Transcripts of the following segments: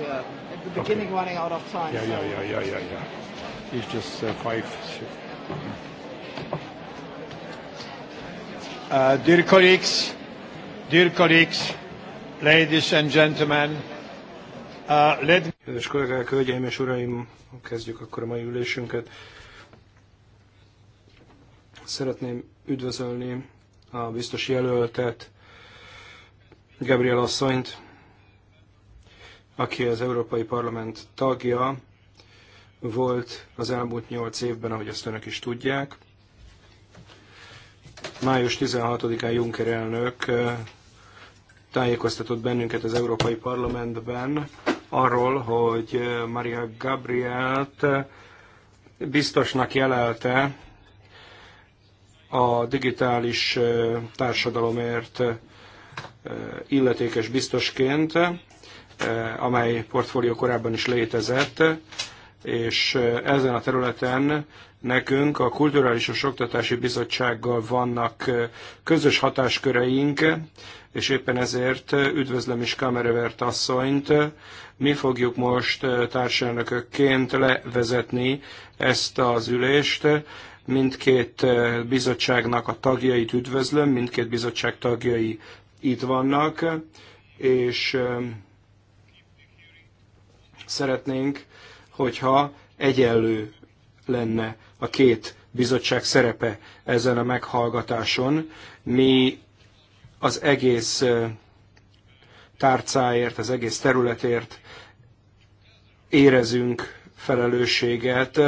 at the beginning okay. running out of time. Yeah, so. yeah, yeah, yeah, yeah, yeah. just uh, five. Uh, dear colleagues, dear colleagues, ladies and gentlemen, uh, Kedves kollégák, hölgyeim és uraim, kezdjük akkor a mai ülésünket. Szeretném üdvözölni a biztos jelöltet, Gabriel asszonyt, aki az Európai Parlament tagja volt az elmúlt nyolc évben, ahogy azt önök is tudják. Május 16-án Juncker elnök tájékoztatott bennünket az Európai Parlamentben arról, hogy Maria Gabrielt biztosnak jelelte a digitális társadalomért illetékes biztosként, Eh, amely portfólió korábban is létezett, és eh, ezen a területen nekünk a Kulturális és Oktatási Bizottsággal vannak eh, közös hatásköreink, és éppen ezért üdvözlöm is Kamerevert asszonyt. Mi fogjuk most társelnökökként levezetni ezt az ülést. Mindkét bizottságnak a tagjait üdvözlöm, mindkét bizottság tagjai itt vannak, és Szeretnénk, hogyha egyenlő lenne a két bizottság szerepe ezen a meghallgatáson. Mi az egész tárcáért, az egész területért érezünk felelősséget.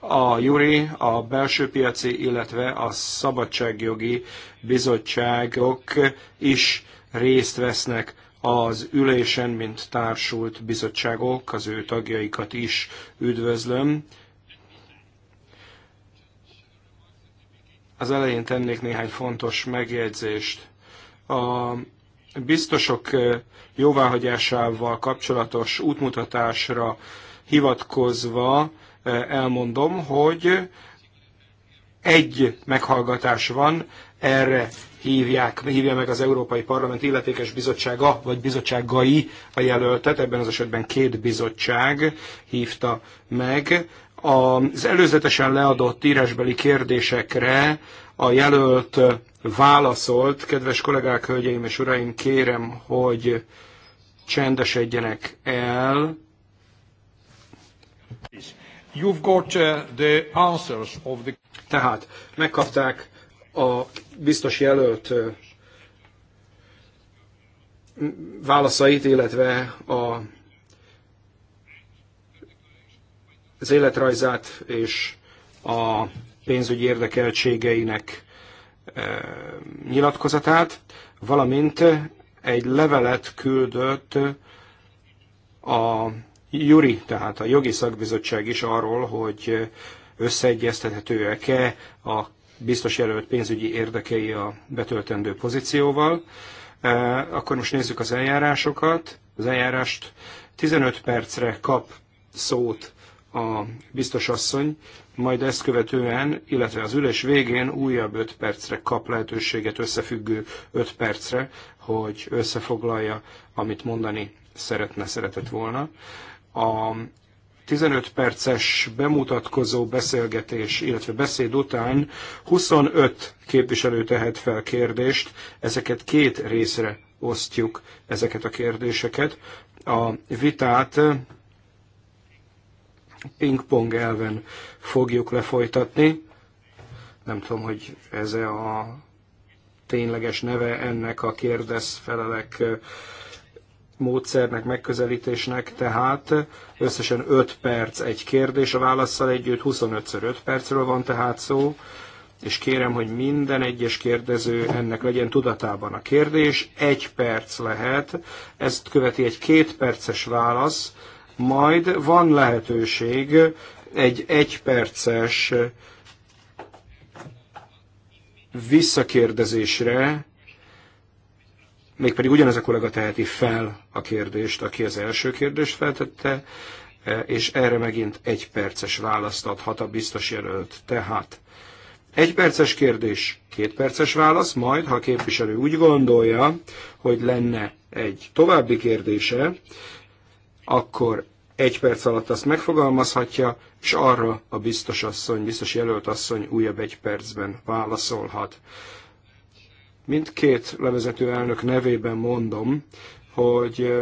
A Juri, a belső piaci, illetve a szabadságjogi bizottságok is részt vesznek az ülésen, mint társult bizottságok, az ő tagjaikat is üdvözlöm. Az elején tennék néhány fontos megjegyzést. A biztosok jóváhagyásával kapcsolatos útmutatásra hivatkozva elmondom, hogy egy meghallgatás van erre hívják, hívja meg az Európai Parlament illetékes bizottsága, vagy bizottságai a jelöltet, ebben az esetben két bizottság hívta meg. Az előzetesen leadott írásbeli kérdésekre a jelölt válaszolt. Kedves kollégák, hölgyeim és uraim, kérem, hogy csendesedjenek el. You've got uh, the answers of the... Tehát megkapták a biztos jelölt válaszait, illetve a, az életrajzát és a pénzügyi érdekeltségeinek nyilatkozatát, valamint egy levelet küldött a Juri, tehát a jogi szakbizottság is arról, hogy összeegyeztethetőek-e a biztos jelölt pénzügyi érdekei a betöltendő pozícióval. E, akkor most nézzük az eljárásokat. Az eljárást 15 percre kap szót a biztos asszony, majd ezt követően, illetve az ülés végén újabb 5 percre kap lehetőséget összefüggő 5 percre, hogy összefoglalja, amit mondani szeretne, szeretett volna. A 15 perces bemutatkozó beszélgetés, illetve beszéd után 25 képviselő tehet fel kérdést, ezeket két részre osztjuk ezeket a kérdéseket. A vitát pingpong elven fogjuk lefolytatni. Nem tudom, hogy ez -e a tényleges neve ennek a kérdezfelelek felelek módszernek, megközelítésnek, tehát összesen 5 perc egy kérdés a válaszsal együtt, 25 x 5 percről van tehát szó, és kérem, hogy minden egyes kérdező ennek legyen tudatában a kérdés, egy perc lehet, ezt követi egy két perces válasz, majd van lehetőség egy egyperces visszakérdezésre, mégpedig ugyanez a kollega teheti fel a kérdést, aki az első kérdést feltette, e, és erre megint egy perces választ adhat a biztos jelölt. Tehát egy perces kérdés, két perces válasz, majd, ha a képviselő úgy gondolja, hogy lenne egy további kérdése, akkor egy perc alatt azt megfogalmazhatja, és arra a biztos asszony, biztos jelölt asszony újabb egy percben válaszolhat mindkét levezető elnök nevében mondom, hogy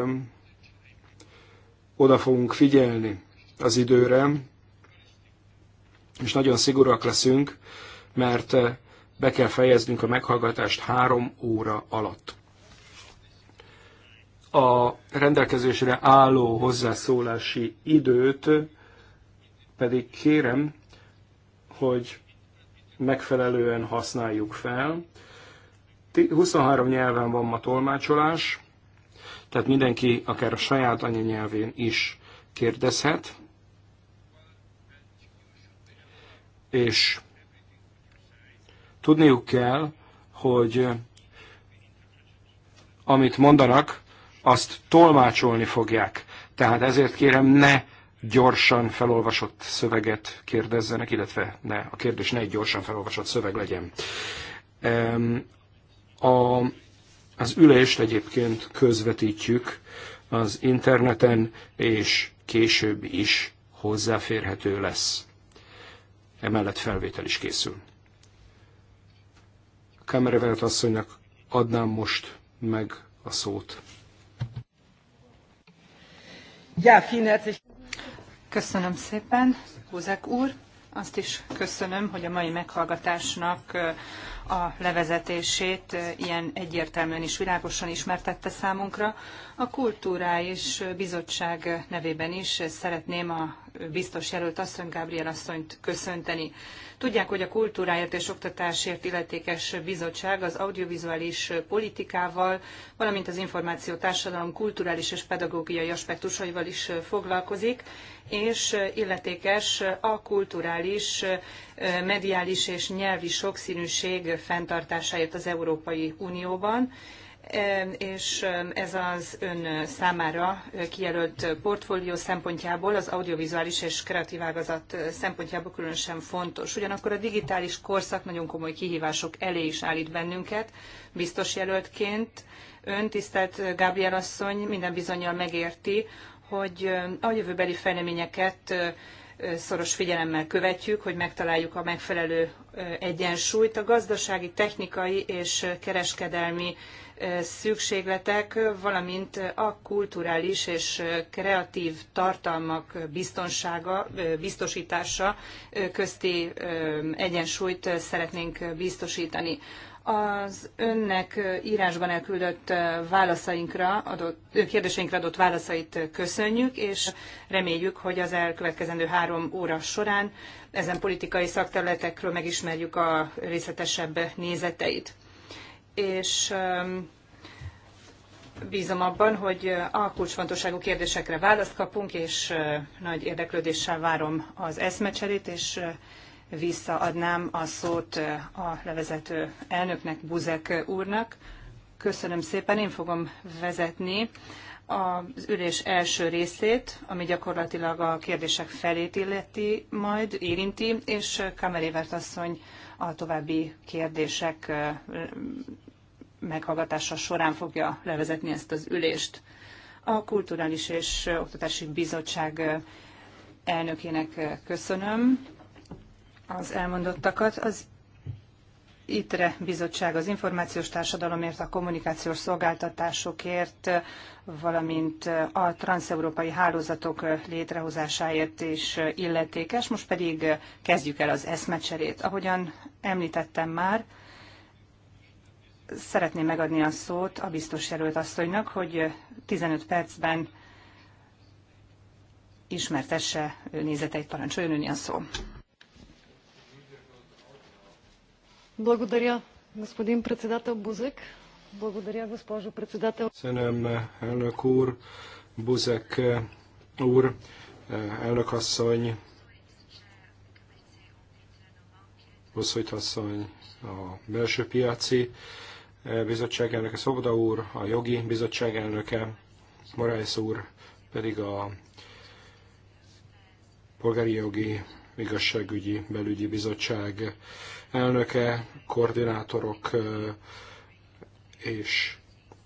oda fogunk figyelni az időre, és nagyon szigorúak leszünk, mert eh, be kell fejeznünk a meghallgatást három óra alatt. A rendelkezésre álló hozzászólási időt pedig kérem, hogy megfelelően használjuk fel, 23 nyelven van ma tolmácsolás, tehát mindenki akár a saját anyanyelvén is kérdezhet, és tudniuk kell, hogy amit mondanak, azt tolmácsolni fogják. Tehát ezért kérem, ne gyorsan felolvasott szöveget kérdezzenek, illetve ne, a kérdés ne egy gyorsan felolvasott szöveg legyen. A, az ülést egyébként közvetítjük az interneten, és később is hozzáférhető lesz. Emellett felvétel is készül. Kamerevelt asszonynak adnám most meg a szót. Ja, Köszönöm szépen, Húzek úr. Azt is köszönöm, hogy a mai meghallgatásnak a levezetését ilyen egyértelműen és világosan ismertette számunkra. A Kulturális Bizottság nevében is szeretném a biztos jelölt asszony, Gabriel asszonyt köszönteni. Tudják, hogy a Kultúráért és Oktatásért Illetékes Bizottság az audiovizuális politikával, valamint az információ társadalom kulturális és pedagógiai aspektusaival is foglalkozik, és illetékes a kulturális, mediális és nyelvi sokszínűség fenntartásáért az Európai Unióban és ez az ön számára kijelölt portfólió szempontjából, az audiovizuális és kreatív ágazat szempontjából különösen fontos. Ugyanakkor a digitális korszak nagyon komoly kihívások elé is állít bennünket, biztos jelöltként. Ön, tisztelt Gábriel asszony, minden bizonyal megérti, hogy a jövőbeli fejleményeket szoros figyelemmel követjük, hogy megtaláljuk a megfelelő egyensúlyt a gazdasági, technikai és kereskedelmi szükségletek, valamint a kulturális és kreatív tartalmak biztonsága, biztosítása közti egyensúlyt szeretnénk biztosítani. Az önnek írásban elküldött válaszainkra adott, kérdéseinkre adott válaszait köszönjük, és reméljük, hogy az elkövetkezendő három óra során ezen politikai szakterületekről megismerjük a részletesebb nézeteit és ehm, bízom abban, hogy a kulcsfontosságú kérdésekre választ kapunk, és eh, nagy érdeklődéssel várom az eszmecserét, és eh, visszaadnám a szót eh, a levezető elnöknek, Buzek úrnak. Köszönöm szépen, én fogom vezetni az ülés első részét, ami gyakorlatilag a kérdések felét illeti, majd érinti, és Kamerévert asszony a további kérdések meghallgatása során fogja levezetni ezt az ülést. A Kulturális és Oktatási Bizottság elnökének köszönöm az elmondottakat. Az ITRE bizottság az információs társadalomért, a kommunikációs szolgáltatásokért, valamint a transeurópai hálózatok létrehozásáért is illetékes. Most pedig kezdjük el az eszmecserét. Ahogyan említettem már, szeretném megadni a szót a biztos jelölt asszonynak, hogy 15 percben ismertesse nézeteit, parancsoljon önni a szó. Благодаря, господин председател Бузек. Благодаря, госпожо председател. Köszönöm, elnök úr, Buzek eh, úr, eh, elnök asszony, Boszholyt asszony, a belső piaci bizottság elnöke Szobda úr, a jogi bizottság elnöke, Morales úr pedig a polgári jogi igazságügyi belügyi bizottság elnöke, koordinátorok és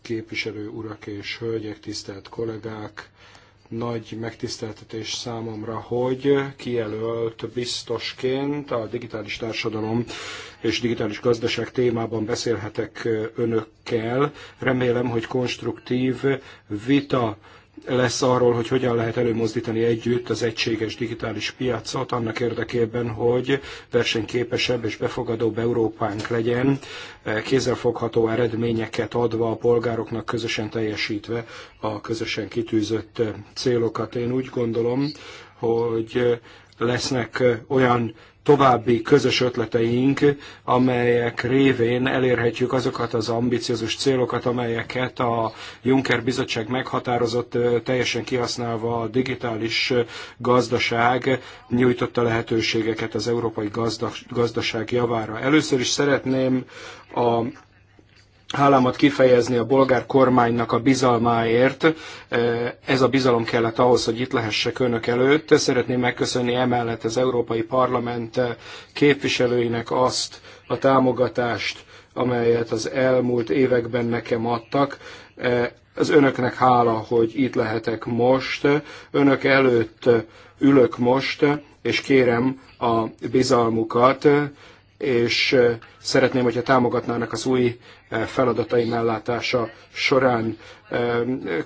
képviselő urak és hölgyek, tisztelt kollégák, nagy megtiszteltetés számomra, hogy kijelölt biztosként a digitális társadalom és digitális gazdaság témában beszélhetek önökkel. Remélem, hogy konstruktív vita lesz arról, hogy hogyan lehet előmozdítani együtt az egységes digitális piacot annak érdekében, hogy versenyképesebb és befogadóbb Európánk legyen, eh, kézzelfogható eredményeket adva a polgároknak, közösen teljesítve a közösen kitűzött eh, célokat. Én úgy gondolom, hogy eh, lesznek olyan további közös ötleteink, amelyek révén elérhetjük azokat az ambiciózus célokat, amelyeket a Juncker Bizottság meghatározott, teljesen kihasználva a digitális gazdaság nyújtotta lehetőségeket az európai gazdaság javára. Először is szeretném a hálámat kifejezni a bolgár kormánynak a bizalmáért. E, ez a bizalom kellett ahhoz, hogy itt lehessek önök előtt. Szeretném megköszönni emellett az Európai Parlament képviselőinek azt a támogatást, amelyet az elmúlt években nekem adtak. E, az önöknek hála, hogy itt lehetek most. Önök előtt ülök most, és kérem a bizalmukat és szeretném, hogyha támogatnának az új feladataim ellátása során.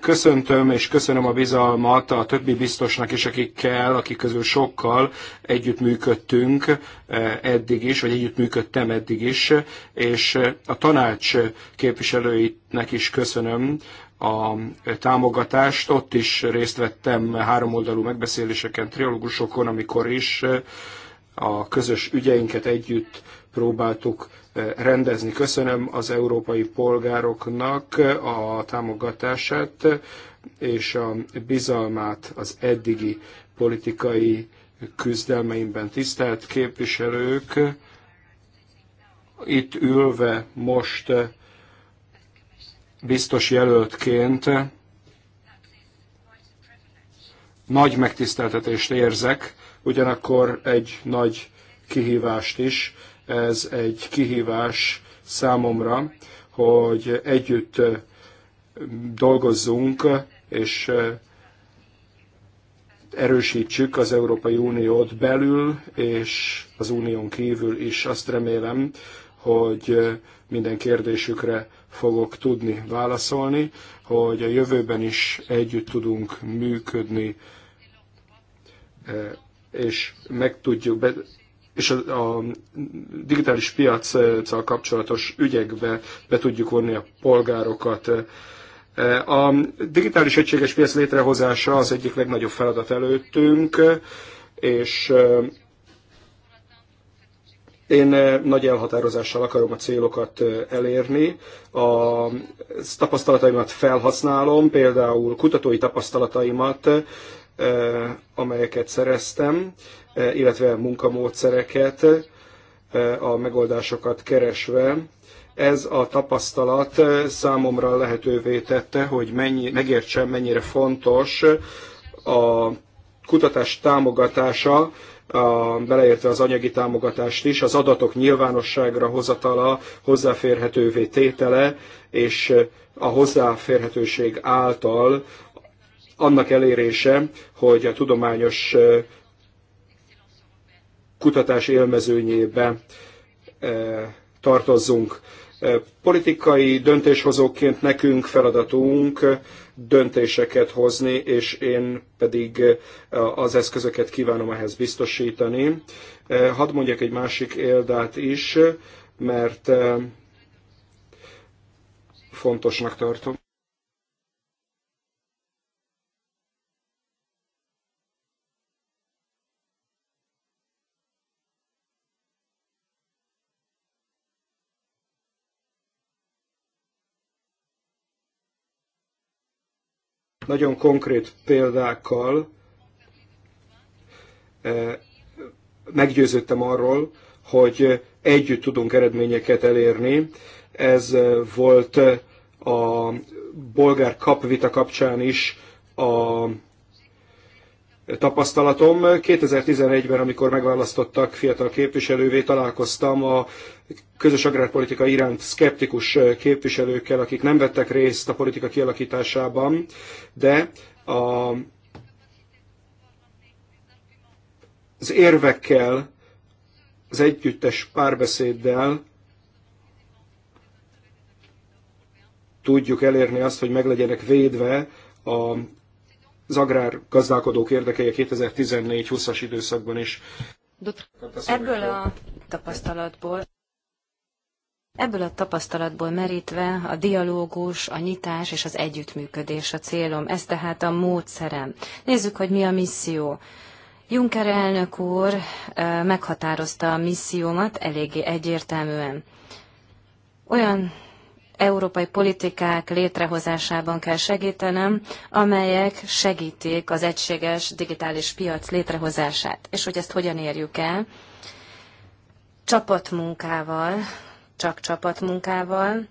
Köszöntöm és köszönöm a bizalmat a többi biztosnak is, akikkel, akik közül sokkal együttműködtünk eddig is, vagy együttműködtem eddig is, és a tanács képviselőinek is köszönöm, a támogatást. Ott is részt vettem háromoldalú megbeszéléseken, triológusokon, amikor is a közös ügyeinket együtt próbáltuk eh, rendezni. Köszönöm az európai polgároknak eh, a támogatását eh, és a bizalmát az eddigi politikai küzdelmeimben. Tisztelt képviselők, itt ülve most biztos jelöltként nagy megtiszteltetést érzek, ugyanakkor egy nagy kihívást is. Ez egy kihívás számomra, hogy együtt dolgozzunk, és erősítsük az Európai Uniót belül, és az unión kívül is. Azt remélem, hogy minden kérdésükre fogok tudni válaszolni, hogy a jövőben is együtt tudunk működni és meg tudjuk, be, és a, a digitális piaccal kapcsolatos ügyekbe be tudjuk vonni a polgárokat. A digitális egységes piac létrehozása az egyik legnagyobb feladat előttünk, és én nagy elhatározással akarom a célokat elérni. A tapasztalataimat felhasználom, például kutatói tapasztalataimat Eh, amelyeket szereztem, eh, illetve munkamódszereket, eh, a megoldásokat keresve. Ez a tapasztalat számomra lehetővé tette, hogy mennyi, megértsem, mennyire fontos a kutatás támogatása, a, beleértve az anyagi támogatást is, az adatok nyilvánosságra hozatala, hozzáférhetővé tétele, és a hozzáférhetőség által annak elérése, hogy a tudományos kutatás élmezőnyébe tartozzunk. Politikai döntéshozóként nekünk feladatunk döntéseket hozni, és én pedig az eszközöket kívánom ehhez biztosítani. Hadd mondjak egy másik éldát is, mert fontosnak tartom. nagyon konkrét példákkal e, meggyőződtem arról, hogy együtt tudunk eredményeket elérni. Ez volt a bolgár kapvita kapcsán is a tapasztalatom. 2011-ben, amikor megválasztottak fiatal képviselővé, találkoztam a közös agrárpolitika iránt szkeptikus képviselőkkel, akik nem vettek részt a politika kialakításában, de a, az érvekkel, az együttes párbeszéddel tudjuk elérni azt, hogy meglegyenek védve a az gazdálkodók érdekeje 2014-20-as időszakban is. Ebből a tapasztalatból Ebből a tapasztalatból merítve a dialógus, a nyitás és az együttműködés a célom, ez tehát a módszerem. Nézzük, hogy mi a misszió. Juncker elnök úr meghatározta a missziómat eléggé egyértelműen. Olyan európai politikák létrehozásában kell segítenem, amelyek segítik az egységes digitális piac létrehozását. És hogy ezt hogyan érjük el? Csapatmunkával, csak csapatmunkával,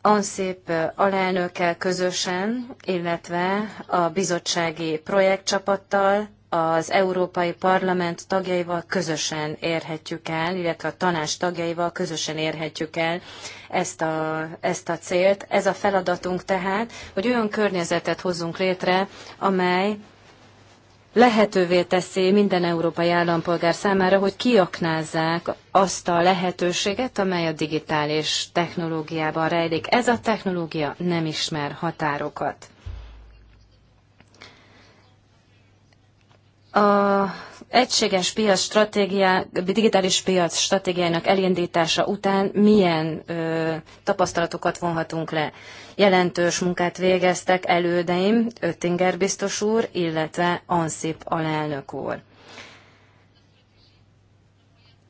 ANSZÉP alelnökkel közösen, illetve a bizottsági projektcsapattal, az Európai Parlament tagjaival közösen érhetjük el, illetve a tanács tagjaival közösen érhetjük el ezt a, ezt a célt. Ez a feladatunk tehát, hogy olyan környezetet hozzunk létre, amely lehetővé teszi minden európai állampolgár számára, hogy kiaknázzák azt a lehetőséget, amely a digitális technológiában rejlik. Ez a technológia nem ismer határokat. A egységes piac stratégiá, digitális piac stratégiának elindítása után milyen ö, tapasztalatokat vonhatunk le? Jelentős munkát végeztek elődeim, Öttinger biztos úr, illetve Ansip alelnök úr.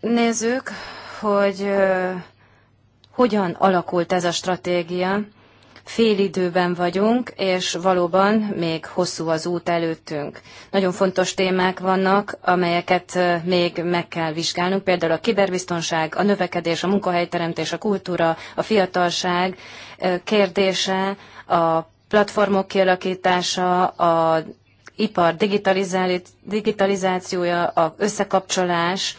Nézzük, hogy ö, hogyan alakult ez a stratégia, Fél időben vagyunk, és valóban még hosszú az út előttünk. Nagyon fontos témák vannak, amelyeket még meg kell vizsgálnunk, például a kiberbiztonság, a növekedés, a munkahelyteremtés, a kultúra, a fiatalság kérdése, a platformok kialakítása, a ipar digitalizációja, a összekapcsolás,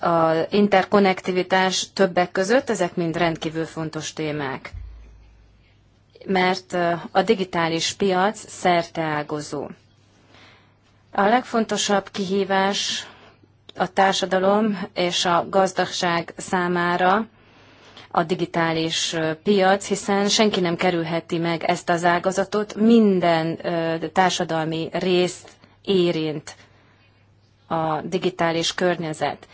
a interkonnektivitás többek között, ezek mind rendkívül fontos témák mert a digitális piac szerteágozó. A legfontosabb kihívás a társadalom és a gazdaság számára a digitális piac, hiszen senki nem kerülheti meg ezt az ágazatot, minden társadalmi részt érint a digitális környezet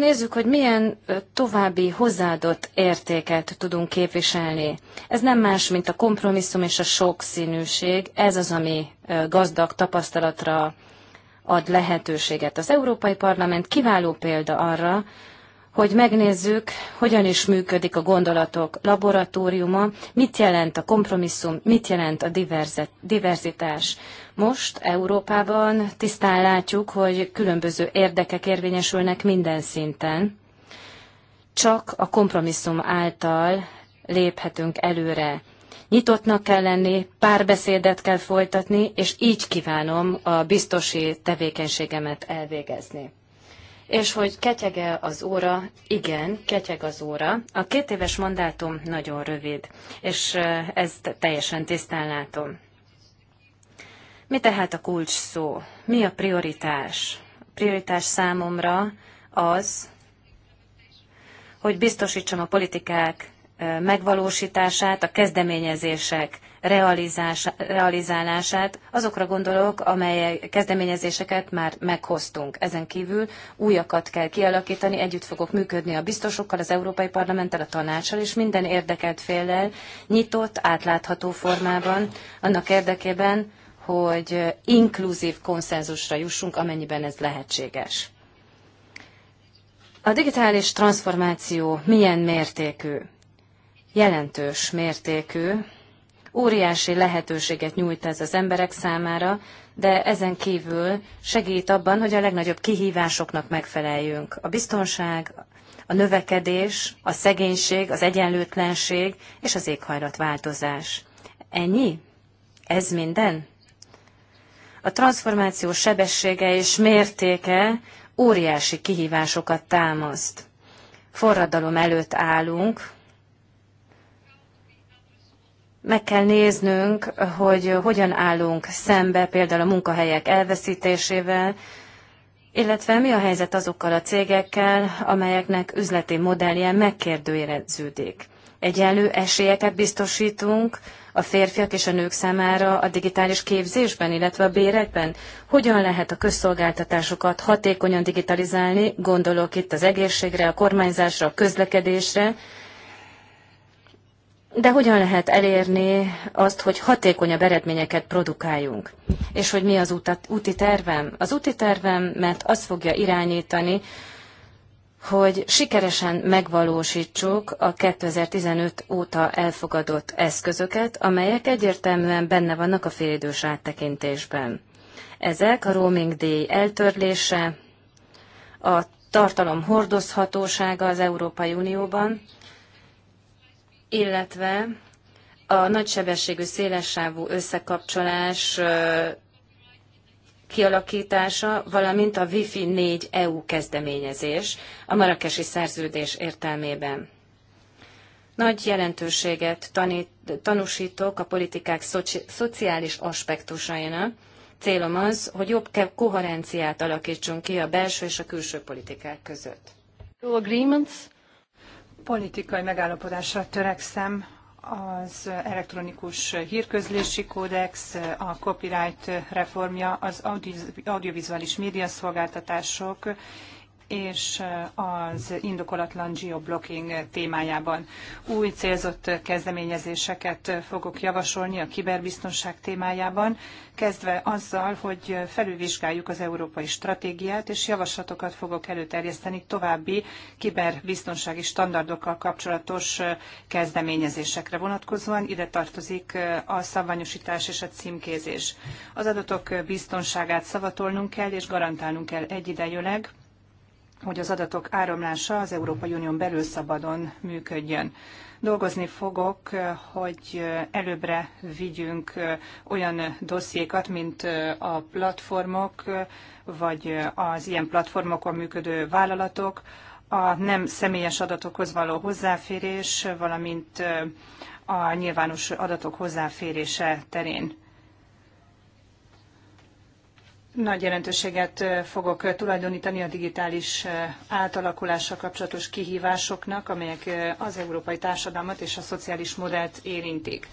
nézzük, hogy milyen további hozzáadott értéket tudunk képviselni. Ez nem más, mint a kompromisszum és a sokszínűség. Ez az, ami gazdag tapasztalatra ad lehetőséget. Az Európai Parlament kiváló példa arra, hogy megnézzük, hogyan is működik a gondolatok laboratóriuma, mit jelent a kompromisszum, mit jelent a diverzitás. Most Európában tisztán látjuk, hogy különböző érdekek érvényesülnek minden szinten. Csak a kompromisszum által léphetünk előre. Nyitottnak kell lenni, párbeszédet kell folytatni, és így kívánom a biztosi tevékenységemet elvégezni. És hogy ketyege az óra, igen, ketyeg az óra. A két éves mandátum nagyon rövid, és eh, ezt teljesen tisztán látom. Mi tehát a kulcs szó? Mi a prioritás? A prioritás számomra az, hogy biztosítsam a politikák megvalósítását, a kezdeményezések realizálását. Azokra gondolok, amely kezdeményezéseket már meghoztunk. Ezen kívül újakat kell kialakítani, együtt fogok működni a biztosokkal, az Európai Parlamenttel, a tanácssal és minden érdekelt féllel nyitott, átlátható formában, annak érdekében, hogy inkluzív konszenzusra jussunk, amennyiben ez lehetséges. A digitális transformáció milyen mértékű? Jelentős mértékű. Óriási lehetőséget nyújt ez az emberek számára, de ezen kívül segít abban, hogy a legnagyobb kihívásoknak megfeleljünk. A biztonság, a növekedés, a szegénység, az egyenlőtlenség és az éghajlatváltozás. Ennyi? Ez minden? A transformáció sebessége és mértéke óriási kihívásokat támaszt. Forradalom előtt állunk, meg kell néznünk, hogy hogyan állunk szembe például a munkahelyek elveszítésével, illetve mi a helyzet azokkal a cégekkel, amelyeknek üzleti modellje megkérdőjeleződik egyenlő esélyeket biztosítunk a férfiak és a nők számára a digitális képzésben, illetve a bérekben? Hogyan lehet a közszolgáltatásokat hatékonyan digitalizálni? Gondolok itt az egészségre, a kormányzásra, a közlekedésre. De hogyan lehet elérni azt, hogy hatékonyabb eredményeket produkáljunk? És hogy mi az utat, úti tervem? Az úti tervem, mert azt fogja irányítani, hogy sikeresen megvalósítsuk a 2015 óta elfogadott eszközöket, amelyek egyértelműen benne vannak a félidős áttekintésben. Ezek a roaming díj eltörlése, a tartalom hordozhatósága az Európai Unióban, illetve a nagysebességű szélessávú összekapcsolás kialakítása, valamint a Wi-Fi 4 EU kezdeményezés a marakesi szerződés értelmében. Nagy jelentőséget tanít, tanúsítok a politikák szoci, szociális aspektusainak. Célom az, hogy jobb koherenciát alakítsunk ki a belső és a külső politikák között. Politikai megállapodásra törekszem az elektronikus hírközlési kódex, a copyright reformja, az audiovizuális médiaszolgáltatások és az indokolatlan geoblocking témájában. Új célzott kezdeményezéseket fogok javasolni a kiberbiztonság témájában, kezdve azzal, hogy felülvizsgáljuk az európai stratégiát, és javaslatokat fogok előterjeszteni további kiberbiztonsági standardokkal kapcsolatos kezdeményezésekre vonatkozóan. Ide tartozik a szabványosítás és a címkézés. Az adatok biztonságát szavatolnunk kell, és garantálnunk kell egyidejűleg, hogy az adatok áramlása az Európai Unión belül szabadon működjön. Dolgozni fogok, hogy előbbre vigyünk olyan dossziékat, mint a platformok, vagy az ilyen platformokon működő vállalatok, a nem személyes adatokhoz való hozzáférés, valamint a nyilvános adatok hozzáférése terén nagy jelentőséget fogok tulajdonítani a digitális átalakulással kapcsolatos kihívásoknak, amelyek az európai társadalmat és a szociális modellt érintik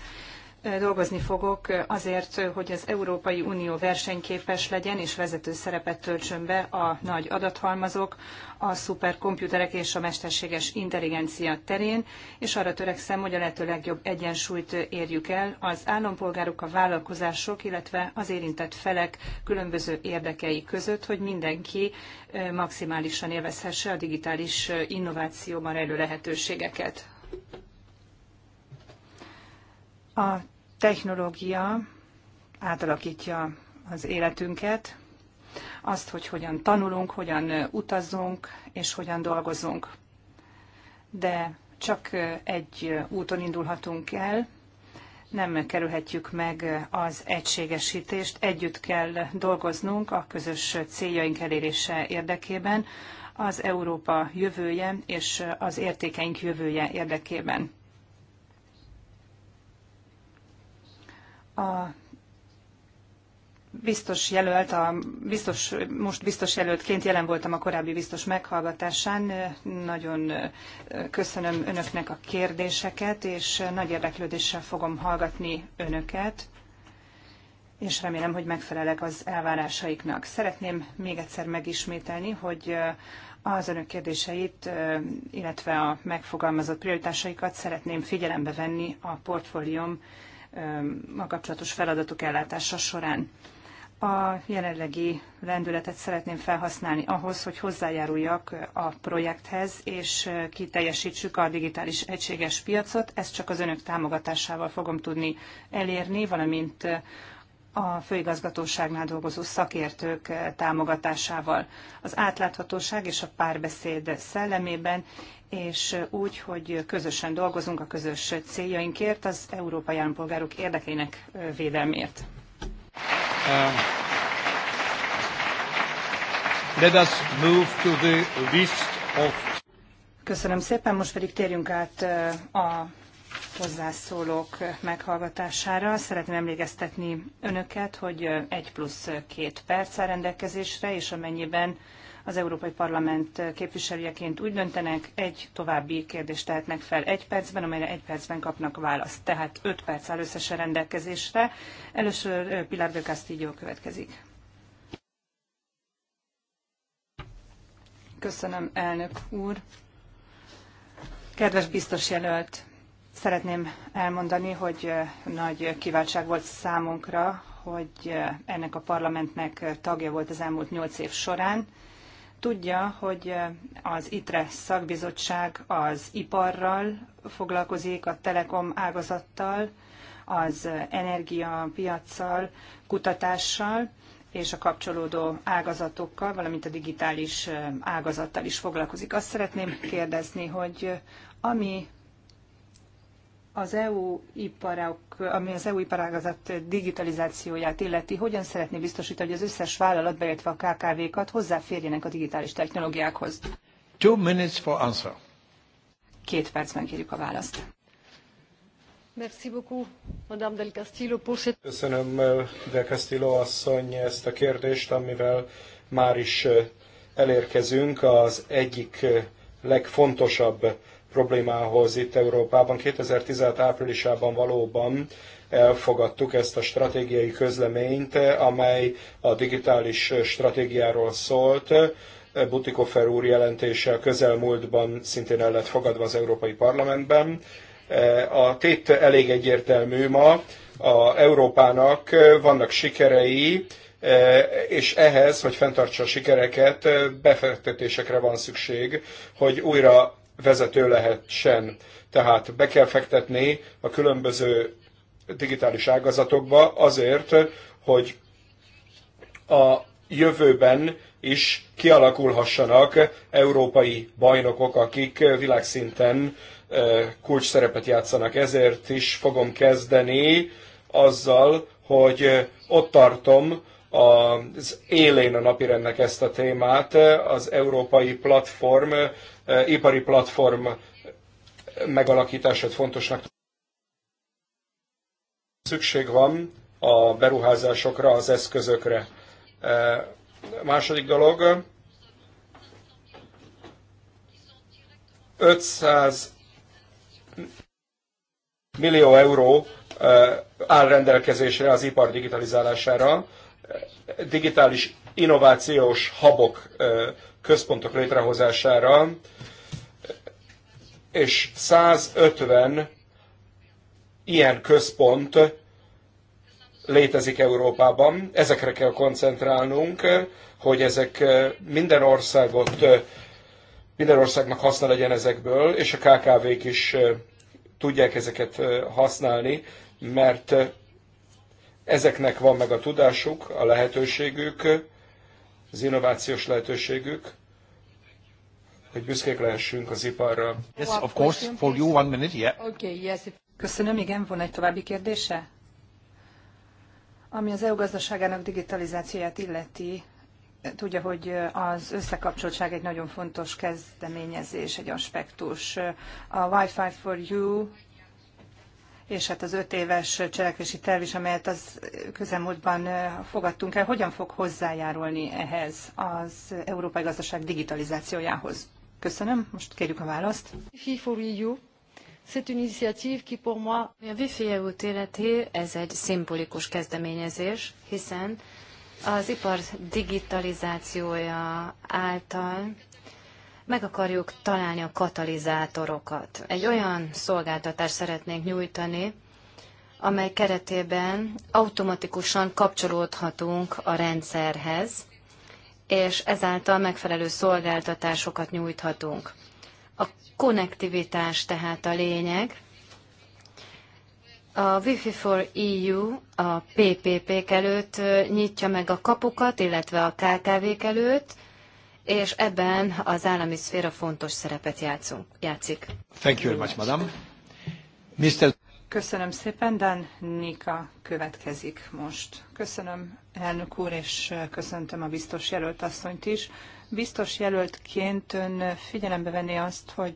dolgozni fogok azért, hogy az Európai Unió versenyképes legyen és vezető szerepet töltsön be a nagy adathalmazok, a szuperkomputerek és a mesterséges intelligencia terén, és arra törekszem, hogy a lehető legjobb egyensúlyt érjük el az állampolgárok, a vállalkozások, illetve az érintett felek különböző érdekei között, hogy mindenki maximálisan élvezhesse a digitális innovációban rejlő lehetőségeket. A technológia átalakítja az életünket, azt, hogy hogyan tanulunk, hogyan utazunk és hogyan dolgozunk. De csak egy úton indulhatunk el, nem kerülhetjük meg az egységesítést, együtt kell dolgoznunk a közös céljaink elérése érdekében, az Európa jövője és az értékeink jövője érdekében. a biztos jelölt, a biztos, most biztos jelöltként jelen voltam a korábbi biztos meghallgatásán. Nagyon köszönöm önöknek a kérdéseket, és nagy érdeklődéssel fogom hallgatni önöket, és remélem, hogy megfelelek az elvárásaiknak. Szeretném még egyszer megismételni, hogy az önök kérdéseit, illetve a megfogalmazott prioritásaikat szeretném figyelembe venni a portfólióm Um, a kapcsolatos feladatok ellátása során. A jelenlegi lendületet szeretném felhasználni ahhoz, hogy hozzájáruljak a projekthez, és uh, kiteljesítsük a digitális egységes piacot. Ezt csak az önök támogatásával fogom tudni elérni, valamint uh, a főigazgatóságnál dolgozó szakértők eh, támogatásával. Az átláthatóság és a párbeszéd szellemében, és eh, úgy, hogy közösen dolgozunk a közös céljainkért, az európai állampolgárok érdekeinek eh, védelmért. Um, Köszönöm szépen, most pedig térjünk át a hozzászólók meghallgatására. Szeretném emlékeztetni önöket, hogy egy plusz két perc áll rendelkezésre, és amennyiben az Európai Parlament képviselőjeként úgy döntenek, egy további kérdést tehetnek fel egy percben, amelyre egy percben kapnak választ. Tehát öt perc áll összesen rendelkezésre. Először Pilar de Castillo következik. Köszönöm, elnök úr. Kedves biztos jelölt, Szeretném elmondani, hogy nagy kiváltság volt számunkra, hogy ennek a parlamentnek tagja volt az elmúlt nyolc év során. Tudja, hogy az ITRE szakbizottság az iparral foglalkozik, a telekom ágazattal, az energiapiacsal, kutatással és a kapcsolódó ágazatokkal, valamint a digitális ágazattal is foglalkozik. Azt szeretném kérdezni, hogy ami az EU iparák, ami az EU iparágazat digitalizációját illeti, hogyan szeretné biztosítani, hogy az összes vállalat, beértve a KKV-kat, hozzáférjenek a digitális technológiákhoz? Two minutes for answer. Két percben kérjük a választ. Merci beaucoup, Madame del Castillo. Köszönöm, del Castillo asszony, ezt a kérdést, amivel már is elérkezünk az egyik legfontosabb problémához itt Európában. 2016 áprilisában valóban elfogadtuk ezt a stratégiai közleményt, amely a digitális stratégiáról szólt. Butikofer úr jelentése a közelmúltban szintén el lett fogadva az Európai Parlamentben. A tét elég egyértelmű ma. A Európának vannak sikerei, és ehhez, hogy fenntartsa a sikereket, befektetésekre van szükség, hogy újra vezető lehessen. Tehát be kell fektetni a különböző digitális ágazatokba azért, hogy a jövőben is kialakulhassanak európai bajnokok, akik világszinten kulcs szerepet játszanak. Ezért is fogom kezdeni azzal, hogy ott tartom, az élén a napirendnek ezt a témát. Az európai platform, ipari platform megalakítását fontosnak szükség van a beruházásokra, az eszközökre. Második dolog, 500 millió euró áll rendelkezésre az ipar digitalizálására digitális innovációs habok központok létrehozására, és 150 ilyen központ létezik Európában. Ezekre kell koncentrálnunk, hogy ezek minden országot, minden országnak haszna legyen ezekből, és a KKV-k is tudják ezeket használni, mert Ezeknek van meg a tudásuk, a lehetőségük, az innovációs lehetőségük, hogy büszkék lehessünk az iparra. Yes, of course, for you one minute, yeah. Okay, yes. Köszönöm, igen, van egy további kérdése? Ami az EU gazdaságának digitalizációját illeti, tudja, hogy az összekapcsoltság egy nagyon fontos kezdeményezés, egy aspektus. A Wi-Fi for You és hát az öt éves cselekvési terv is, amelyet az közelmúltban fogadtunk el, hogyan fog hozzájárulni ehhez az európai gazdaság digitalizációjához? Köszönöm, most kérjük a választ. E a Wifi EU ez egy szimbolikus kezdeményezés, hiszen az ipar digitalizációja által meg akarjuk találni a katalizátorokat. Egy olyan szolgáltatást szeretnénk nyújtani, amely keretében automatikusan kapcsolódhatunk a rendszerhez, és ezáltal megfelelő szolgáltatásokat nyújthatunk. A konnektivitás tehát a lényeg. A Wi-Fi for EU a PPP-k előtt nyitja meg a kapukat, illetve a KKV-k előtt, és ebben az állami szféra fontos szerepet játszunk, játszik. Thank you very much, madam. Mr. Köszönöm szépen, Dan Nika következik most. Köszönöm elnök úr, és köszöntöm a biztos jelölt asszonyt is. Biztos jelöltként ön figyelembe venni azt, hogy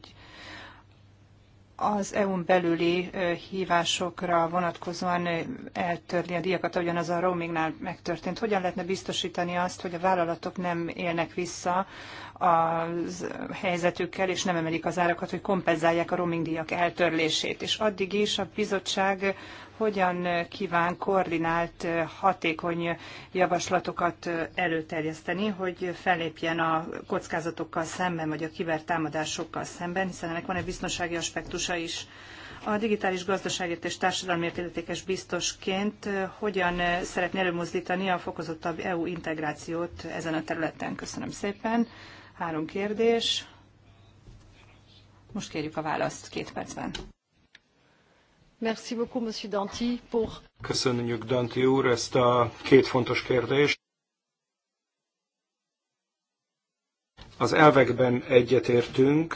az EU-n belüli hívásokra vonatkozóan eltörli a díjakat, ahogyan az a roamingnál megtörtént. Hogyan lehetne biztosítani azt, hogy a vállalatok nem élnek vissza a helyzetükkel, és nem emelik az árakat, hogy kompenzálják a roaming díjak eltörlését. És addig is a bizottság hogyan kíván koordinált, hatékony javaslatokat előterjeszteni, hogy fellépjen a kockázatokkal szemben, vagy a kibertámadásokkal szemben, hiszen ennek van egy biztonsági aspektusa is. A digitális gazdaságért és társadalomért illetékes biztosként hogyan szeretné előmozdítani a fokozottabb EU integrációt ezen a területen? Köszönöm szépen. Három kérdés. Most kérjük a választ két percben. Merci beaucoup, Monsieur Danti, pour... Köszönjük, Danti úr, ezt a két fontos kérdést. Az elvekben egyetértünk.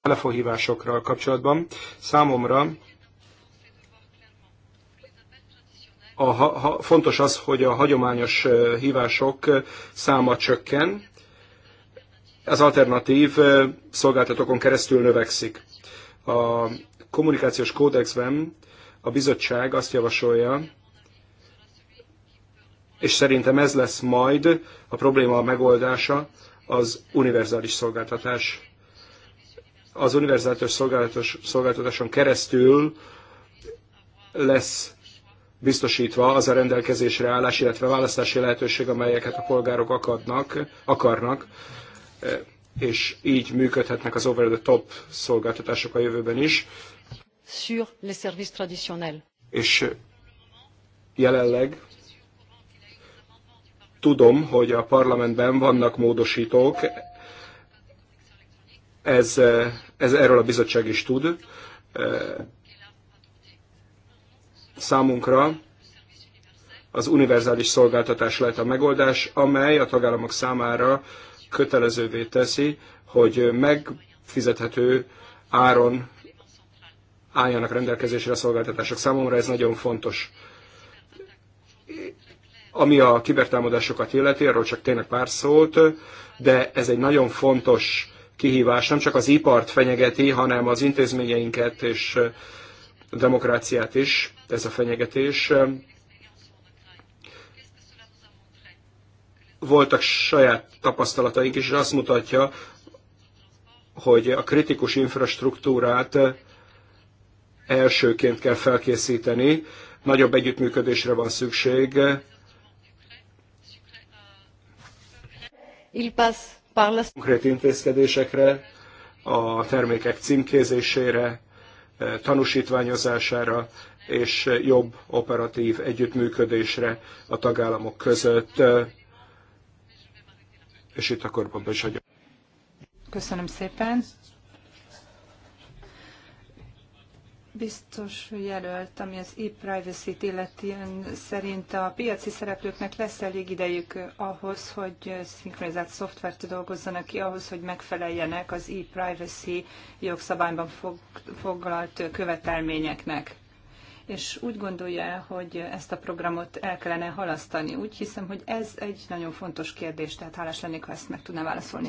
Telefonhívásokra kapcsolatban számomra a, ha, fontos az, hogy a hagyományos hívások száma csökken, az alternatív szolgáltatókon keresztül növekszik. A kommunikációs kódexben a bizottság azt javasolja, és szerintem ez lesz majd a probléma a megoldása, az univerzális szolgáltatás. Az univerzális szolgáltatáson keresztül lesz biztosítva az a rendelkezésre állás, illetve választási lehetőség, amelyeket a polgárok akadnak, akarnak, eh, és így működhetnek az over-the-top szolgáltatások a jövőben is. Sur les services traditionnels. És jelenleg tudom, hogy a parlamentben vannak módosítók, ez, eh, ez erről a bizottság is tud, eh, Számunkra az univerzális szolgáltatás lehet a megoldás, amely a tagállamok számára kötelezővé teszi, hogy megfizethető áron álljanak rendelkezésre a szolgáltatások. Számomra ez nagyon fontos. Ami a kibertámadásokat illeti, arról csak tényleg pár szót, de ez egy nagyon fontos kihívás, nem csak az ipart fenyegeti, hanem az intézményeinket és a demokráciát is ez a fenyegetés. Voltak saját tapasztalataink is, és azt mutatja, hogy a kritikus infrastruktúrát elsőként kell felkészíteni, nagyobb együttműködésre van szükség. Konkrét intézkedésekre, a termékek címkézésére, tanúsítványozására, és jobb operatív együttműködésre a tagállamok között. És itt akkor be is hagyom. Köszönöm szépen. biztos jelölt, ami az e-privacy-t illeti, ön szerint a piaci szereplőknek lesz elég idejük ahhoz, hogy szinkronizált szoftvert dolgozzanak ki, ahhoz, hogy megfeleljenek az e-privacy jogszabályban foglalt követelményeknek és úgy gondolja, hogy ezt a programot el kellene halasztani. Úgy hiszem, hogy ez egy nagyon fontos kérdés, tehát hálás lennék, ha ezt meg tudná válaszolni.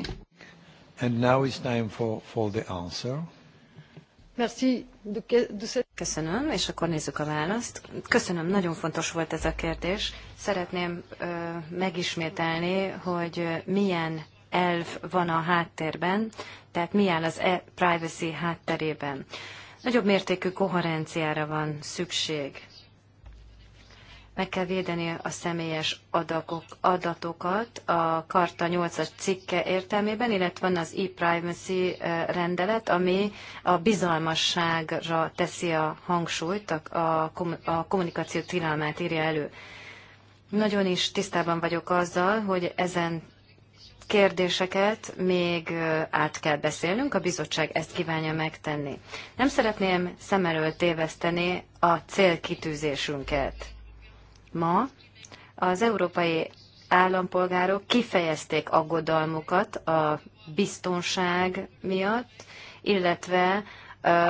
And now it's time for, for the answer. Merci. Köszönöm, és akkor nézzük a választ. Köszönöm, nagyon fontos volt ez a kérdés. Szeretném ö, megismételni, hogy milyen elv van a háttérben, tehát mi áll az e-privacy hátterében. Nagyobb mértékű koherenciára van szükség. Meg kell védeni a személyes adagok, adatokat a Karta 8-as cikke értelmében, illetve van az e-privacy rendelet, ami a bizalmasságra teszi a hangsúlyt, a, a kommunikáció tilalmát írja elő. Nagyon is tisztában vagyok azzal, hogy ezen kérdéseket még át kell beszélnünk, a bizottság ezt kívánja megtenni. Nem szeretném szem elől téveszteni a célkitűzésünket. Ma az európai állampolgárok kifejezték aggodalmukat a biztonság miatt, illetve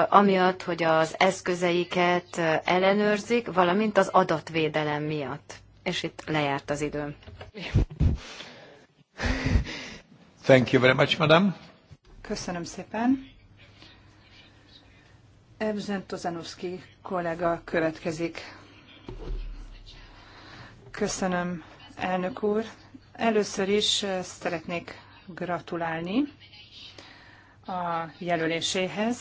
amiatt, hogy az eszközeiket ellenőrzik, valamint az adatvédelem miatt. És itt lejárt az időm. Thank you very much, madam. Köszönöm szépen. Ebzen Tozanovski kollega következik. Köszönöm, elnök úr. Először is eh, szeretnék gratulálni a jelöléséhez,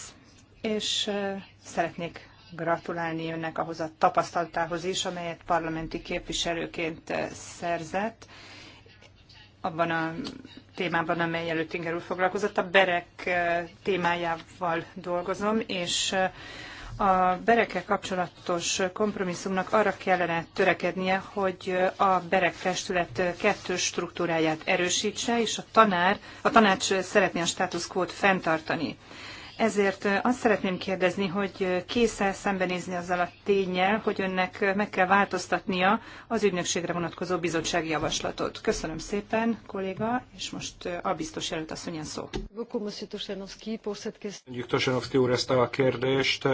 és eh, szeretnék gratulálni önnek ahhoz a tapasztalatához is, amelyet parlamenti képviselőként eh, szerzett, abban a témában, amely előtt ingerül foglalkozott. A berek eh, témájával dolgozom, és eh, a berekkel kapcsolatos kompromisszumnak arra kellene törekednie, hogy eh, a berek testület kettős struktúráját erősítse, és a, tanár, a tanács szeretné a státuszkvót fenntartani. Ezért azt szeretném kérdezni, hogy kész-e szembenézni azzal a tényel, hogy önnek meg kell változtatnia az ügynökségre vonatkozó bizottsági javaslatot. Köszönöm szépen, kolléga, és most a biztos jelölt asszonyan szó. Mondjuk Tosanovszki úr ezt a kérdést,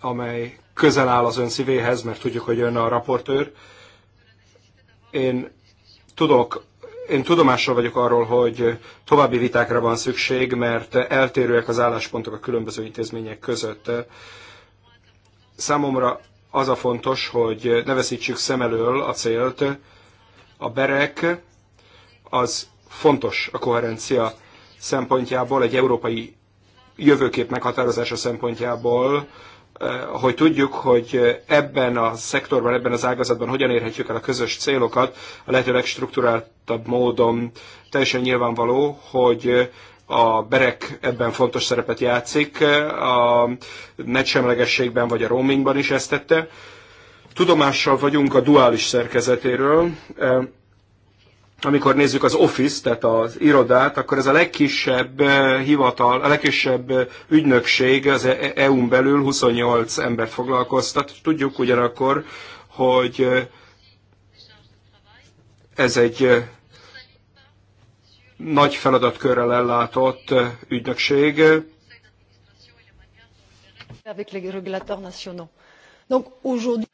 amely közel áll az ön szívéhez, mert tudjuk, hogy ön a raportőr. Én tudok én tudomással vagyok arról, hogy további vitákra van szükség, mert eltérőek az álláspontok a különböző intézmények között. Számomra az a fontos, hogy ne veszítsük szem elől a célt. A berek az fontos a koherencia szempontjából, egy európai jövőkép meghatározása szempontjából, Eh, hogy tudjuk, hogy eh, ebben a szektorban, ebben az ágazatban hogyan érhetjük el a közös célokat, a lehető legstruktúráltabb módon teljesen nyilvánvaló, hogy eh, a berek ebben fontos szerepet játszik, a netsemlegességben vagy a roamingban is ezt tette. Tudomással vagyunk a duális szerkezetéről, amikor nézzük az office, tehát az irodát, akkor ez a legkisebb eh, hivatal, a legkisebb eh, ügynökség az EU-n e-, e belül 28 embert foglalkoztat. Tudjuk ugyanakkor, hogy eh, ez egy nagy feladatkörrel ellátott ügynökség.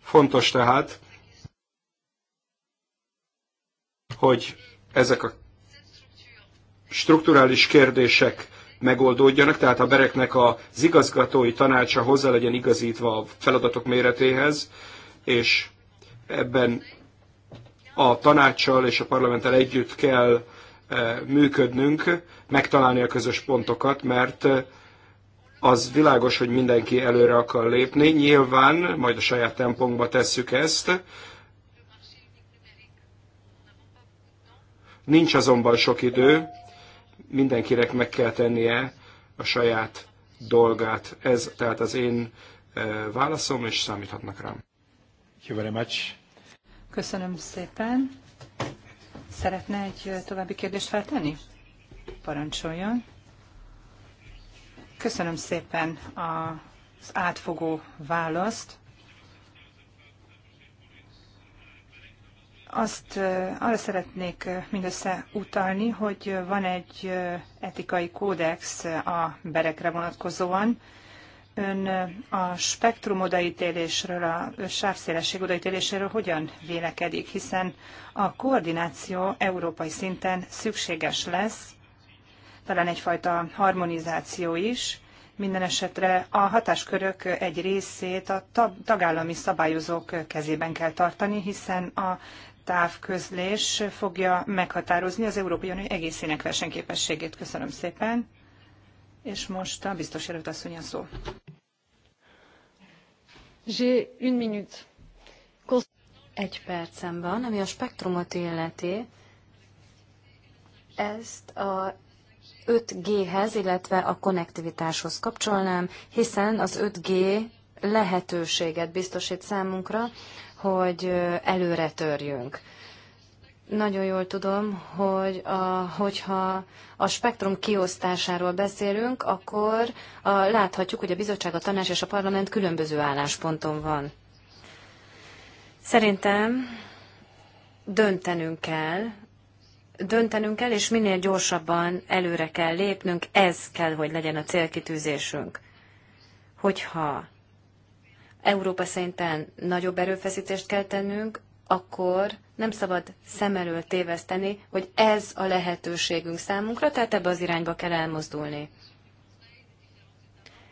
Fontos tehát, hogy ezek a strukturális kérdések megoldódjanak, tehát a bereknek az igazgatói tanácsa hozzá legyen igazítva a feladatok méretéhez, és ebben a tanácssal és a parlamenttel együtt kell eh, működnünk, megtalálni a közös pontokat, mert eh, az világos, hogy mindenki előre akar lépni. Nyilván, majd a saját tempónkba tesszük ezt, Nincs azonban sok idő, mindenkinek meg kell tennie a saját dolgát. Ez tehát az én eh, válaszom, és számíthatnak rám. Köszönöm szépen. Szeretne egy eh, további kérdést feltenni? Parancsoljon. Köszönöm szépen az átfogó választ. azt arra szeretnék mindössze utalni, hogy van egy etikai kódex a berekre vonatkozóan. Ön a spektrum odaítélésről, a sávszélesség odaítéléséről hogyan vélekedik, hiszen a koordináció európai szinten szükséges lesz, talán egyfajta harmonizáció is, minden esetre a hatáskörök egy részét a tagállami szabályozók kezében kell tartani, hiszen a távközlés fogja meghatározni az Európai Unió egészének versenyképességét. Köszönöm szépen. És most a biztos jelölt asszony a szó. Egy percem van, ami a spektrumot illeti. Ezt a 5G-hez, illetve a konnektivitáshoz kapcsolnám, hiszen az 5G lehetőséget biztosít számunkra, hogy előre törjünk. Nagyon jól tudom, hogy a, hogyha a spektrum kiosztásáról beszélünk, akkor a, láthatjuk, hogy a bizottság, a tanács és a parlament különböző állásponton van. Szerintem döntenünk kell, döntenünk kell, és minél gyorsabban előre kell lépnünk, ez kell, hogy legyen a célkitűzésünk. Hogyha Európa szinten nagyobb erőfeszítést kell tennünk, akkor nem szabad szem elől téveszteni, hogy ez a lehetőségünk számunkra, tehát ebbe az irányba kell elmozdulni.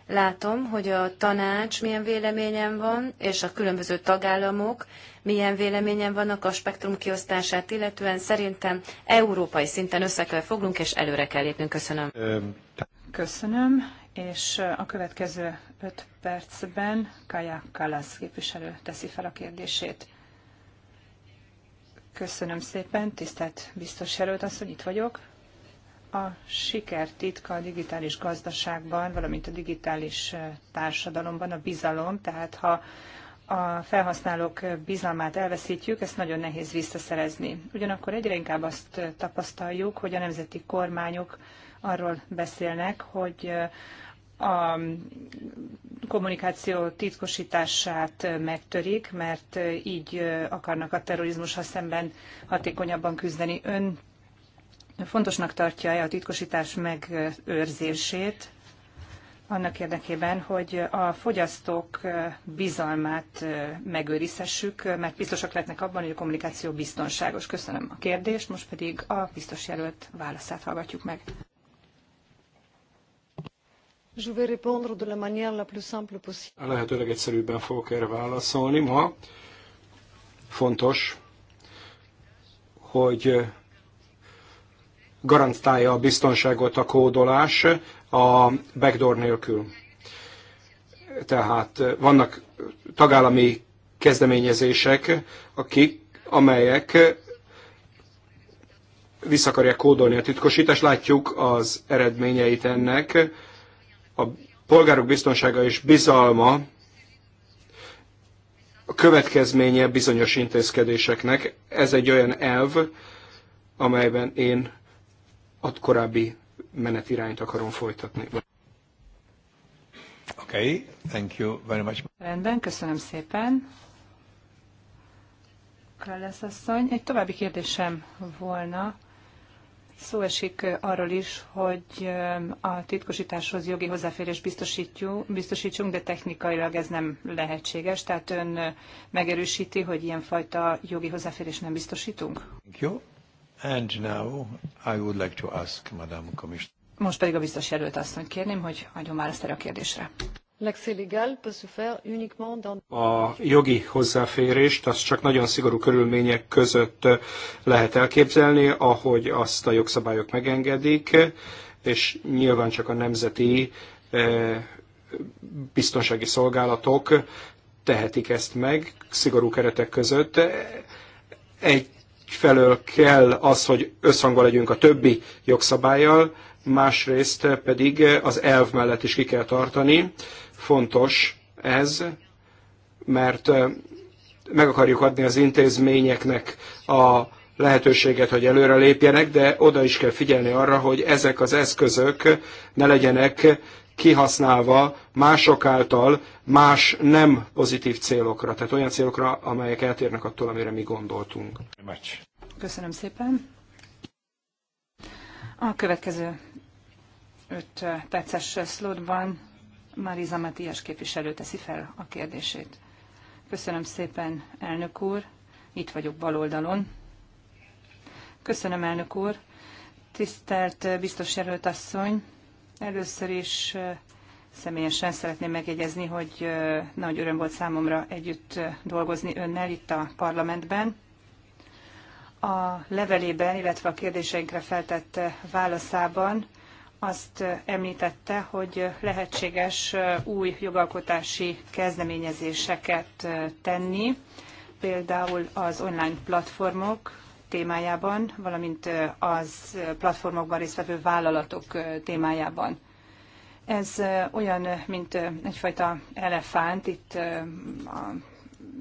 Látom, hogy a tanács milyen véleményen van, és a különböző tagállamok milyen véleményen vannak a spektrum kiosztását, illetően szerintem európai szinten össze kell fognunk, és előre kell lépnünk. Köszönöm. Köszönöm és a következő öt percben Kaja Kalasz képviselő teszi fel a kérdését. Köszönöm szépen, tisztelt biztos jelölt hogy itt vagyok. A siker titka a digitális gazdaságban, valamint a digitális társadalomban a bizalom, tehát ha a felhasználók bizalmát elveszítjük, ezt nagyon nehéz visszaszerezni. Ugyanakkor egyre inkább azt tapasztaljuk, hogy a nemzeti kormányok arról beszélnek, hogy a kommunikáció titkosítását megtörik, mert így akarnak a terrorizmusra szemben hatékonyabban küzdeni. Ön fontosnak tartja-e a titkosítás megőrzését annak érdekében, hogy a fogyasztók bizalmát megőrizhessük, mert biztosak lehetnek abban, hogy a kommunikáció biztonságos. Köszönöm a kérdést, most pedig a biztos jelölt válaszát hallgatjuk meg. A lehető legegyszerűbben fogok erre válaszolni ma. Fontos, hogy garantálja a biztonságot a kódolás a backdoor nélkül. Tehát vannak tagállami kezdeményezések, akik, amelyek visszakarják kódolni a titkosítást. Látjuk az eredményeit ennek a polgárok biztonsága és bizalma a következménye bizonyos intézkedéseknek. Ez egy olyan elv, amelyben én a korábbi menetirányt akarom folytatni. Okay, thank you very much. Rendben, köszönöm szépen. Kralesz asszony, egy további kérdésem volna Szó esik arról is, hogy a titkosításhoz jogi hozzáférés biztosítsunk, de technikailag ez nem lehetséges. Tehát ön megerősíti, hogy ilyenfajta jogi hozzáférés nem biztosítunk? Thank you. And now I would like to ask Madame Commissioner. Most pedig a biztos jelölt hogy kérném, hogy adjon választ erre a kérdésre. A jogi hozzáférést azt csak nagyon szigorú körülmények között lehet elképzelni, ahogy azt a jogszabályok megengedik, és nyilván csak a nemzeti eh, biztonsági szolgálatok tehetik ezt meg szigorú keretek között. Egyfelől kell az, hogy összhangban legyünk a többi jogszabályjal, másrészt pedig az elv mellett is ki kell tartani fontos ez, mert meg akarjuk adni az intézményeknek a lehetőséget, hogy előre lépjenek, de oda is kell figyelni arra, hogy ezek az eszközök ne legyenek kihasználva mások által más nem pozitív célokra, tehát olyan célokra, amelyek eltérnek attól, amire mi gondoltunk. Köszönöm szépen. A következő öt perces szlótban Mariza Matias képviselő teszi fel a kérdését. Köszönöm szépen, elnök úr. Itt vagyok baloldalon. Köszönöm, elnök úr. Tisztelt eh, biztos jelölt asszony, először is eh, személyesen szeretném megjegyezni, hogy eh, nagy öröm volt számomra együtt dolgozni önnel itt a parlamentben. A levelében, illetve a kérdéseinkre feltett válaszában azt említette, hogy lehetséges új jogalkotási kezdeményezéseket tenni, például az online platformok témájában, valamint az platformokban résztvevő vállalatok témájában. Ez olyan, mint egyfajta elefánt, itt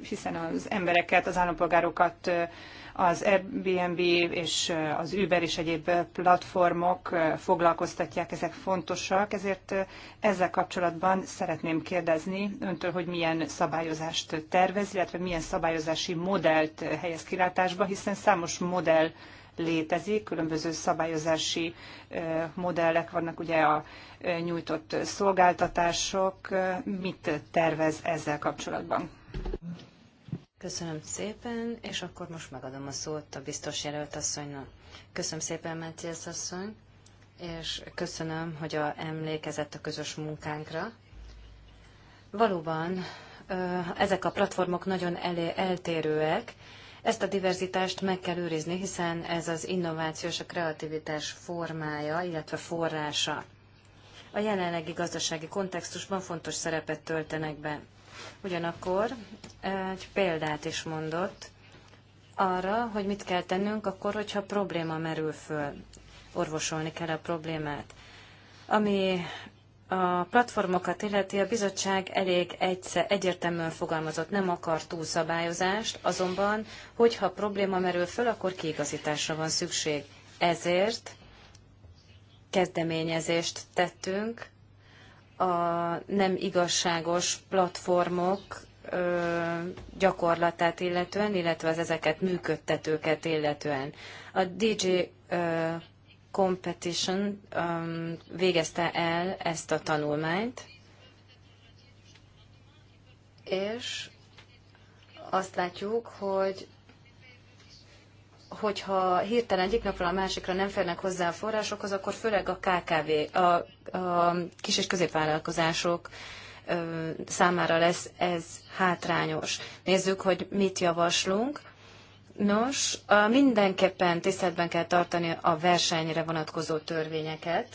hiszen az embereket, az állampolgárokat az Airbnb és eh, az Uber és egyéb eh, platformok eh, foglalkoztatják, ezek fontosak, ezért ezzel kapcsolatban szeretném kérdezni öntől, hogy milyen szabályozást tervez, illetve milyen szabályozási modellt helyez kilátásba, hiszen számos modell létezik, különböző szabályozási modellek vannak, ugye a nyújtott szolgáltatások. Mit tervez ezzel kapcsolatban? Köszönöm szépen, és akkor most megadom a szót a biztos jelölt asszonynak. Köszönöm szépen, Mátyász asszony, és köszönöm, hogy a emlékezett a közös munkánkra. Valóban ezek a platformok nagyon elé, eltérőek, ezt a diverzitást meg kell őrizni, hiszen ez az innováció és a kreativitás formája, illetve forrása. A jelenlegi gazdasági kontextusban fontos szerepet töltenek be. Ugyanakkor eh, egy példát is mondott arra, hogy mit kell tennünk akkor, hogyha probléma merül föl. Orvosolni kell a problémát. Ami a platformokat illeti a bizottság elég egyszer, egyértelműen fogalmazott, nem akar túlszabályozást, azonban, hogyha probléma merül föl, akkor kiigazításra van szükség. Ezért kezdeményezést tettünk a nem igazságos platformok gyakorlatát illetően, illetve az ezeket működtetőket illetően. A DJ Competition végezte el ezt a tanulmányt, és azt látjuk, hogy hogyha hirtelen egyik napról a másikra nem férnek hozzá a forrásokhoz, akkor főleg a KKV, a, a kis és középvállalkozások ö, számára lesz ez hátrányos. Nézzük, hogy mit javaslunk. Nos, a mindenképpen tiszteletben kell tartani a versenyre vonatkozó törvényeket,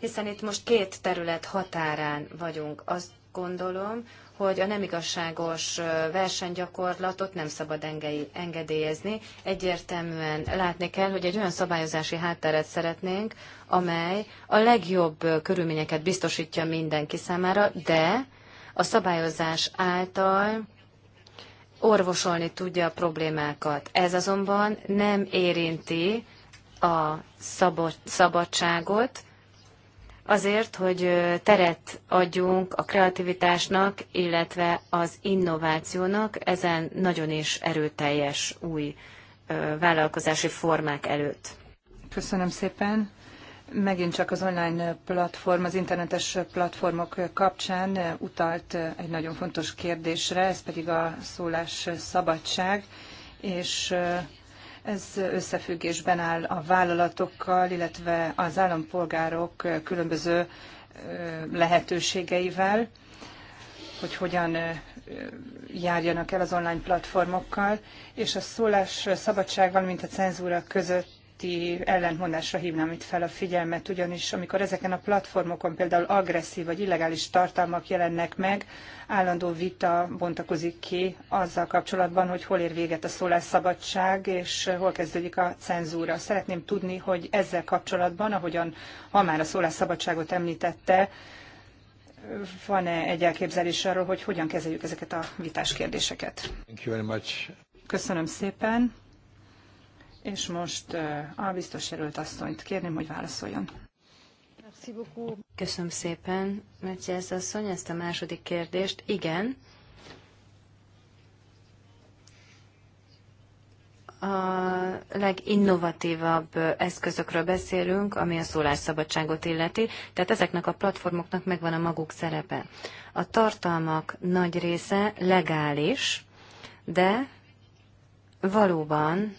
hiszen itt most két terület határán vagyunk. Azt gondolom, hogy a nem igazságos versenygyakorlatot nem szabad engedélyezni. Egyértelműen látni kell, hogy egy olyan szabályozási hátteret szeretnénk, amely a legjobb körülményeket biztosítja mindenki számára, de a szabályozás által orvosolni tudja a problémákat. Ez azonban nem érinti a szabadságot, azért, hogy teret adjunk a kreativitásnak, illetve az innovációnak ezen nagyon is erőteljes új vállalkozási formák előtt. Köszönöm szépen. Megint csak az online platform, az internetes platformok kapcsán utalt egy nagyon fontos kérdésre, ez pedig a szólás szabadság, és ez összefüggésben áll a vállalatokkal, illetve az állampolgárok különböző lehetőségeivel, hogy hogyan járjanak el az online platformokkal, és a szólás szabadság, valamint a cenzúra között közötti ellentmondásra hívnám itt fel a figyelmet, ugyanis amikor ezeken a platformokon például agresszív vagy illegális tartalmak jelennek meg, állandó vita bontakozik ki azzal kapcsolatban, hogy hol ér véget a szólásszabadság, és hol kezdődik a cenzúra. Szeretném tudni, hogy ezzel kapcsolatban, ahogyan ha már a szólásszabadságot említette, van-e egy elképzelés arról, hogy hogyan kezeljük ezeket a vitás kérdéseket? Köszönöm szépen. És most a biztos jelölt asszonyt kérném, hogy válaszoljon. Köszönöm szépen, Matthias asszony, ezt a második kérdést. Igen, a leginnovatívabb eszközökről beszélünk, ami a szólásszabadságot illeti, tehát ezeknek a platformoknak megvan a maguk szerepe. A tartalmak nagy része legális, de valóban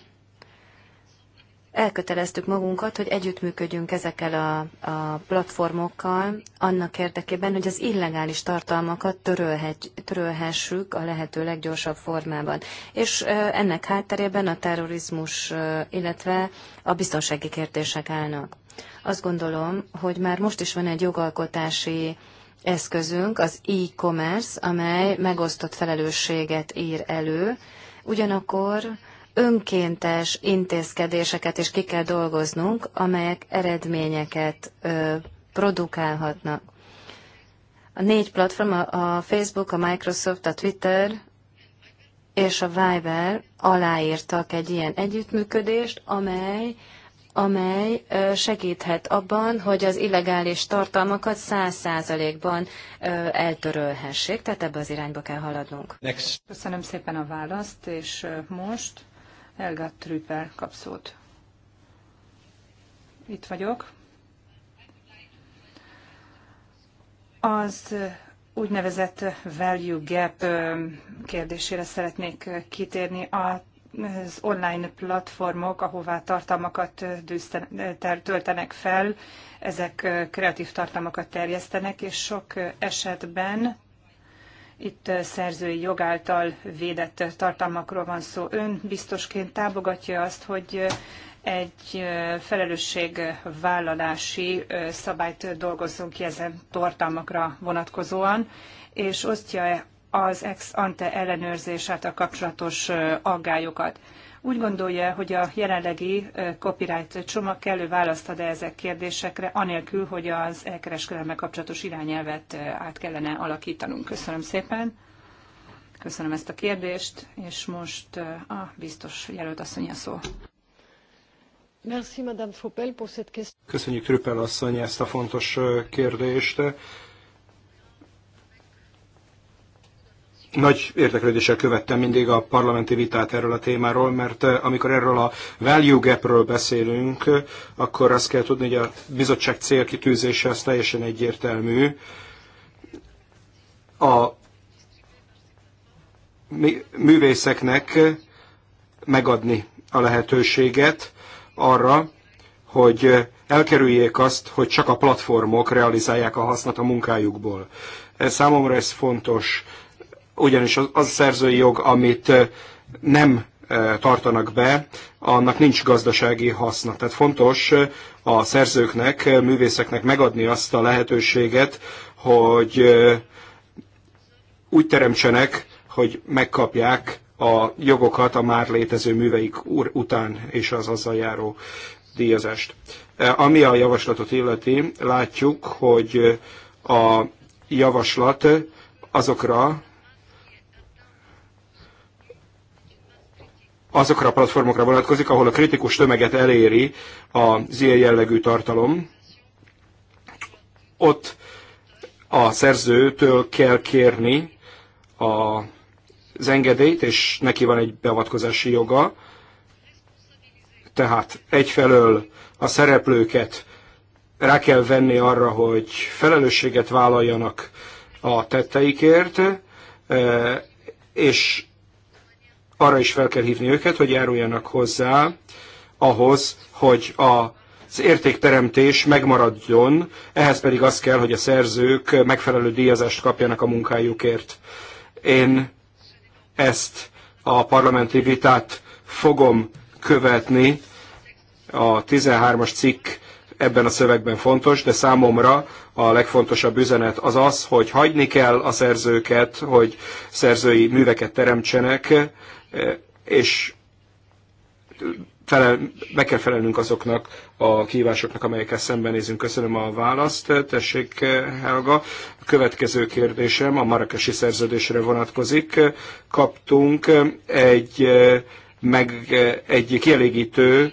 elköteleztük magunkat, hogy együttműködjünk ezekkel a, a platformokkal, annak érdekében, hogy az illegális tartalmakat törölhet, törölhessük a lehető leggyorsabb formában. És ennek hátterében a terrorizmus, illetve a biztonsági kérdések állnak. Azt gondolom, hogy már most is van egy jogalkotási eszközünk, az e-commerce, amely megosztott felelősséget ír elő, ugyanakkor önkéntes intézkedéseket is ki kell dolgoznunk, amelyek eredményeket ö, produkálhatnak. A négy platform, a Facebook, a Microsoft, a Twitter és a Viber aláírtak egy ilyen együttműködést, amely amely segíthet abban, hogy az illegális tartalmakat száz százalékban eltörölhessék, tehát ebbe az irányba kell haladnunk. Next. Köszönöm szépen a választ, és most Helga Trüppel kap szót. Itt vagyok. Az úgynevezett value gap kérdésére szeretnék kitérni. Az online platformok, ahová tartalmakat töltenek fel, ezek kreatív tartalmakat terjesztenek, és sok esetben itt szerzői jog által védett tartalmakról van szó. Ön biztosként támogatja azt, hogy egy felelősségvállalási szabályt dolgozzunk ki ezen tartalmakra vonatkozóan, és osztja-e az ex ante ellenőrzés által kapcsolatos aggályokat. Úgy gondolja, hogy a jelenlegi copyright csomag kellő választ ad -e ezek kérdésekre, anélkül, hogy az elkereskedelme kapcsolatos irányelvet át kellene alakítanunk. Köszönöm szépen. Köszönöm ezt a kérdést, és most a biztos jelölt asszony a szó. Köszönjük Trüppel asszony ezt a fontos kérdést. nagy érdeklődéssel követtem mindig a parlamenti vitát erről a témáról, mert eh, amikor erről a value gapről beszélünk, akkor azt kell tudni, hogy a bizottság célkitűzése az teljesen egyértelmű. A művészeknek megadni a lehetőséget arra, hogy elkerüljék azt, hogy csak a platformok realizálják a hasznot a munkájukból. Ez eh, számomra ez fontos ugyanis az, az szerzői jog, amit nem tartanak be, annak nincs gazdasági haszna. Tehát fontos a szerzőknek, művészeknek megadni azt a lehetőséget, hogy úgy teremtsenek, hogy megkapják a jogokat a már létező műveik után és az azzal járó díjazást. Ami a javaslatot illeti, látjuk, hogy a javaslat azokra azokra a platformokra vonatkozik, ahol a kritikus tömeget eléri az ilyen jellegű tartalom. Ott a szerzőtől kell kérni a, az engedélyt, és neki van egy beavatkozási joga. Tehát egyfelől a szereplőket rá kell venni arra, hogy felelősséget vállaljanak a tetteikért, eh, és arra is fel kell hívni őket, hogy járuljanak hozzá ahhoz, hogy a az értékteremtés megmaradjon, ehhez pedig az kell, hogy a szerzők megfelelő díjazást kapjanak a munkájukért. Én ezt a parlamenti vitát fogom követni. A 13-as cikk ebben a szövegben fontos, de számomra a legfontosabb üzenet az az, hogy hagyni kell a szerzőket, hogy szerzői műveket teremtsenek, és felel, meg kell felelnünk azoknak a kívásoknak, amelyekkel szembenézünk. Köszönöm a választ. Tessék, Helga. A következő kérdésem a marakesi szerződésre vonatkozik. Kaptunk egy, meg, egy kielégítő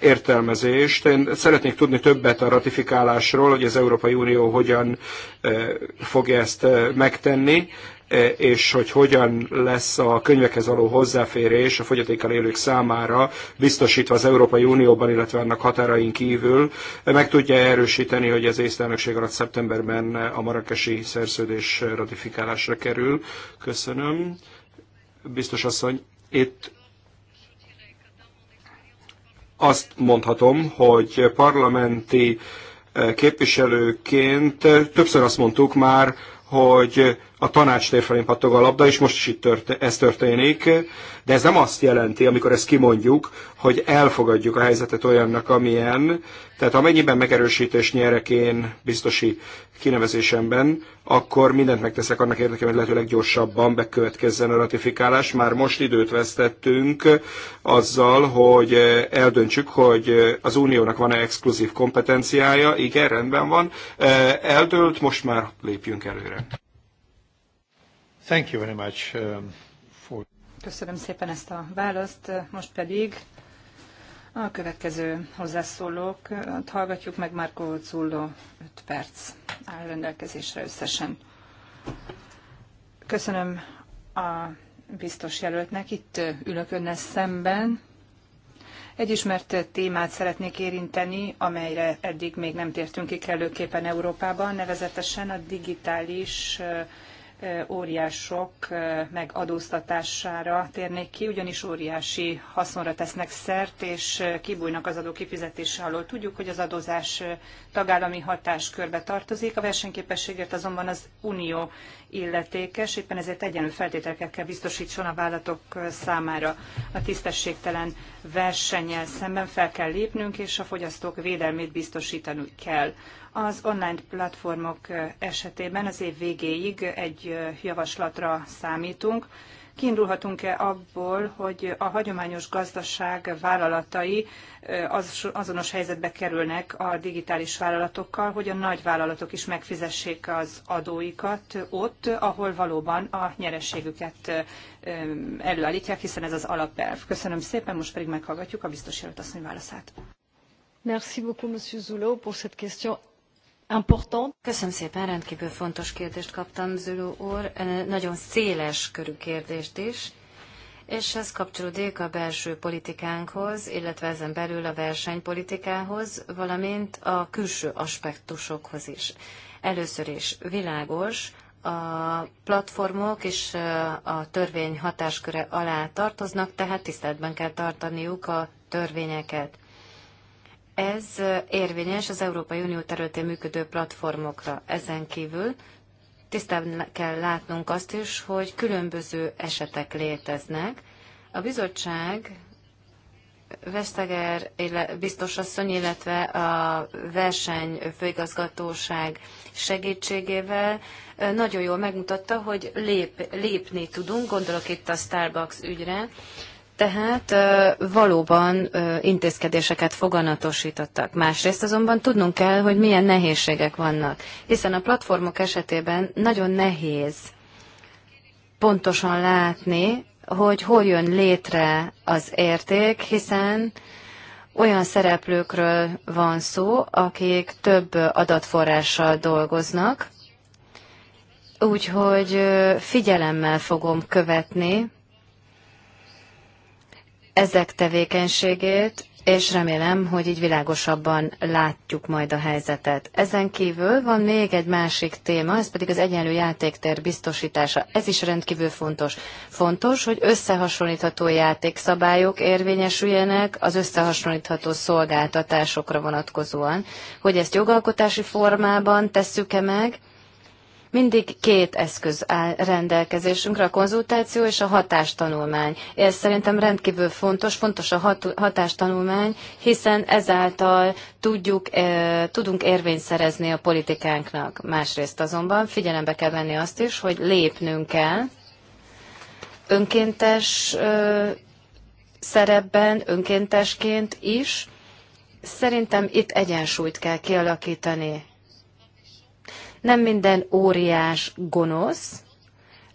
értelmezést. Én szeretnék tudni többet a ratifikálásról, hogy az Európai Unió hogyan fogja ezt megtenni, E, és hogy hogyan lesz a könyvekhez való hozzáférés a fogyatékkal élők számára biztosítva az Európai Unióban, illetve annak határain kívül. E, meg tudja erősíteni, hogy az észtelnökség alatt szeptemberben a marakesi szerződés ratifikálásra kerül. Köszönöm. Biztos asszony, itt azt mondhatom, hogy parlamenti e, képviselőként többször azt mondtuk már, hogy a tanács térfelén pattog a labda, és most is itt tört ez történik, de ez nem azt jelenti, amikor ezt kimondjuk, hogy elfogadjuk a helyzetet olyannak, amilyen, tehát amennyiben megerősítés nyerek én biztosi kinevezésemben, akkor mindent megteszek annak érdekében, hogy lehetőleg gyorsabban bekövetkezzen a ratifikálás. Már most időt vesztettünk azzal, hogy eldöntsük, hogy az uniónak van-e exkluzív kompetenciája, igen, rendben van, eldőlt, most már lépjünk előre. Thank you very much um, for... Köszönöm szépen ezt a választ. Most pedig a következő hozzászólók. Hallgatjuk meg Marco Zullo 5 perc áll rendelkezésre összesen. Köszönöm a biztos jelöltnek. Itt ülök önnel szemben. Egy ismert témát szeretnék érinteni, amelyre eddig még nem tértünk ki kellőképpen Európában, nevezetesen a digitális óriások megadóztatására térnék ki, ugyanis óriási haszonra tesznek szert, és kibújnak az adó kifizetése alól. Tudjuk, hogy az adózás tagállami hatáskörbe tartozik, a versenyképességért azonban az Unió illetékes, éppen ezért egyenlő feltételeket kell biztosítson a vállalatok számára. A tisztességtelen versennyel szemben fel kell lépnünk, és a fogyasztók védelmét biztosítanunk kell. Az online platformok esetében az év végéig egy javaslatra számítunk, kiindulhatunk-e abból, hogy a hagyományos gazdaság vállalatai az, azonos helyzetbe kerülnek a digitális vállalatokkal, hogy a nagy vállalatok is megfizessék az adóikat ott, ahol valóban a nyerességüket előállítják, hiszen ez az alapelv. Köszönöm szépen, most pedig meghallgatjuk a biztos jelöltasszony válaszát. Merci beaucoup, Monsieur Zulo, pour cette question Köszönöm szépen, rendkívül fontos kérdést kaptam, Zülő úr, nagyon széles körű kérdést is, és ez kapcsolódik a belső politikánkhoz, illetve ezen belül a versenypolitikához, valamint a külső aspektusokhoz is. Először is világos, a platformok és a törvény hatásköre alá tartoznak, tehát tiszteletben kell tartaniuk a törvényeket. Ez érvényes az Európai Unió területén működő platformokra. Ezen kívül tisztában kell látnunk azt is, hogy különböző esetek léteznek. A bizottság Veszteger biztosasszony, illetve a versenyfőigazgatóság segítségével nagyon jól megmutatta, hogy lép, lépni tudunk, gondolok itt a Starbucks ügyre, tehát valóban intézkedéseket foganatosítottak. Másrészt azonban tudnunk kell, hogy milyen nehézségek vannak, hiszen a platformok esetében nagyon nehéz pontosan látni, hogy hol jön létre az érték, hiszen olyan szereplőkről van szó, akik több adatforrással dolgoznak, úgyhogy figyelemmel fogom követni ezek tevékenységét, és remélem, hogy így világosabban látjuk majd a helyzetet. Ezen kívül van még egy másik téma, ez pedig az egyenlő játéktér biztosítása. Ez is rendkívül fontos. Fontos, hogy összehasonlítható játékszabályok érvényesüljenek az összehasonlítható szolgáltatásokra vonatkozóan. Hogy ezt jogalkotási formában tesszük-e meg, mindig két eszköz áll rendelkezésünkre, a konzultáció és a hatástanulmány. Ez szerintem rendkívül fontos, fontos a hat, hatástanulmány, hiszen ezáltal tudjuk, eh, tudunk érvényt szerezni a politikánknak. Másrészt azonban figyelembe kell venni azt is, hogy lépnünk kell, önkéntes szerepben, önkéntesként is. Szerintem itt egyensúlyt kell kialakítani. Nem minden óriás gonosz,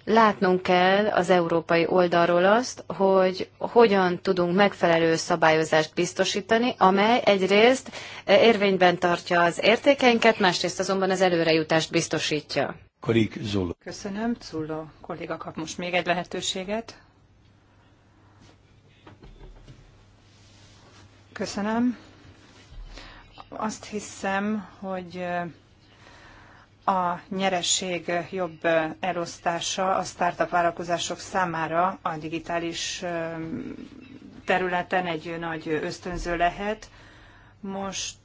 látnunk kell az európai oldalról azt, hogy hogyan tudunk megfelelő szabályozást biztosítani, amely egyrészt eh, érvényben tartja az értékeinket, másrészt azonban az előrejutást biztosítja. Kolik Zulu. Köszönöm. Zulu kolléga kap most még egy lehetőséget. Köszönöm. Azt hiszem, hogy eh, a nyeresség jobb elosztása a startup vállalkozások számára a digitális területen egy nagy ösztönző lehet. Most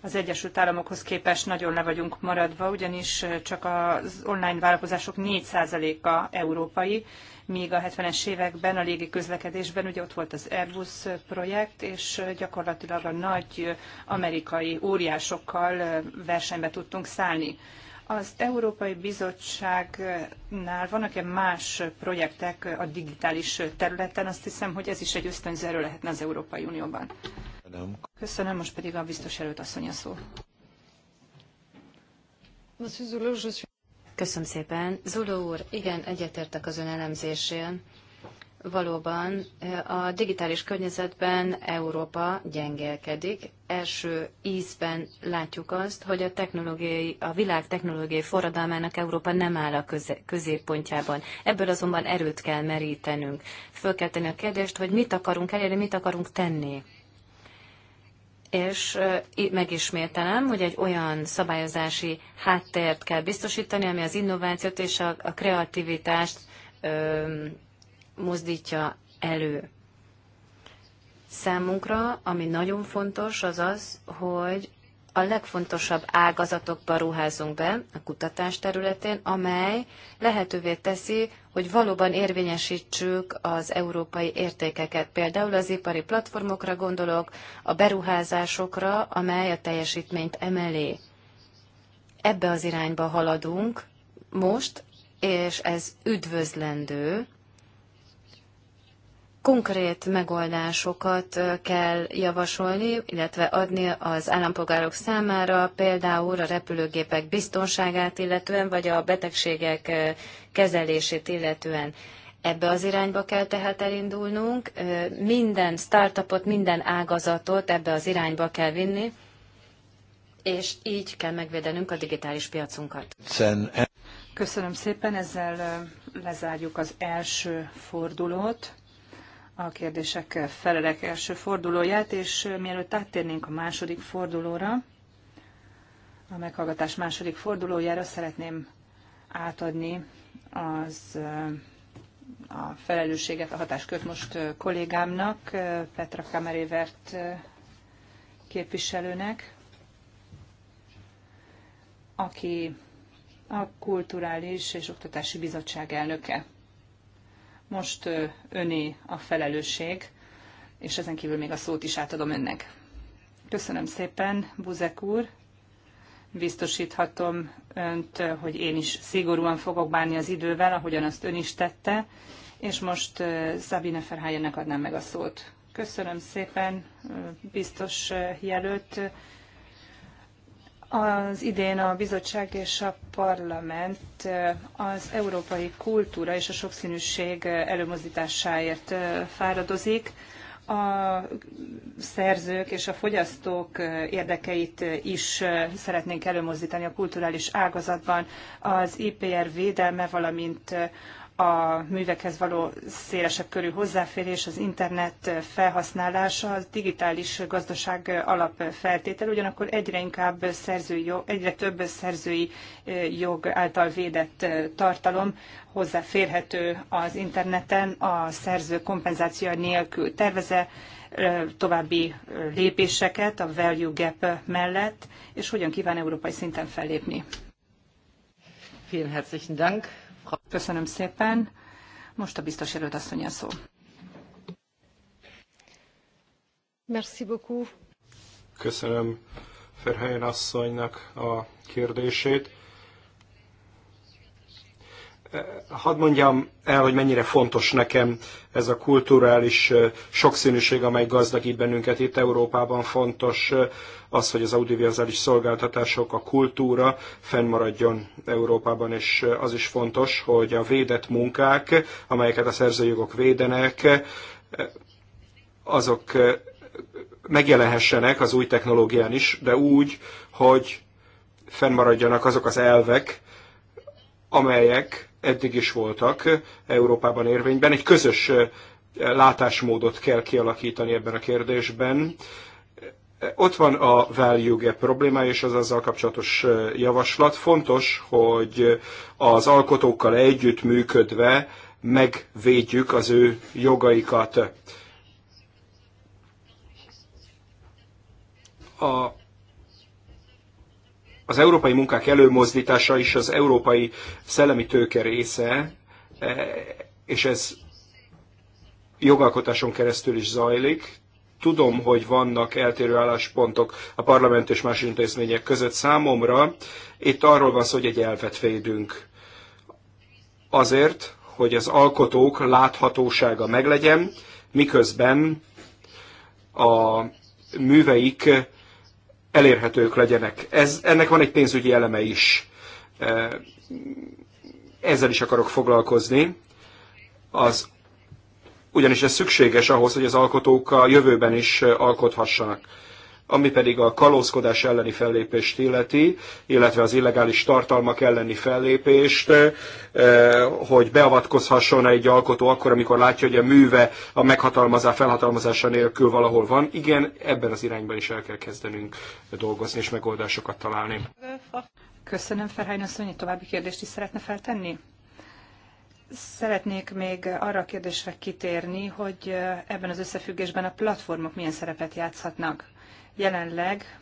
az Egyesült Államokhoz képest nagyon le vagyunk maradva, ugyanis csak az online vállalkozások 4%-a európai, míg a 70-es években a légi közlekedésben ugye ott volt az Airbus projekt, és gyakorlatilag a nagy amerikai óriásokkal versenybe tudtunk szállni. Az Európai Bizottságnál vannak-e más projektek a digitális területen? Azt hiszem, hogy ez is egy ösztönző erő lehetne az Európai Unióban. Köszönöm, Köszönöm most pedig a biztos előtt asszony a szó. Köszönöm szépen. Zuló úr, igen, egyetértek az ön elemzésén. Valóban eh, a digitális környezetben Európa gyengélkedik. Első ízben látjuk azt, hogy a, technológiai, a világ technológiai forradalmának Európa nem áll a középpontjában. Ebből azonban erőt kell merítenünk. Föl kell tenni a kérdést, hogy mit akarunk elérni, mit akarunk tenni és megismételem, hogy egy olyan szabályozási háttért kell biztosítani, ami az innovációt és a, a kreativitást ö, mozdítja elő. Számunkra, ami nagyon fontos, az az, hogy a legfontosabb ágazatokba ruházunk be a kutatás területén, amely lehetővé teszi, hogy valóban érvényesítsük az európai értékeket. Például az ipari platformokra gondolok, a beruházásokra, amely a teljesítményt emeli. Ebbe az irányba haladunk most, és ez üdvözlendő, konkrét megoldásokat kell javasolni, illetve adni az állampolgárok számára, például a repülőgépek biztonságát illetően, vagy a betegségek kezelését illetően. Ebbe az irányba kell tehát elindulnunk, minden startupot, minden ágazatot ebbe az irányba kell vinni, és így kell megvédenünk a digitális piacunkat. Köszönöm szépen, ezzel lezárjuk az első fordulót a kérdések felelek első fordulóját, és mielőtt áttérnénk a második fordulóra, a meghallgatás második fordulójára szeretném átadni az a felelősséget, a hatáskört most kollégámnak, Petra Kamerévert képviselőnek, aki a Kulturális és Oktatási Bizottság elnöke. Most öné a felelősség, és ezen kívül még a szót is átadom önnek. Köszönöm szépen, Buzek úr. Biztosíthatom önt, hogy én is szigorúan fogok bánni az idővel, ahogyan azt ön is tette, és most Szabine Ferhájennek adnám meg a szót. Köszönöm szépen, biztos jelölt az idén a bizottság és a parlament az európai kultúra és a sokszínűség előmozdításáért fáradozik. A szerzők és a fogyasztók érdekeit is szeretnénk előmozdítani a kulturális ágazatban. Az IPR védelme, valamint a művekhez való szélesebb körű hozzáférés, az internet felhasználása, a digitális gazdaság alapfeltétel, ugyanakkor egyre inkább szerzői jog, egyre több szerzői jog által védett tartalom hozzáférhető az interneten a szerző kompenzáció nélkül. Terveze további lépéseket a value gap mellett, és hogyan kíván európai szinten fellépni. Vielen herzlichen Dank. Köszönöm szépen. Most a biztos előtt asszony a szó. Merci beaucoup. Köszönöm Ferhelyen asszonynak a kérdését hadd mondjam el, hogy mennyire fontos nekem ez a kulturális sokszínűség, amely gazdagít bennünket itt Európában fontos az, hogy az audiovizuális szolgáltatások, a kultúra fennmaradjon Európában, és az is fontos, hogy a védett munkák, amelyeket a szerzőjogok védenek, azok megjelenhessenek az új technológián is, de úgy, hogy fennmaradjanak azok az elvek, amelyek eddig is voltak Európában érvényben. Egy közös eh, látásmódot kell kialakítani ebben a kérdésben. Ott van a value gap problémája és az azzal kapcsolatos eh, javaslat. Fontos, hogy az alkotókkal együtt működve megvédjük az ő jogaikat. A az európai munkák előmozdítása is az európai szellemi tőke része, e, és ez jogalkotáson keresztül is zajlik. Tudom, hogy vannak eltérő álláspontok a parlament és más intézmények között számomra. Itt arról van szó, hogy egy elvet védünk. Azért, hogy az alkotók láthatósága meglegyen, miközben a műveik elérhetők legyenek. Ez, ennek van egy pénzügyi eleme is. E, ezzel is akarok foglalkozni. Az, ugyanis ez szükséges ahhoz, hogy az alkotók a jövőben is e, alkothassanak ami pedig a kalózkodás elleni fellépést illeti, illetve az illegális tartalmak elleni fellépést, eh, hogy beavatkozhasson egy alkotó akkor, amikor látja, hogy a műve a meghatalmazás felhatalmazása nélkül valahol van. Igen, ebben az irányban is el kell kezdenünk dolgozni és megoldásokat találni. Köszönöm, Ferhány asszony, további kérdést is szeretne feltenni? Szeretnék még arra a kérdésre kitérni, hogy eh, ebben az összefüggésben a platformok milyen szerepet játszhatnak. Jelenleg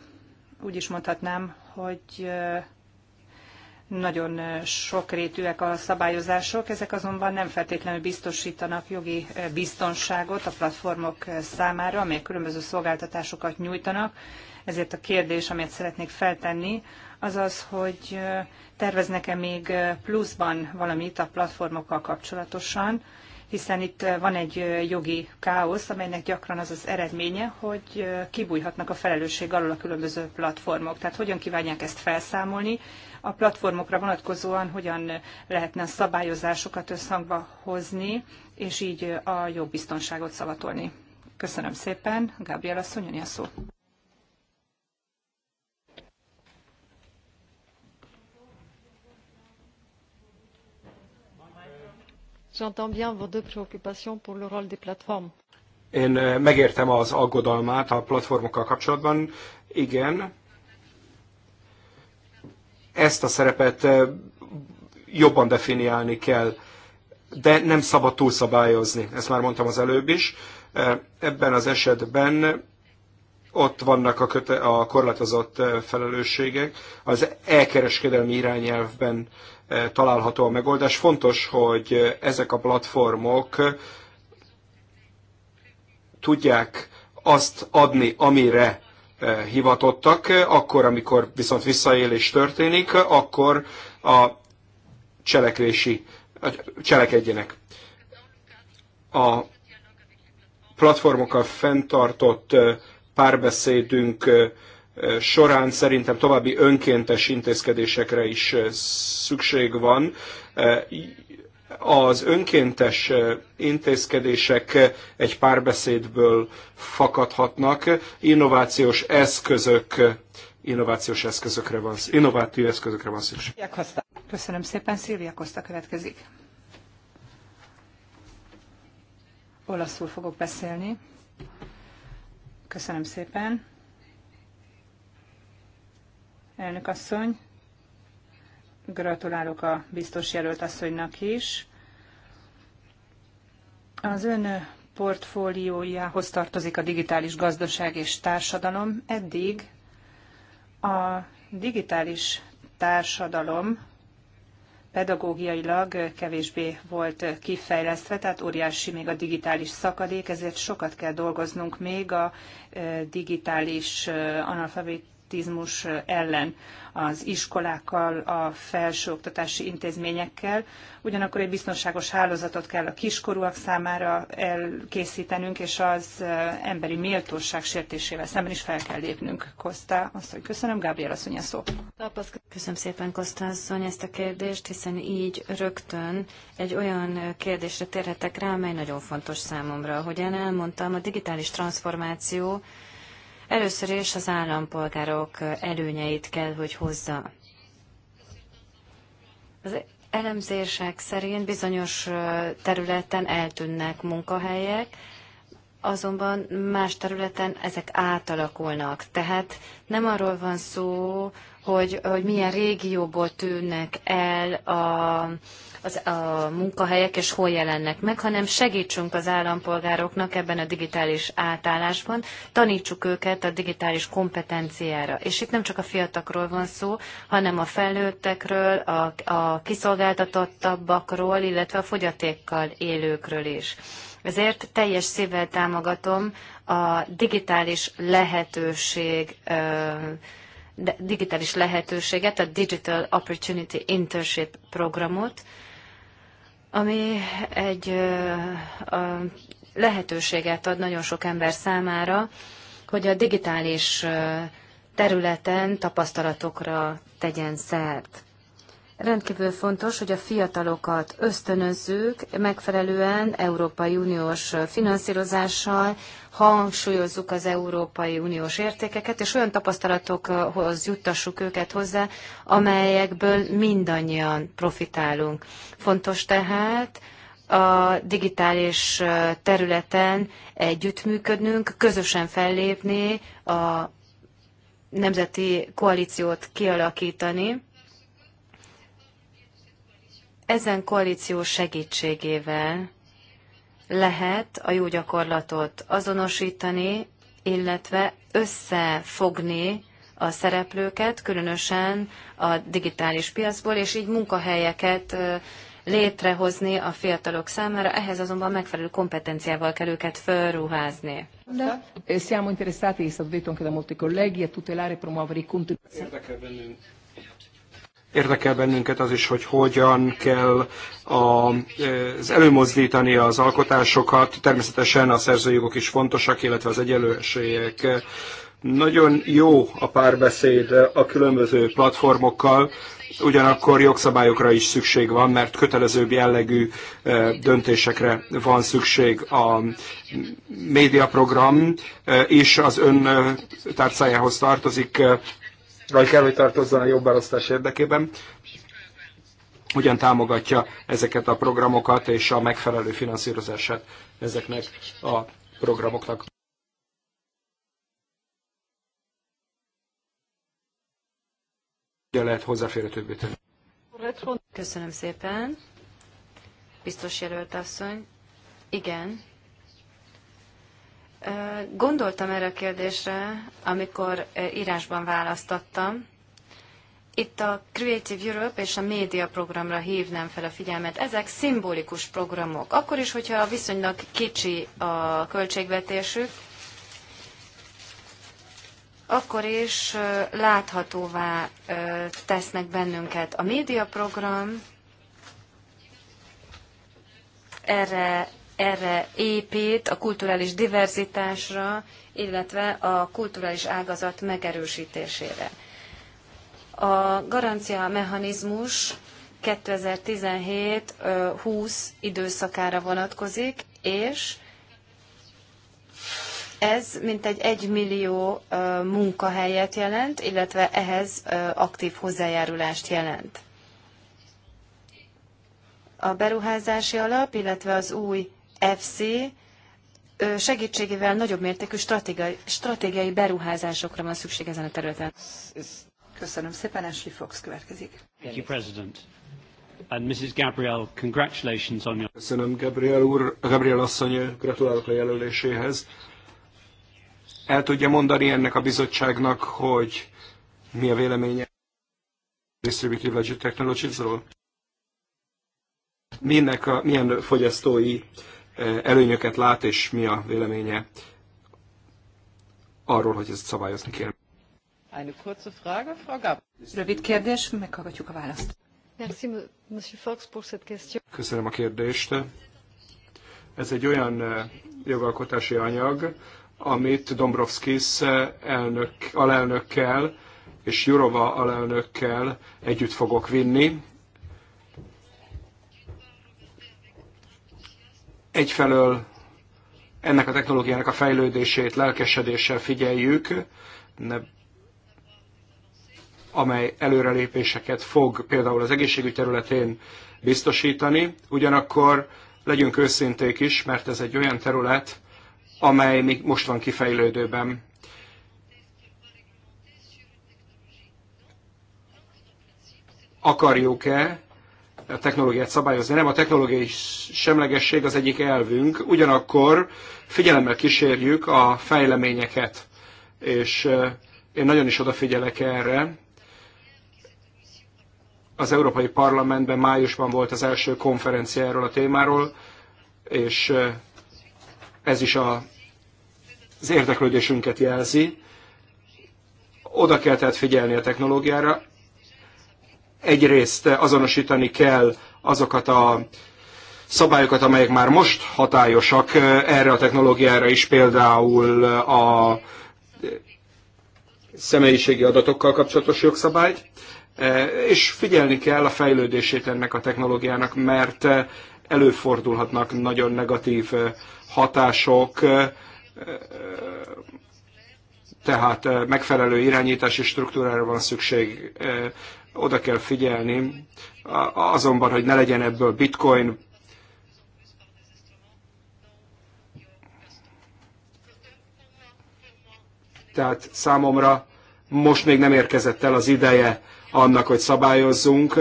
úgy is mondhatnám, hogy nagyon sokrétűek a szabályozások, ezek azonban nem feltétlenül biztosítanak jogi biztonságot a platformok számára, amelyek különböző szolgáltatásokat nyújtanak. Ezért a kérdés, amit szeretnék feltenni, az az, hogy terveznek-e még pluszban valamit a platformokkal kapcsolatosan, hiszen itt van egy jogi káosz, amelynek gyakran az az eredménye, hogy kibújhatnak a felelősség alól a különböző platformok. Tehát hogyan kívánják ezt felszámolni, a platformokra vonatkozóan hogyan lehetne a szabályozásokat összhangba hozni, és így a jobb biztonságot szavatolni. Köszönöm szépen. Gabriel asszony, a szó. J'entends bien vos deux préoccupations pour le rôle des plateformes. Én eh, megértem az aggodalmát a platformokkal kapcsolatban. Igen, ezt a szerepet eh, jobban definiálni kell, de nem szabad túlszabályozni. Ezt már mondtam az előbb is. Eh, ebben az esetben ott vannak a, köte- a korlátozott felelősségek. Az elkereskedelmi irányelvben található a megoldás. Fontos, hogy ezek a platformok tudják azt adni, amire eh, hivatottak, akkor, amikor viszont visszaélés történik, akkor a cselekvési, cselekedjenek. A platformokkal fenntartott eh, párbeszédünk eh, során szerintem további önkéntes intézkedésekre is szükség van. Az önkéntes intézkedések egy párbeszédből fakadhatnak, innovációs eszközök innovációs eszközökre van, innovatív eszközökre van szükség. Köszönöm szépen, Szilvia Koszta következik. Olaszul fogok beszélni. Köszönöm szépen elnök asszony. Gratulálok a biztos jelölt asszonynak is. Az ön portfóliójához tartozik a digitális gazdaság és társadalom. Eddig a digitális társadalom pedagógiailag kevésbé volt kifejlesztve, tehát óriási még a digitális szakadék, ezért sokat kell dolgoznunk még a eh, digitális eh, analfabét antisztematizmus ellen az iskolákkal, a felsőoktatási intézményekkel. Ugyanakkor egy biztonságos hálózatot kell a kiskorúak számára elkészítenünk, és az eh, emberi méltóság sértésével szemben is fel kell lépnünk. Kosta, azt, hogy köszönöm, Gábriel asszony a szó. Köszönöm szépen, Kosta, asszony, ezt a kérdést, hiszen így rögtön egy olyan kérdésre térhetek rá, amely nagyon fontos számomra. Ahogyan elmondtam, a digitális transformáció Először is az állampolgárok előnyeit kell, hogy hozza. Az elemzések szerint bizonyos területen eltűnnek munkahelyek, azonban más területen ezek átalakulnak. Tehát nem arról van szó, hogy, hogy milyen régióból tűnnek el a, az, a munkahelyek, és hol jelennek meg, hanem segítsünk az állampolgároknak ebben a digitális átállásban, tanítsuk őket a digitális kompetenciára. És itt nem csak a fiatakról van szó, hanem a felnőttekről, a, a kiszolgáltatottabbakról, illetve a fogyatékkal élőkről is. Ezért teljes szívvel támogatom a digitális lehetőség digitális lehetőséget, a Digital Opportunity Internship programot, ami egy lehetőséget ad nagyon sok ember számára, hogy a digitális területen tapasztalatokra tegyen szert. Rendkívül fontos, hogy a fiatalokat ösztönözzük, megfelelően Európai Uniós finanszírozással hangsúlyozzuk az Európai Uniós értékeket, és olyan tapasztalatokhoz juttassuk őket hozzá, amelyekből mindannyian profitálunk. Fontos tehát, a digitális területen együttműködnünk, közösen fellépni, a nemzeti koalíciót kialakítani, ezen koalíció segítségével lehet a jó gyakorlatot azonosítani, illetve összefogni a szereplőket, különösen a digitális piacból, és így munkahelyeket létrehozni a fiatalok számára, ehhez azonban megfelelő kompetenciával kell őket felruházni. Siamo interessati, è stato da molti colleghi, a tutelare e promuovere i contenuti. Érdekel bennünk érdekel bennünket az is, hogy hogyan kell a, az előmozdítani az alkotásokat. Természetesen a szerzőjogok is fontosak, illetve az egyenlő esélyek. Nagyon jó a párbeszéd a különböző platformokkal, ugyanakkor jogszabályokra is szükség van, mert kötelezőbb jellegű e, döntésekre van szükség a médiaprogram, és e, az ön e, tárcájához tartozik vagy kell, hogy tartozzon a jobb választás érdekében, hogyan támogatja ezeket a programokat és a megfelelő finanszírozását ezeknek a programoknak. lehet hozzáférhetőbbé tenni? Köszönöm szépen. Biztos jelölt asszony. Igen, Gondoltam erre a kérdésre, amikor írásban választottam. Itt a Creative Europe és a média programra hívnám fel a figyelmet. Ezek szimbolikus programok. Akkor is, hogyha viszonylag kicsi a költségvetésük, akkor is láthatóvá tesznek bennünket. A Média program erre erre épít, a kulturális diverzitásra, illetve a kulturális ágazat megerősítésére. A garancia mechanizmus 2017-20 időszakára vonatkozik, és ez mintegy 1 millió munkahelyet jelent, illetve ehhez aktív hozzájárulást jelent. A beruházási alap, illetve az új FC segítségével nagyobb mértékű stratégiai, stratégiai beruházásokra van szükség ezen a területen. Köszönöm szépen, Ashley Fox következik. Thank you, President. And Mrs. Gabriel, congratulations on your... Köszönöm, Gabriel úr, Gabriel asszony, gratulálok a jelöléséhez. El tudja mondani ennek a bizottságnak, hogy mi a véleménye Distributive Ledger Technologies-ról? Milyennek a, milyen fogyasztói előnyöket lát, és mi a véleménye arról, hogy ezt szabályozni kell. Eine kurze Frage, Frau Gab. Rövid kérdés, meghallgatjuk a választ. Merci, Monsieur Fox, pour cette question. Köszönöm a kérdést. Ez egy olyan jogalkotási anyag, amit Dombrovskis elnök, alelnökkel és Jurova alelnökkel együtt fogok vinni, egyfelől ennek a technológiának a fejlődését lelkesedéssel figyeljük, ne, amely előrelépéseket fog például az egészségügy területén biztosítani. Ugyanakkor legyünk őszinték is, mert ez egy olyan terület, amely még most van kifejlődőben. Akarjuk-e a technológiát szabályozni, nem a technológiai semlegesség az egyik elvünk, ugyanakkor figyelemmel kísérjük a fejleményeket, és én nagyon is odafigyelek erre. Az Európai Parlamentben májusban volt az első konferencia erről a témáról, és ez is a, az érdeklődésünket jelzi. Oda kell tehát figyelni a technológiára, egyrészt azonosítani kell azokat a szabályokat, amelyek már most hatályosak eh, erre a technológiára is, például a eh, személyiségi adatokkal kapcsolatos jogszabályt, eh, és figyelni kell a fejlődését ennek a technológiának, mert előfordulhatnak nagyon negatív hatások, tehát megfelelő irányítási struktúrára van szükség, oda kell figyelni, azonban, hogy ne legyen ebből bitcoin. Tehát számomra most még nem érkezett el az ideje annak, hogy szabályozzunk.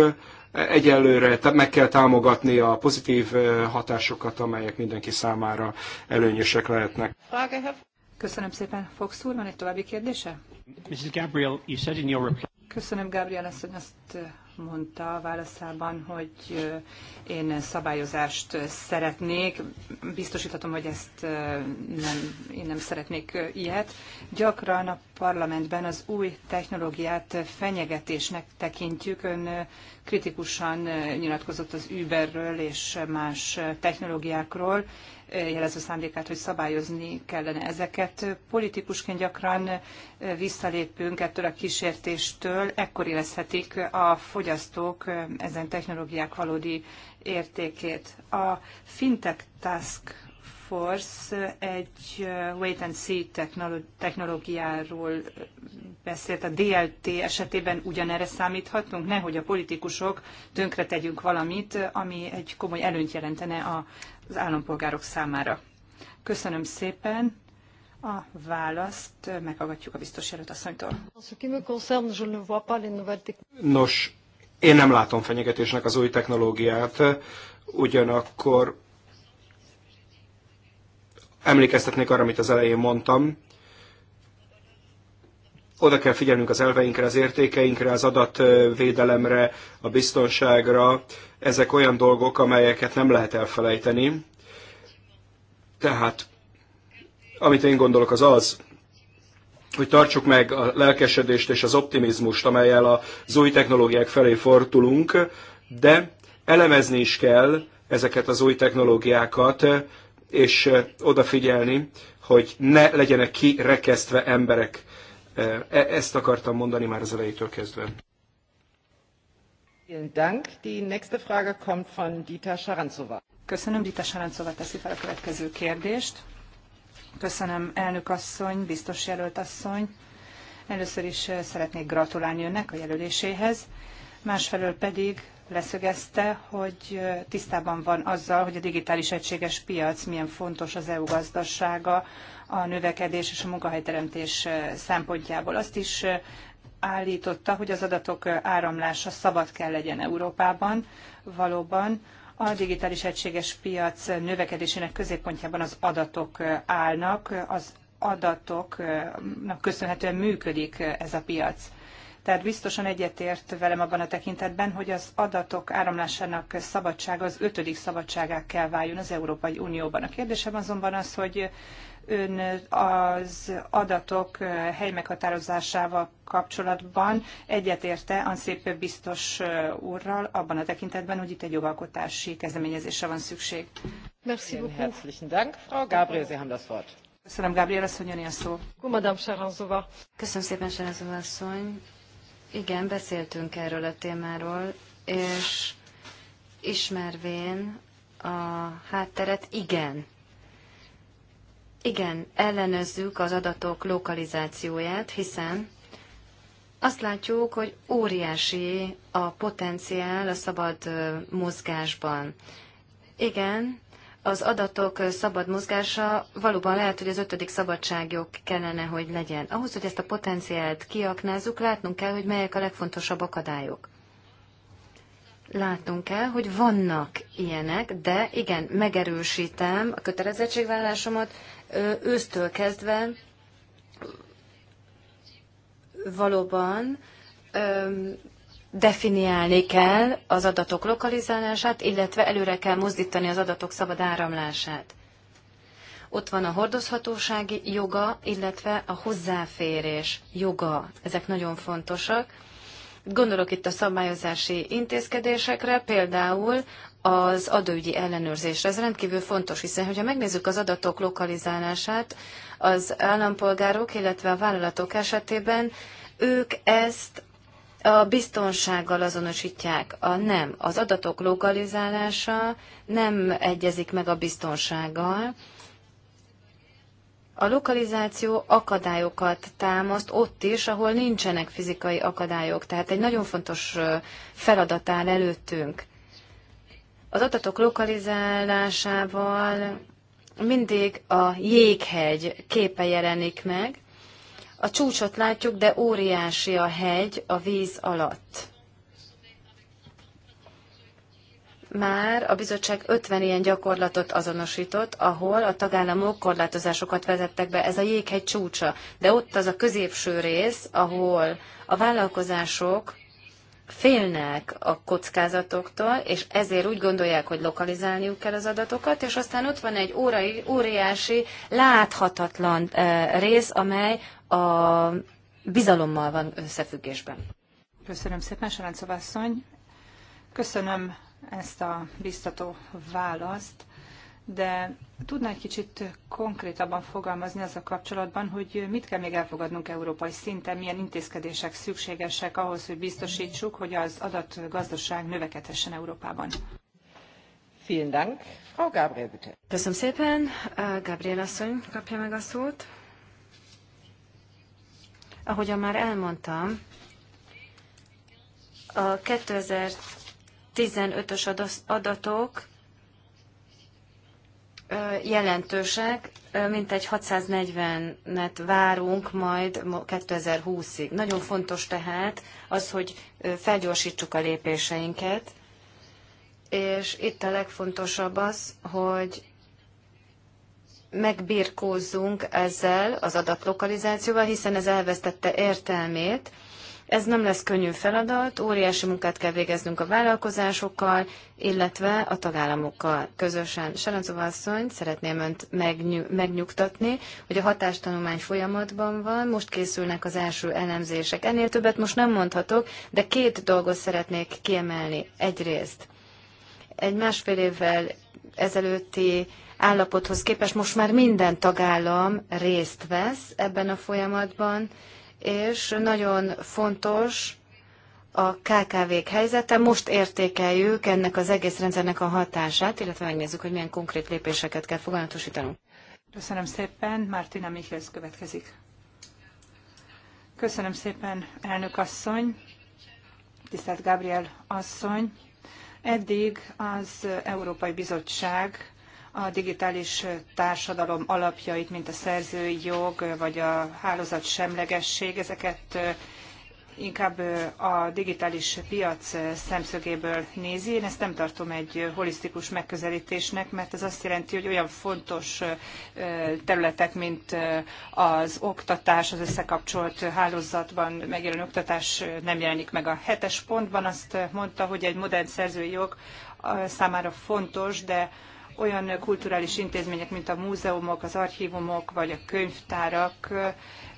Egyelőre meg kell támogatni a pozitív hatásokat, amelyek mindenki számára előnyösek lehetnek. Köszönöm szépen. Fox úr, van egy további kérdése? Mrs. Gabriel, you said in your reply... Köszönöm, Gábriel hogy azt mondta a válaszában, hogy én szabályozást szeretnék. Biztosíthatom, hogy ezt nem, én nem szeretnék ilyet. Gyakran a parlamentben az új technológiát fenyegetésnek tekintjük. Ön kritikusan nyilatkozott az Uberről és más technológiákról, jelező szándékát, hogy szabályozni kellene ezeket. Politikusként gyakran eh, visszalépünk ettől a kísértéstől, ekkor érezhetik a fogyasztók eh, ezen technológiák valódi értékét. A Fintech Task Force egy eh, wait and see technológiáról beszélt. A DLT esetében ugyanerre számíthatunk, nehogy a politikusok tönkre tegyünk valamit, ami egy komoly előnyt jelentene a az állampolgárok számára. Köszönöm szépen a választ, meghallgatjuk a biztos jelölt asszonytól. Nos, én nem látom fenyegetésnek az új technológiát, ugyanakkor emlékeztetnék arra, amit az elején mondtam, oda kell figyelnünk az elveinkre, az értékeinkre, az adatvédelemre, a biztonságra. Ezek olyan dolgok, amelyeket nem lehet elfelejteni. Tehát, amit én gondolok, az az, hogy tartsuk meg a lelkesedést és az optimizmust, amelyel az új technológiák felé fordulunk, de elemezni is kell ezeket az új technológiákat, és odafigyelni, hogy ne legyenek kirekesztve emberek E, ezt akartam mondani már az elejétől kezdve. Köszönöm, Dita Sarancova teszi fel a következő kérdést. Köszönöm, elnök asszony, biztos jelölt asszony. Először is szeretnék gratulálni önnek a jelöléséhez, másfelől pedig leszögezte, hogy tisztában van azzal, hogy a digitális egységes piac milyen fontos az EU gazdasága, a növekedés és a munkahelyteremtés szempontjából. Azt is állította, hogy az adatok áramlása szabad kell legyen Európában. Valóban a digitális egységes piac növekedésének középpontjában az adatok állnak, az adatoknak köszönhetően működik ez a piac. Tehát biztosan egyetért velem abban a tekintetben, hogy az adatok áramlásának szabadsága az ötödik szabadságá kell váljon az Európai Unióban. A kérdésem azonban az, hogy ön az adatok helymeghatározásával kapcsolatban egyetérte Anszép biztos úrral abban a tekintetben, hogy itt egy jogalkotási kezdeményezésre van szükség. Frau Köszönöm, Gabriel, asszony, a szó. Köszönöm szépen, Saranzova asszony. Igen, beszéltünk erről a témáról, és ismervén a hátteret, igen, igen, ellenőrzzük az adatok lokalizációját, hiszen azt látjuk, hogy óriási a potenciál a szabad mozgásban. Igen, az adatok szabad mozgása valóban lehet, hogy az ötödik szabadságjog kellene, hogy legyen. Ahhoz, hogy ezt a potenciált kiaknázzuk, látnunk kell, hogy melyek a legfontosabb akadályok. Látnunk kell, hogy vannak ilyenek, de igen, megerősítem a kötelezettségvállásomat, ősztől kezdve valóban definiálni kell az adatok lokalizálását, illetve előre kell mozdítani az adatok szabad áramlását. Ott van a hordozhatósági joga, illetve a hozzáférés joga. Ezek nagyon fontosak. Gondolok itt a szabályozási intézkedésekre, például az adóügyi ellenőrzésre. Ez rendkívül fontos, hiszen ha megnézzük az adatok lokalizálását, az állampolgárok, illetve a vállalatok esetében ők ezt a biztonsággal azonosítják. A nem, az adatok lokalizálása nem egyezik meg a biztonsággal. A lokalizáció akadályokat támaszt ott is, ahol nincsenek fizikai akadályok. Tehát egy nagyon fontos feladat áll előttünk. Az adatok lokalizálásával mindig a jéghegy képe jelenik meg. A csúcsot látjuk, de óriási a hegy a víz alatt. Már a bizottság 50 ilyen gyakorlatot azonosított, ahol a tagállamok korlátozásokat vezettek be. Ez a jéghegy csúcsa, de ott az a középső rész, ahol a vállalkozások félnek a kockázatoktól, és ezért úgy gondolják, hogy lokalizálniuk kell az adatokat, és aztán ott van egy órai, óriási, láthatatlan rész, amely a bizalommal van összefüggésben. Köszönöm szépen, Sarancovasszony. Köszönöm ezt a biztató választ de tudná egy kicsit konkrétabban fogalmazni az a kapcsolatban, hogy mit kell még elfogadnunk európai szinten, milyen intézkedések szükségesek ahhoz, hogy biztosítsuk, hogy az adatgazdaság növekedhessen Európában. Vielen Dank. Frau Gabriel, bitte. Köszönöm szépen. Gabriel asszony kapja meg a szót. Ahogyan már elmondtam, a 2015-ös adatok jelentősek, mintegy 640-et várunk majd 2020-ig. Nagyon fontos tehát az, hogy felgyorsítsuk a lépéseinket, és itt a legfontosabb az, hogy megbirkózzunk ezzel az adatlokalizációval, hiszen ez elvesztette értelmét, ez nem lesz könnyű feladat, óriási munkát kell végeznünk a vállalkozásokkal, illetve a tagállamokkal közösen. Saranzova asszony, szeretném Önt megnyug, megnyugtatni, hogy a hatástanulmány folyamatban van, most készülnek az első elemzések. Ennél többet most nem mondhatok, de két dolgot szeretnék kiemelni. Egyrészt egy másfél évvel ezelőtti állapothoz képest most már minden tagállam részt vesz ebben a folyamatban, és nagyon fontos a KKV-k helyzete. Most értékeljük ennek az egész rendszernek a hatását, illetve megnézzük, hogy milyen konkrét lépéseket kell foganatosítanunk. Köszönöm szépen. Martina Michels következik. Köszönöm szépen, elnök asszony, tisztelt Gabriel asszony. Eddig az Európai Bizottság a digitális társadalom alapjait, mint a szerzői jog vagy a hálózat semlegesség, ezeket inkább a digitális piac szemszögéből nézi. Én ezt nem tartom egy holisztikus megközelítésnek, mert ez azt jelenti, hogy olyan fontos területek, mint az oktatás, az összekapcsolt hálózatban megjelenő oktatás nem jelenik meg a hetes pontban. Azt mondta, hogy egy modern szerzői jog számára fontos, de olyan kulturális intézmények, mint a múzeumok, az archívumok vagy a könyvtárak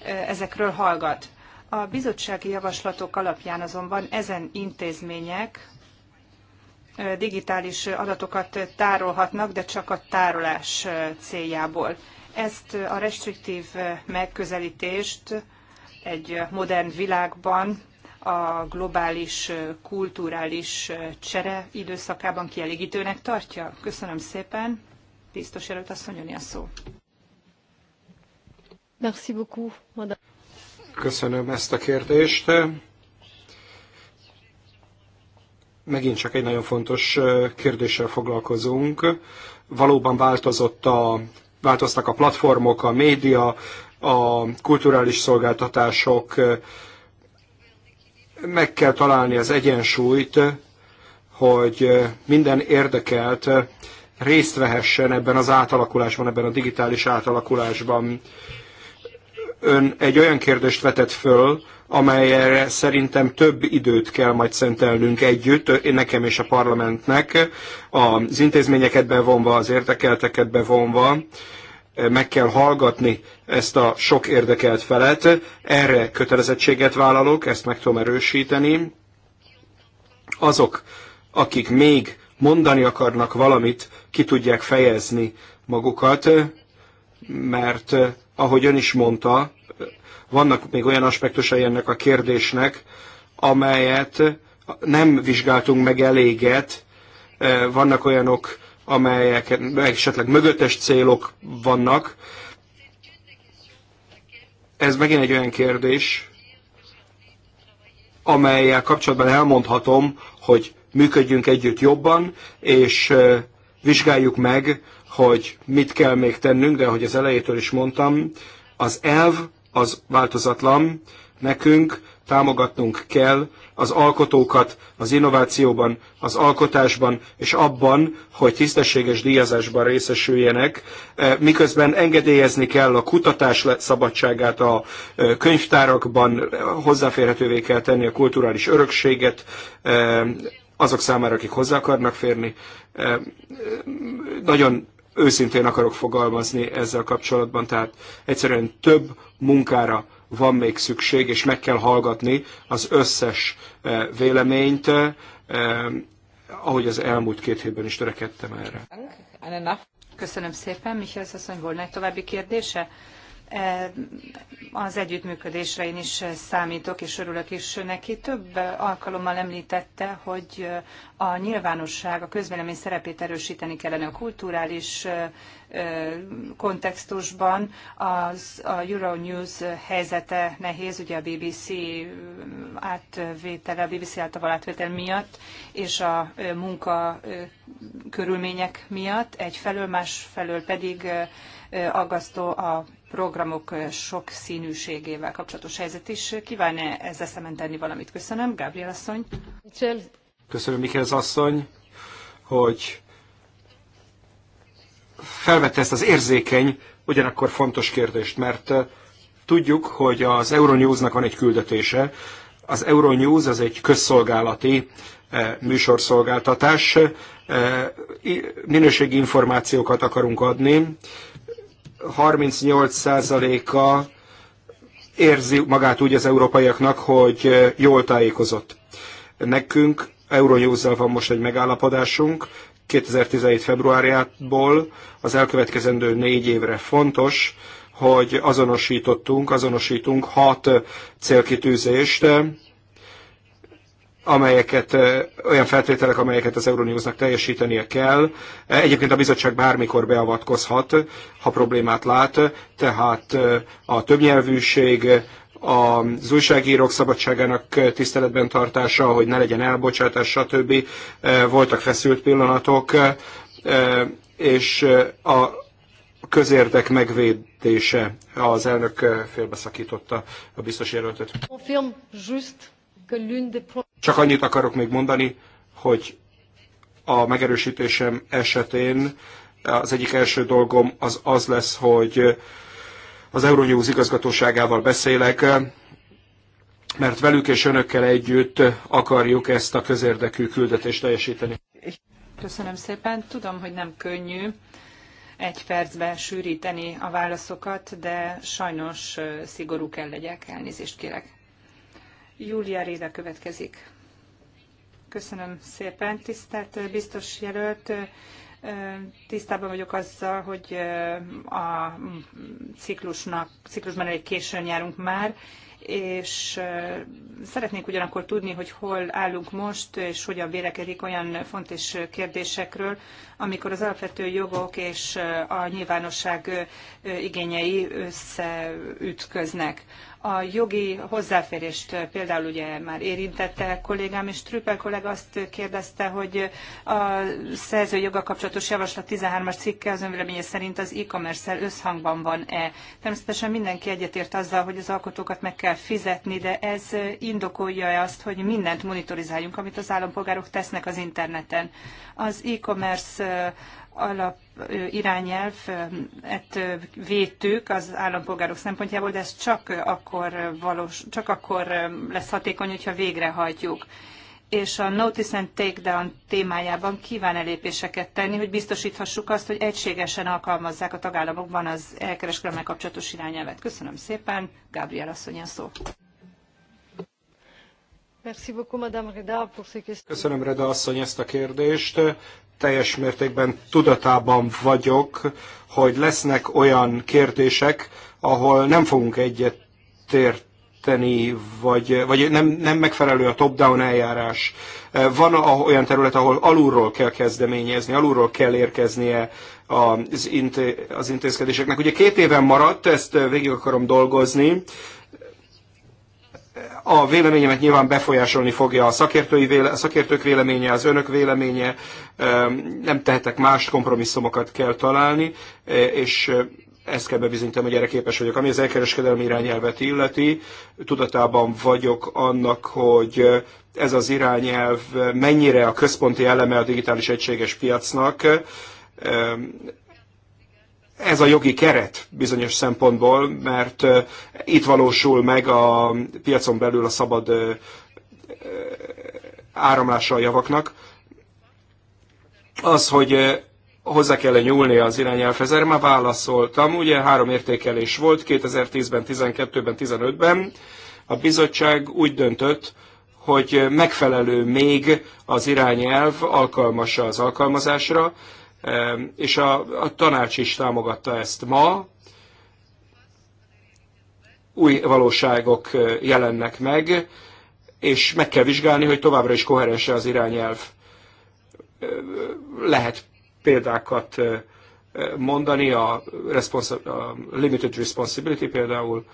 ezekről hallgat. A bizottsági javaslatok alapján azonban ezen intézmények digitális adatokat tárolhatnak, de csak a tárolás céljából. Ezt a restriktív megközelítést egy modern világban a globális kulturális csere időszakában kielégítőnek tartja? Köszönöm szépen. Biztos előtt mondja, a szó. Merci beaucoup, madame. Köszönöm ezt a kérdést. Megint csak egy nagyon fontos kérdéssel foglalkozunk. Valóban változott a, változtak a platformok, a média, a kulturális szolgáltatások, meg kell találni az egyensúlyt, hogy minden érdekelt részt vehessen ebben az átalakulásban, ebben a digitális átalakulásban. Ön egy olyan kérdést vetett föl, amelyre szerintem több időt kell majd szentelnünk együtt, nekem és a parlamentnek, az intézményeket bevonva, az érdekelteket bevonva, meg kell hallgatni ezt a sok érdekelt felet. Erre kötelezettséget vállalok, ezt meg tudom erősíteni. Azok, akik még mondani akarnak valamit, ki tudják fejezni magukat, mert ahogy ön is mondta, vannak még olyan aspektusai ennek a kérdésnek, amelyet nem vizsgáltunk meg eléget, vannak olyanok, amelyek esetleg mögöttes célok vannak. Ez megint egy olyan kérdés, amelyel kapcsolatban elmondhatom, hogy működjünk együtt jobban, és vizsgáljuk meg, hogy mit kell még tennünk, de ahogy az elejétől is mondtam, az elv az változatlan, nekünk támogatnunk kell az alkotókat az innovációban, az alkotásban és abban, hogy tisztességes díjazásban részesüljenek, e, miközben engedélyezni kell a kutatás szabadságát a e, könyvtárakban, hozzáférhetővé kell tenni a kulturális örökséget e, azok számára, akik hozzá akarnak férni. Nagyon őszintén akarok fogalmazni ezzel kapcsolatban, tehát egyszerűen több munkára van még szükség, és meg kell hallgatni az összes eh, véleményt, eh, ahogy az elmúlt két hétben is törekedtem erre. Köszönöm szépen. Mihály asszony, volna egy további kérdése? az együttműködésre én is számítok, és örülök is neki. Több alkalommal említette, hogy a nyilvánosság, a közvélemény szerepét erősíteni kellene a kulturális kontextusban. Az, a Euronews helyzete nehéz, ugye a BBC átvétele, a BBC által átvétel miatt, és a munka körülmények miatt, egyfelől, másfelől pedig aggasztó a programok sok színűségével kapcsolatos helyzet is. Kíván-e ezzel szemben tenni valamit? Köszönöm, Gabriel asszony. Köszönöm, Mikkelz asszony, hogy felvette ezt az érzékeny, ugyanakkor fontos kérdést, mert eh, tudjuk, hogy az Euronews-nak van egy küldetése. Az Euronews az egy közszolgálati eh, műsorszolgáltatás, eh, minőségi információkat akarunk adni, 38%-a érzi magát úgy az európaiaknak, hogy jól tájékozott. Nekünk euronews van most egy megállapodásunk, 2017. februárjából az elkövetkezendő négy évre fontos, hogy azonosítottunk, azonosítunk hat célkitűzést, amelyeket, olyan feltételek, amelyeket az Euronewsnak teljesítenie kell. Egyébként a bizottság bármikor beavatkozhat, ha problémát lát, tehát a többnyelvűség, az újságírók szabadságának tiszteletben tartása, hogy ne legyen elbocsátás, stb. Voltak feszült pillanatok, és a közérdek megvédése az elnök félbeszakította a biztos jelöltet. Csak annyit akarok még mondani, hogy a megerősítésem esetén az egyik első dolgom az az lesz, hogy az Euronews igazgatóságával beszélek, mert velük és önökkel együtt akarjuk ezt a közérdekű küldetést teljesíteni. Köszönöm szépen. Tudom, hogy nem könnyű egy percben sűríteni a válaszokat, de sajnos szigorú kell legyek. Elnézést kérek. Júlia Réve következik. Köszönöm szépen, tisztelt biztos jelölt. Tisztában vagyok azzal, hogy a ciklusnak, ciklusban elég későn járunk már, és szeretnék ugyanakkor tudni, hogy hol állunk most, és hogyan vélekedik olyan fontos kérdésekről, amikor az alapvető jogok és a nyilvánosság igényei összeütköznek. A jogi hozzáférést például ugye már érintette kollégám, és Trüppel kollega azt kérdezte, hogy a szerző joga kapcsolatos javaslat 13-as cikke az önvéleménye szerint az e-commerce-el összhangban van-e. Természetesen mindenki egyetért azzal, hogy az alkotókat meg kell fizetni, de ez indokolja-e azt, hogy mindent monitorizáljunk, amit az állampolgárok tesznek az interneten. Az e-commerce alap irányelvet vétők az állampolgárok szempontjából, de ez csak akkor, valós, csak akkor lesz hatékony, hogyha végrehajtjuk és a Notice and Takedown témájában kíván elépéseket tenni, hogy biztosíthassuk azt, hogy egységesen alkalmazzák a tagállamokban az elkereskedelemmel kapcsolatos irányelvet. Köszönöm szépen, Gabriel asszony a szó. Köszönöm, Reda asszony, ezt a kérdést teljes mértékben tudatában vagyok, hogy lesznek olyan kérdések, ahol nem fogunk egyet tért vagy, vagy nem, nem megfelelő a top-down eljárás. Van olyan terület, ahol alulról kell kezdeményezni, alulról kell érkeznie az intézkedéseknek. Ugye két éven maradt, ezt végig akarom dolgozni, a véleményemet nyilván befolyásolni fogja a, szakértői véle, a szakértők véleménye, az önök véleménye, nem tehetek más, kompromisszumokat kell találni, e, és ezt kell bebizonyítanom, hogy erre képes vagyok. Ami az elkereskedelmi irányelvet illeti, tudatában vagyok annak, hogy ez az irányelv mennyire a központi eleme a digitális egységes piacnak, ez a jogi keret bizonyos szempontból, mert itt valósul meg a piacon belül a szabad áramlása a javaknak. Az, hogy hozzá kell -e nyúlni az irányelvhez, erre már válaszoltam. Ugye három értékelés volt 2010-ben, 2012 ben 2015 ben A bizottság úgy döntött, hogy megfelelő még az irányelv alkalmasa az alkalmazásra, Ehm, és a, a tanács is támogatta ezt ma. Új valóságok eh, jelennek meg, és meg kell vizsgálni, hogy továbbra is koherense az irányelv. Ehm, lehet példákat eh, mondani, a, a limited responsibility például,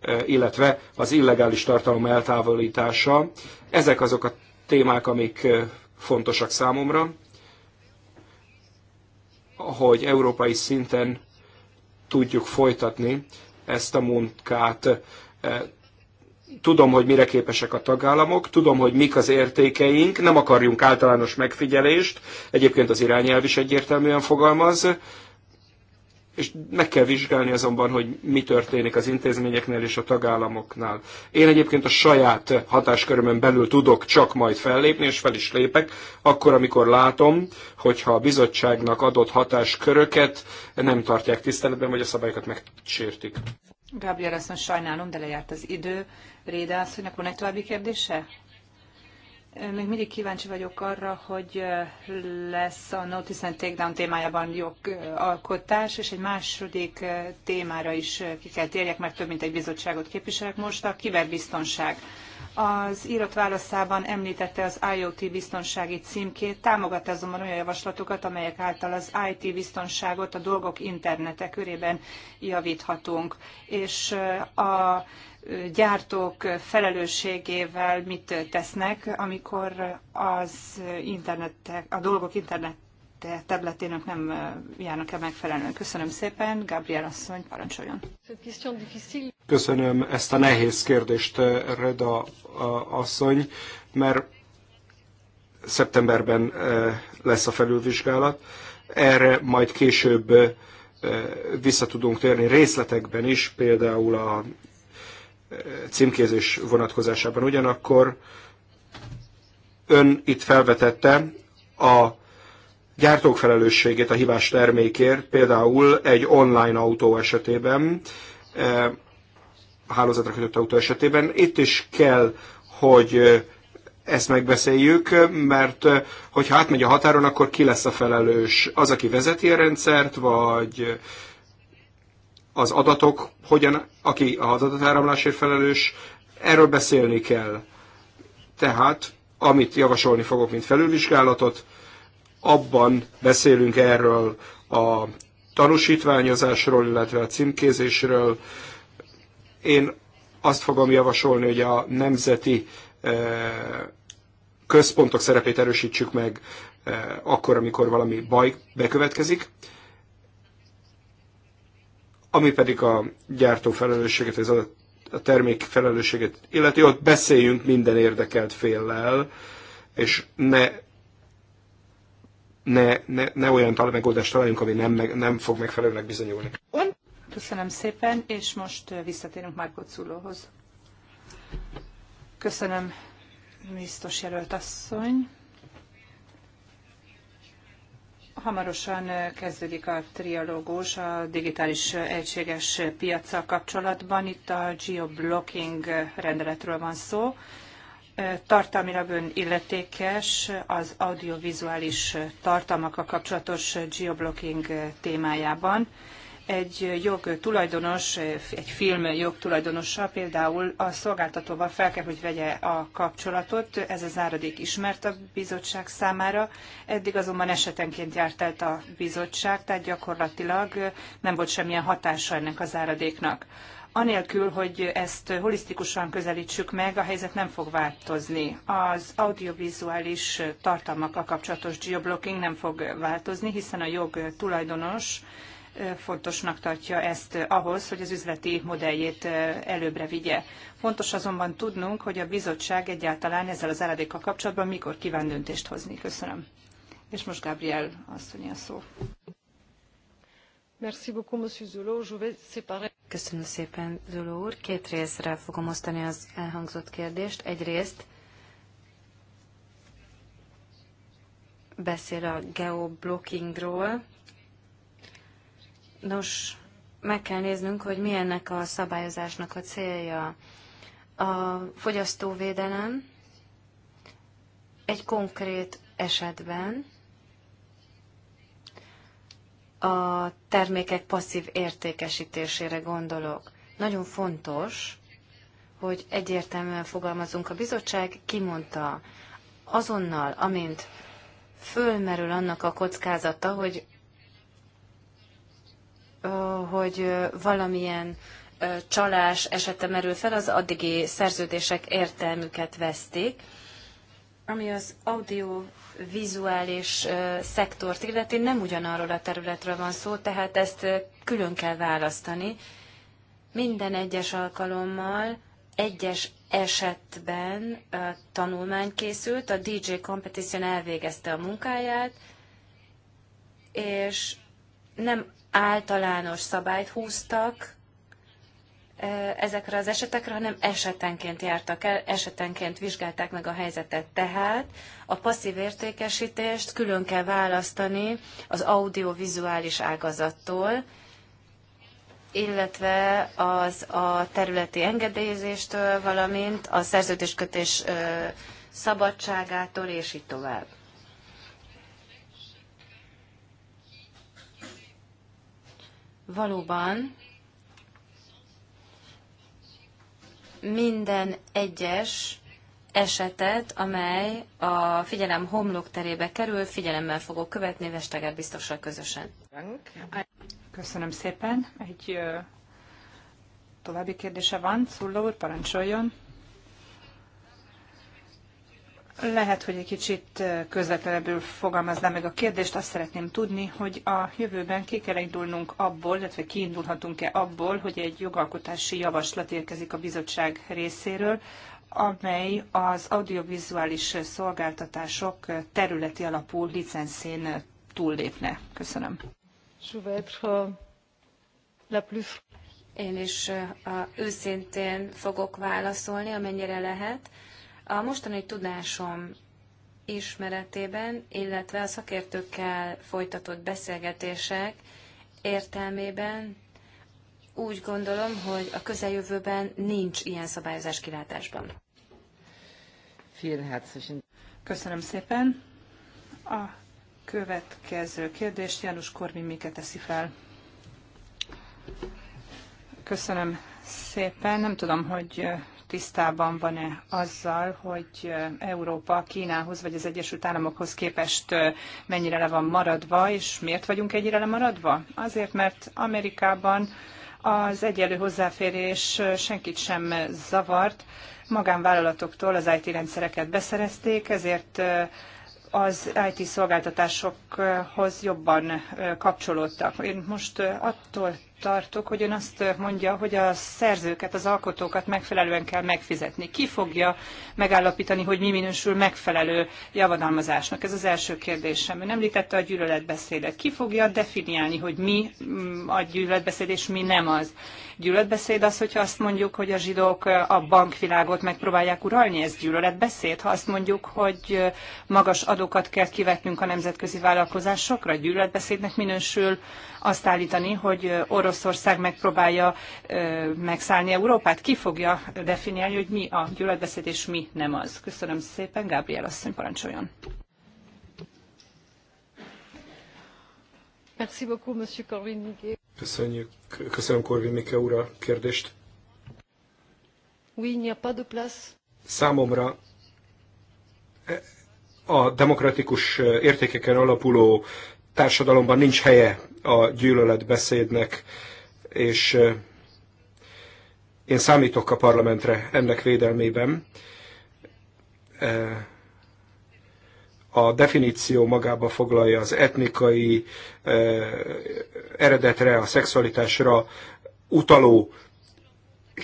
eh, illetve az illegális tartalom eltávolítása. Ezek azok a témák, amik fontosak számomra hogy európai szinten tudjuk folytatni ezt a munkát. E, tudom, hogy mire képesek a tagállamok, tudom, hogy mik az értékeink, nem akarjunk általános megfigyelést, egyébként az irányelv is egyértelműen fogalmaz, és meg kell vizsgálni azonban, hogy mi történik az intézményeknél és a tagállamoknál. Én egyébként a saját hatáskörömön belül tudok csak majd fellépni, és fel is lépek, akkor, amikor látom, hogyha a bizottságnak adott hatásköröket nem tartják tiszteletben, vagy a szabályokat megsértik. Gábriel, azt mondja, sajnálom, de lejárt az idő. Réda asszonynak van egy további kérdése? Még mindig kíváncsi vagyok arra, hogy eh, lesz a Notice and Takedown témájában jogalkotás, eh, és egy második eh, témára is ki kell térjek, mert több mint egy bizottságot képviselek most, a kiberbiztonság. Az írott válaszában említette az IoT biztonsági címkét, támogatta azonban olyan javaslatokat, amelyek által az IT biztonságot a dolgok internete körében javíthatunk. És a gyártók felelősségével mit tesznek, amikor az internet, a dolgok internet területének nem járnak el megfelelően. Köszönöm szépen, Gabriel asszony, parancsoljon. Köszönöm ezt a nehéz kérdést, Reda asszony, mert szeptemberben lesz a felülvizsgálat. Erre majd később vissza tudunk térni részletekben is, például a címkézés vonatkozásában. Ugyanakkor ön itt felvetette a gyártók felelősségét a hibás termékért, például egy online autó esetében, eh, hálózatra kötött autó esetében. Itt is kell, hogy eh, ezt megbeszéljük, mert eh, hogyha átmegy a határon, akkor ki lesz a felelős? Az, aki vezeti a rendszert, vagy az adatok, hogyan, aki az adatáramlásért felelős, erről beszélni kell. Tehát, amit javasolni fogok, mint felülvizsgálatot, abban beszélünk erről a tanúsítványozásról, illetve a címkézésről. Én azt fogom javasolni, hogy a nemzeti e, központok szerepét erősítsük meg e, akkor, amikor valami baj bekövetkezik. Ami pedig a gyártó felelősséget, ez a, a termék felelősséget illeti, ott beszéljünk minden érdekelt féllel, és ne ne, ne, ne olyan tal megoldást találjunk, ami nem, meg, nem fog megfelelőnek bizonyulni. Köszönöm szépen, és most visszatérünk Márko Cullóhoz. Köszönöm, biztos jelölt asszony. Hamarosan kezdődik a trialógus a digitális egységes piaccal kapcsolatban. Itt a geoblocking rendeletről van szó. Tartalmilag ön illetékes az audiovizuális tartalmakkal kapcsolatos geoblocking témájában egy jogtulajdonos, egy film jogtulajdonosa például a szolgáltatóval fel kell, hogy vegye a kapcsolatot. Ez az áradék ismert a bizottság számára. Eddig azonban esetenként járt el a bizottság, tehát gyakorlatilag nem volt semmilyen hatása ennek az áradéknak. Anélkül, hogy ezt holisztikusan közelítsük meg, a helyzet nem fog változni. Az audiovizuális tartalmakkal kapcsolatos geoblocking nem fog változni, hiszen a jog tulajdonos fontosnak tartja ezt ahhoz, hogy az üzleti modelljét előbbre vigye. Fontos azonban tudnunk, hogy a bizottság egyáltalán ezzel az áradékkal kapcsolatban mikor kíván döntést hozni. Köszönöm. És most Gabriel asszony a szó. Köszönöm szépen, Zulo úr. Két részre fogom osztani az elhangzott kérdést. Egyrészt beszél a geoblockingról, Nos, meg kell néznünk, hogy ennek a szabályozásnak a célja. A fogyasztóvédelem egy konkrét esetben a termékek passzív értékesítésére gondolok. Nagyon fontos, hogy egyértelműen fogalmazunk. A bizottság kimondta azonnal, amint fölmerül annak a kockázata, hogy hogy valamilyen csalás esete merül fel, az addigi szerződések értelmüket veszték. Ami az audiovizuális szektort illeti, nem ugyanarról a területről van szó, tehát ezt külön kell választani. Minden egyes alkalommal, egyes esetben tanulmány készült, a DJ Competition elvégezte a munkáját, és nem általános szabályt húztak ezekre az esetekre, hanem esetenként jártak el, esetenként vizsgálták meg a helyzetet. Tehát a passzív értékesítést külön kell választani az audiovizuális ágazattól, illetve az a területi engedélyezéstől, valamint a szerződéskötés szabadságától, és így tovább. valóban minden egyes esetet, amely a figyelem homlok terébe kerül, figyelemmel fogok követni, Vesteger biztosra közösen. Köszönöm szépen. Egy további kérdése van. Szulló úr, parancsoljon. Lehet, hogy egy kicsit közvetlenebbül fogalmaznám meg a kérdést. Azt szeretném tudni, hogy a jövőben ki kell indulnunk abból, illetve kiindulhatunk-e abból, hogy egy jogalkotási javaslat érkezik a bizottság részéről, amely az audiovizuális szolgáltatások területi alapú licenszén túllépne. Köszönöm. Euh, Én is euh, őszintén fogok válaszolni, amennyire lehet. A mostani tudásom ismeretében, illetve a szakértőkkel folytatott beszélgetések értelmében úgy gondolom, hogy a közeljövőben nincs ilyen szabályozás kilátásban. Köszönöm szépen. A következő kérdést János Kormi Mike teszi fel. Köszönöm szépen. Nem tudom, hogy tisztában van-e azzal, hogy Európa Kínához vagy az Egyesült Államokhoz képest mennyire le van maradva, és miért vagyunk ennyire lemaradva? Azért, mert Amerikában az egyenlő hozzáférés senkit sem zavart, magánvállalatoktól az IT rendszereket beszerezték, ezért az IT szolgáltatásokhoz jobban kapcsolódtak. Én most attól tartok, hogy ön azt mondja, hogy a szerzőket, az alkotókat megfelelően kell megfizetni. Ki fogja megállapítani, hogy mi minősül megfelelő javadalmazásnak? Ez az első kérdésem. Ön említette a gyűlöletbeszédet. Ki fogja definiálni, hogy mi mm, a gyűlöletbeszéd és mi nem az? Gyűlöletbeszéd az, hogyha azt mondjuk, hogy a zsidók a bankvilágot megpróbálják uralni, ez gyűlöletbeszéd? Ha azt mondjuk, hogy magas adókat kell kivetnünk a nemzetközi vállalkozásokra, gyűlöletbeszédnek minősül azt állítani, hogy Oroszország megpróbálja megszállni Európát? Ki fogja definiálni, hogy mi a gyűlöletbeszéd és mi nem az? Köszönöm szépen, Gábriel asszony, parancsoljon. Merci beaucoup, Monsieur Corvin Köszönjük. Köszönöm Corvin Mike úr a kérdést. Számomra e, a demokratikus e, értékeken alapuló társadalomban nincs helye a gyűlöletbeszédnek, és eh, én számítok a parlamentre ennek védelmében. Eh, a definíció magába foglalja az etnikai eh, eredetre, a szexualitásra utaló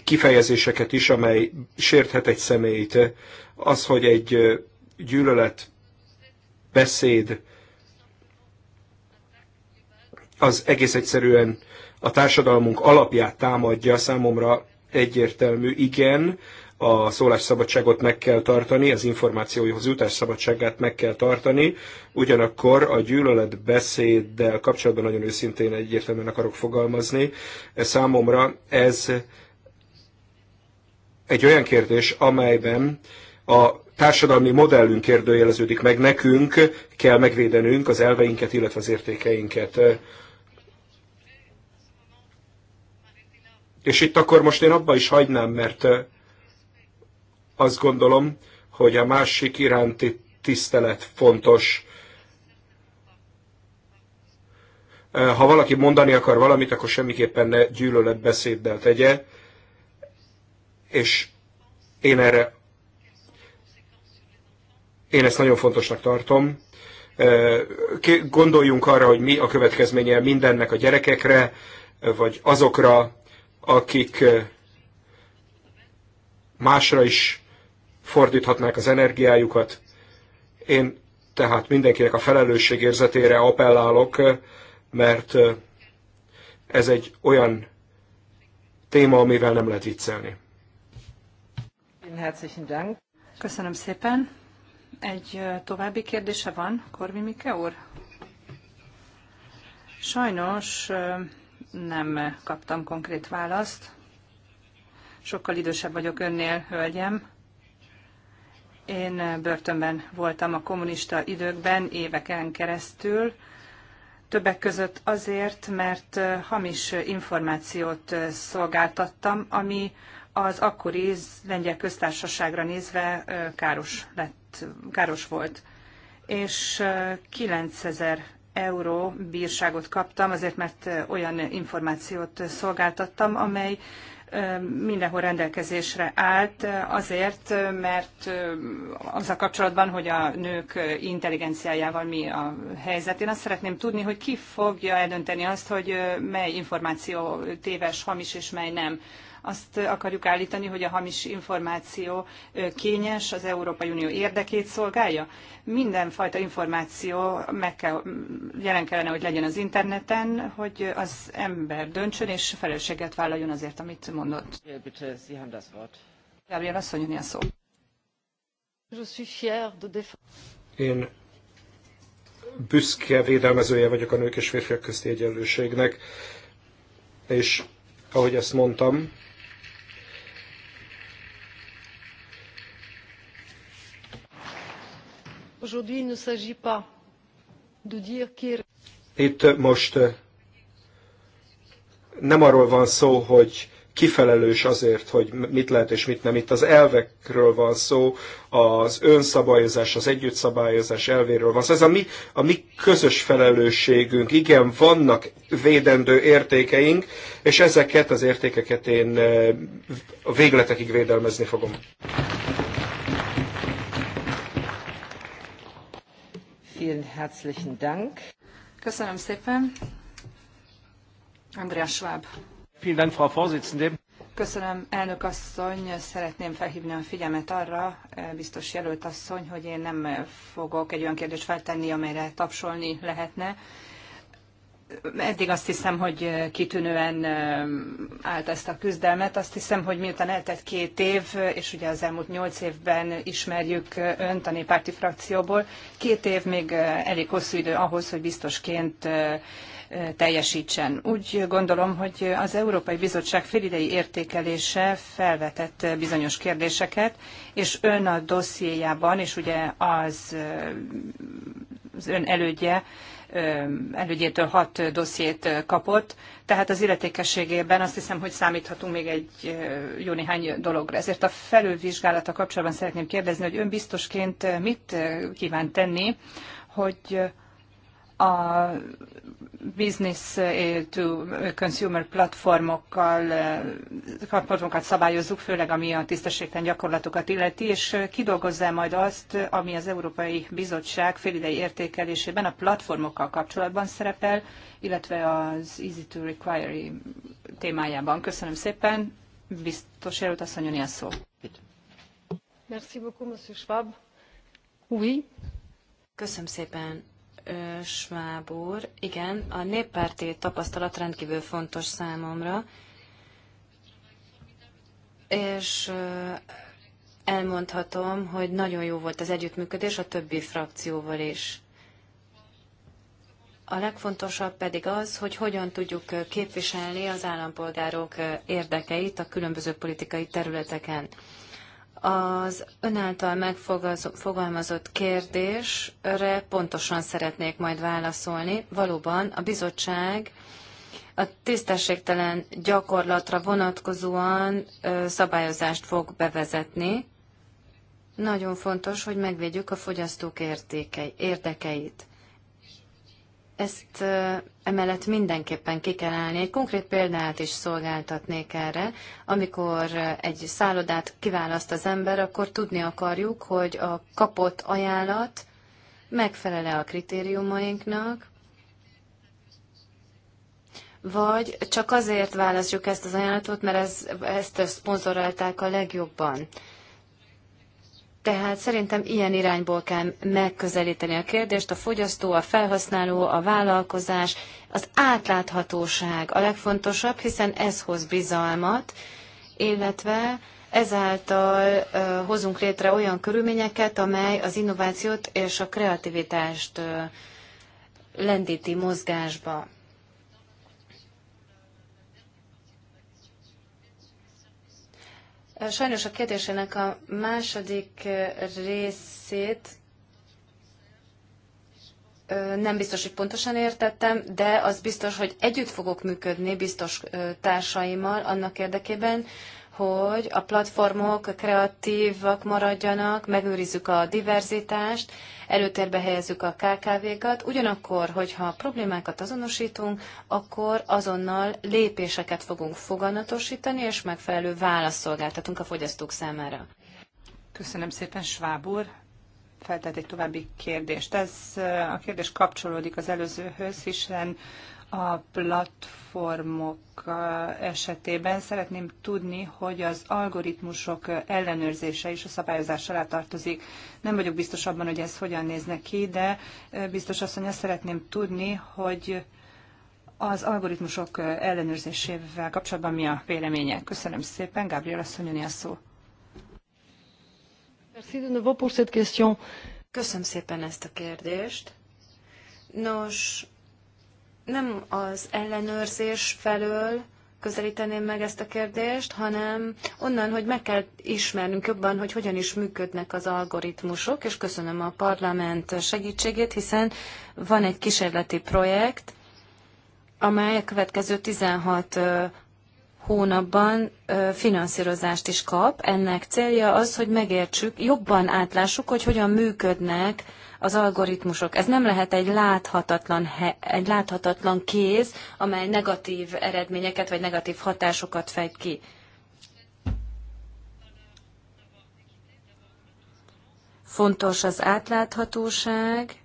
kifejezéseket is, amely sérthet egy személyt. Az, hogy egy gyűlölet beszéd az egész egyszerűen a társadalmunk alapját támadja számomra egyértelmű igen, a szólásszabadságot meg kell tartani, az információhoz jutás szabadságát meg kell tartani, ugyanakkor a gyűlöletbeszéddel kapcsolatban nagyon őszintén egyértelműen akarok fogalmazni. Számomra ez egy olyan kérdés, amelyben a társadalmi modellünk kérdőjeleződik meg, nekünk kell megvédenünk az elveinket, illetve az értékeinket. És itt akkor most én abba is hagynám, mert azt gondolom, hogy a másik iránti tisztelet fontos. Ha valaki mondani akar valamit, akkor semmiképpen ne gyűlöletbeszéddel tegye, és én erre én ezt nagyon fontosnak tartom. Gondoljunk arra, hogy mi a következménye mindennek a gyerekekre, vagy azokra, akik eh, másra is fordíthatnák az energiájukat. Én tehát mindenkinek a felelősség érzetére appellálok, eh, mert eh, ez egy olyan téma, amivel nem lehet viccelni. Köszönöm szépen. Egy további kérdése van, Korvi Mike úr? Sajnos nem kaptam konkrét választ. Sokkal idősebb vagyok önnél, hölgyem. Én börtönben voltam a kommunista időkben éveken keresztül, többek között azért, mert hamis információt szolgáltattam, ami az akkori lengyel köztársaságra nézve káros, lett, káros volt. És 9000 euró bírságot kaptam, azért mert olyan információt szolgáltattam, amely mindenhol rendelkezésre állt, azért, mert az a kapcsolatban, hogy a nők intelligenciájával mi a helyzet. Én azt szeretném tudni, hogy ki fogja eldönteni azt, hogy mely információ téves, hamis és mely nem. Azt akarjuk állítani, hogy a hamis információ kényes, az Európai Unió érdekét szolgálja. Mindenfajta információ meg kell, mm, jelen kellene, hogy legyen az interneten, hogy az ember döntsön és felelősséget vállaljon azért, amit mondott. Gabriel asszony, a szó. Én büszke védelmezője vagyok a nők és férfiak közti egyenlőségnek, és ahogy ezt mondtam, Itt most eh, nem arról van szó, hogy kifelelős azért, hogy mit lehet és mit nem. Itt az elvekről van szó, az önszabályozás, az együttszabályozás elvéről van szó. Ez a mi, a mi közös felelősségünk. Igen, vannak védendő értékeink, és ezeket az értékeket én eh, a végletekig védelmezni fogom. Vielen herzlichen Dank. Köszönöm szépen. Andreas Schwab. Vielen Dank, Frau Vorsitzende. Köszönöm, elnök asszony. Szeretném felhívni a figyelmet arra, eh, biztos jelölt asszony, hogy én nem eh, fogok egy olyan kérdést feltenni, amelyre tapsolni lehetne eddig azt hiszem, hogy kitűnően állt ezt a küzdelmet. Azt hiszem, hogy miután eltett két év, és ugye az elmúlt nyolc évben ismerjük önt a néppárti frakcióból, két év még elég hosszú idő ahhoz, hogy biztosként teljesítsen. Úgy gondolom, hogy az Európai Bizottság félidei értékelése felvetett bizonyos kérdéseket, és ön a dossziéjában, és ugye az, az ön elődje elődjétől hat dossziét kapott, tehát az illetékességében azt hiszem, hogy számíthatunk még egy jó néhány dologra. Ezért a felülvizsgálata kapcsolatban szeretném kérdezni, hogy ön biztosként mit kíván tenni, hogy a business eh, to consumer platformokkal eh, platformokat szabályozzuk, főleg ami a tisztességtelen gyakorlatokat illeti, és eh, kidolgozzá majd azt, ami az Európai Bizottság félidei értékelésében a platformokkal kapcsolatban szerepel, illetve az Easy to Require témájában. Köszönöm szépen, biztos jelölt asszonyon ilyen szó. Merci beaucoup, Monsieur Schwab. Oui. Köszönöm szépen, Schwab úr. Igen, a néppárti tapasztalat rendkívül fontos számomra, és elmondhatom, hogy nagyon jó volt az együttműködés a többi frakcióval is. A legfontosabb pedig az, hogy hogyan tudjuk képviselni az állampolgárok érdekeit a különböző politikai területeken. Az által megfogalmazott kérdésre pontosan szeretnék majd válaszolni. Valóban a bizottság a tisztességtelen gyakorlatra vonatkozóan szabályozást fog bevezetni. Nagyon fontos, hogy megvédjük a fogyasztók értékei, érdekeit ezt emellett mindenképpen ki kell állni. Egy konkrét példát is szolgáltatnék erre. Amikor egy szállodát kiválaszt az ember, akkor tudni akarjuk, hogy a kapott ajánlat megfelele a kritériumainknak, vagy csak azért választjuk ezt az ajánlatot, mert ez, ezt szponzorálták a legjobban. Tehát szerintem ilyen irányból kell megközelíteni a kérdést, a fogyasztó, a felhasználó, a vállalkozás, az átláthatóság a legfontosabb, hiszen ez hoz bizalmat, illetve ezáltal hozunk létre olyan körülményeket, amely az innovációt és a kreativitást lendíti mozgásba. Sajnos a kérdésének a második eh, részét nem biztos, hogy pontosan értettem, de az biztos, hogy együtt fogok működni biztos társaimmal annak érdekében, hogy a platformok kreatívak maradjanak, megőrizzük a diverzitást, előtérbe helyezzük a KKV-kat, ugyanakkor, hogyha problémákat azonosítunk, akkor azonnal lépéseket fogunk foganatosítani, és megfelelő választ szolgáltatunk a fogyasztók számára. Köszönöm szépen, Schwab úr. Feltett egy további kérdést. Ez a kérdés kapcsolódik az előzőhöz, hiszen a platformok esetében szeretném tudni, hogy az algoritmusok ellenőrzése is a szabályozás alá tartozik. Nem vagyok biztos abban, hogy ez hogyan nézne ki, de biztos asszony, azt szeretném tudni, hogy az algoritmusok ellenőrzésével kapcsolatban mi a véleménye. Köszönöm szépen, Gabriel asszony, a szó. Köszönöm szépen ezt a kérdést. Nos, nem az ellenőrzés felől közelíteném meg ezt a kérdést, hanem onnan, hogy meg kell ismernünk jobban, hogy hogyan is működnek az algoritmusok, és köszönöm a parlament segítségét, hiszen van egy kísérleti projekt, amely a következő 16 hónapban finanszírozást is kap. Ennek célja az, hogy megértsük, jobban átlássuk, hogy hogyan működnek az algoritmusok. Ez nem lehet egy láthatatlan, egy láthatatlan kéz, amely negatív eredményeket vagy negatív hatásokat fejt ki. Fontos az átláthatóság,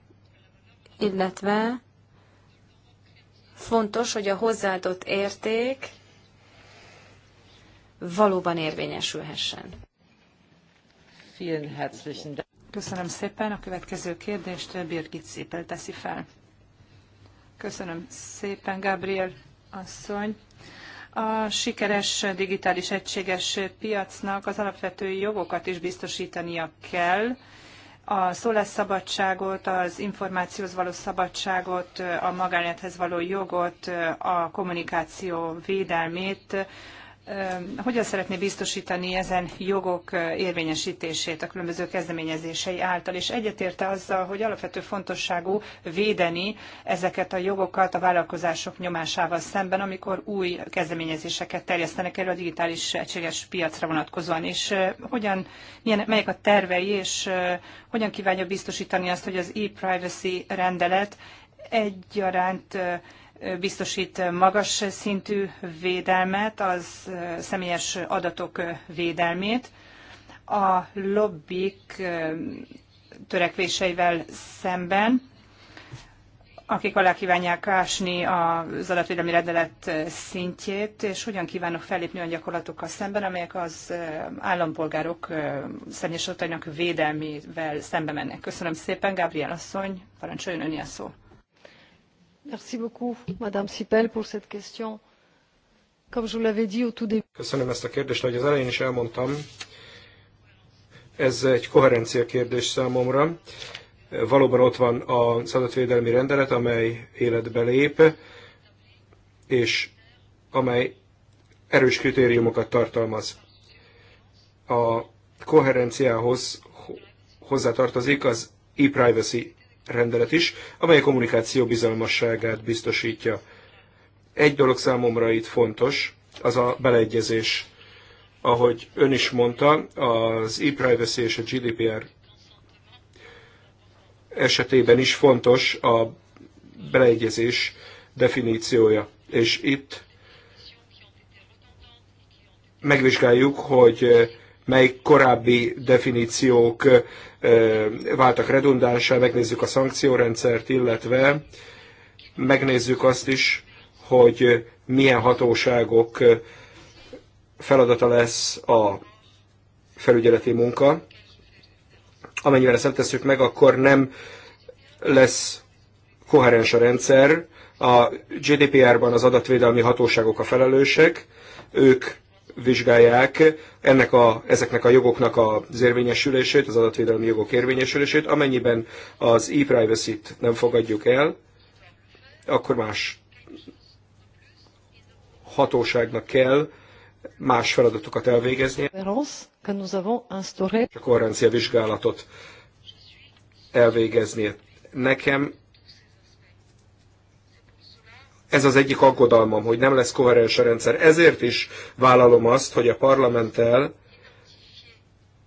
illetve fontos, hogy a hozzáadott érték valóban érvényesülhessen. Köszönöm szépen. A következő kérdést Birgit Szépel teszi fel. Köszönöm szépen, Gabriel asszony. A sikeres digitális egységes piacnak az alapvető jogokat is biztosítania kell, a szólásszabadságot, az információhoz való szabadságot, a magánélethez való jogot, a kommunikáció védelmét, hogyan szeretné biztosítani ezen jogok érvényesítését a különböző kezdeményezései által, és egyetérte azzal, hogy alapvető fontosságú védeni ezeket a jogokat a vállalkozások nyomásával szemben, amikor új kezdeményezéseket terjesztenek elő a digitális egységes piacra vonatkozóan, és hogyan, milyen, melyek a tervei, és hogyan kívánja biztosítani azt, hogy az e-privacy rendelet egyaránt biztosít magas szintű védelmet, az személyes adatok védelmét. A lobbik törekvéseivel szemben, akik alá kívánják ásni az adatvédelmi rendelet szintjét, és hogyan kívánok fellépni olyan gyakorlatokkal szemben, amelyek az állampolgárok személyes adatainak védelmével szembe mennek. Köszönöm szépen, Gabriel asszony, parancsoljon öni a szó. Köszönöm ezt a kérdést, ahogy az elején is elmondtam. Ez egy koherencia kérdés számomra. Valóban ott van az adatvédelmi rendelet, amely életbe lép, és amely erős kritériumokat tartalmaz. A koherenciához hozzátartozik az e-privacy rendelet is, amely a kommunikáció bizalmasságát biztosítja. Egy dolog számomra itt fontos, az a beleegyezés. Ahogy ön is mondta, az e-privacy és a GDPR esetében is fontos a beleegyezés definíciója. És itt megvizsgáljuk, hogy mely korábbi definíciók váltak redundánsá, megnézzük a szankciórendszert, illetve megnézzük azt is, hogy milyen hatóságok feladata lesz a felügyeleti munka. Amennyiben ezt nem tesszük meg, akkor nem lesz koherens a rendszer. A GDPR-ban az adatvédelmi hatóságok a felelősek, ők vizsgálják ennek a, ezeknek a jogoknak az érvényesülését, az adatvédelmi jogok érvényesülését. Amennyiben az e-privacy-t nem fogadjuk el, akkor más hatóságnak kell más feladatokat elvégezni. A korrencia vizsgálatot elvégezni. Nekem ez az egyik aggodalmam, hogy nem lesz koherens a rendszer. Ezért is vállalom azt, hogy a parlamenttel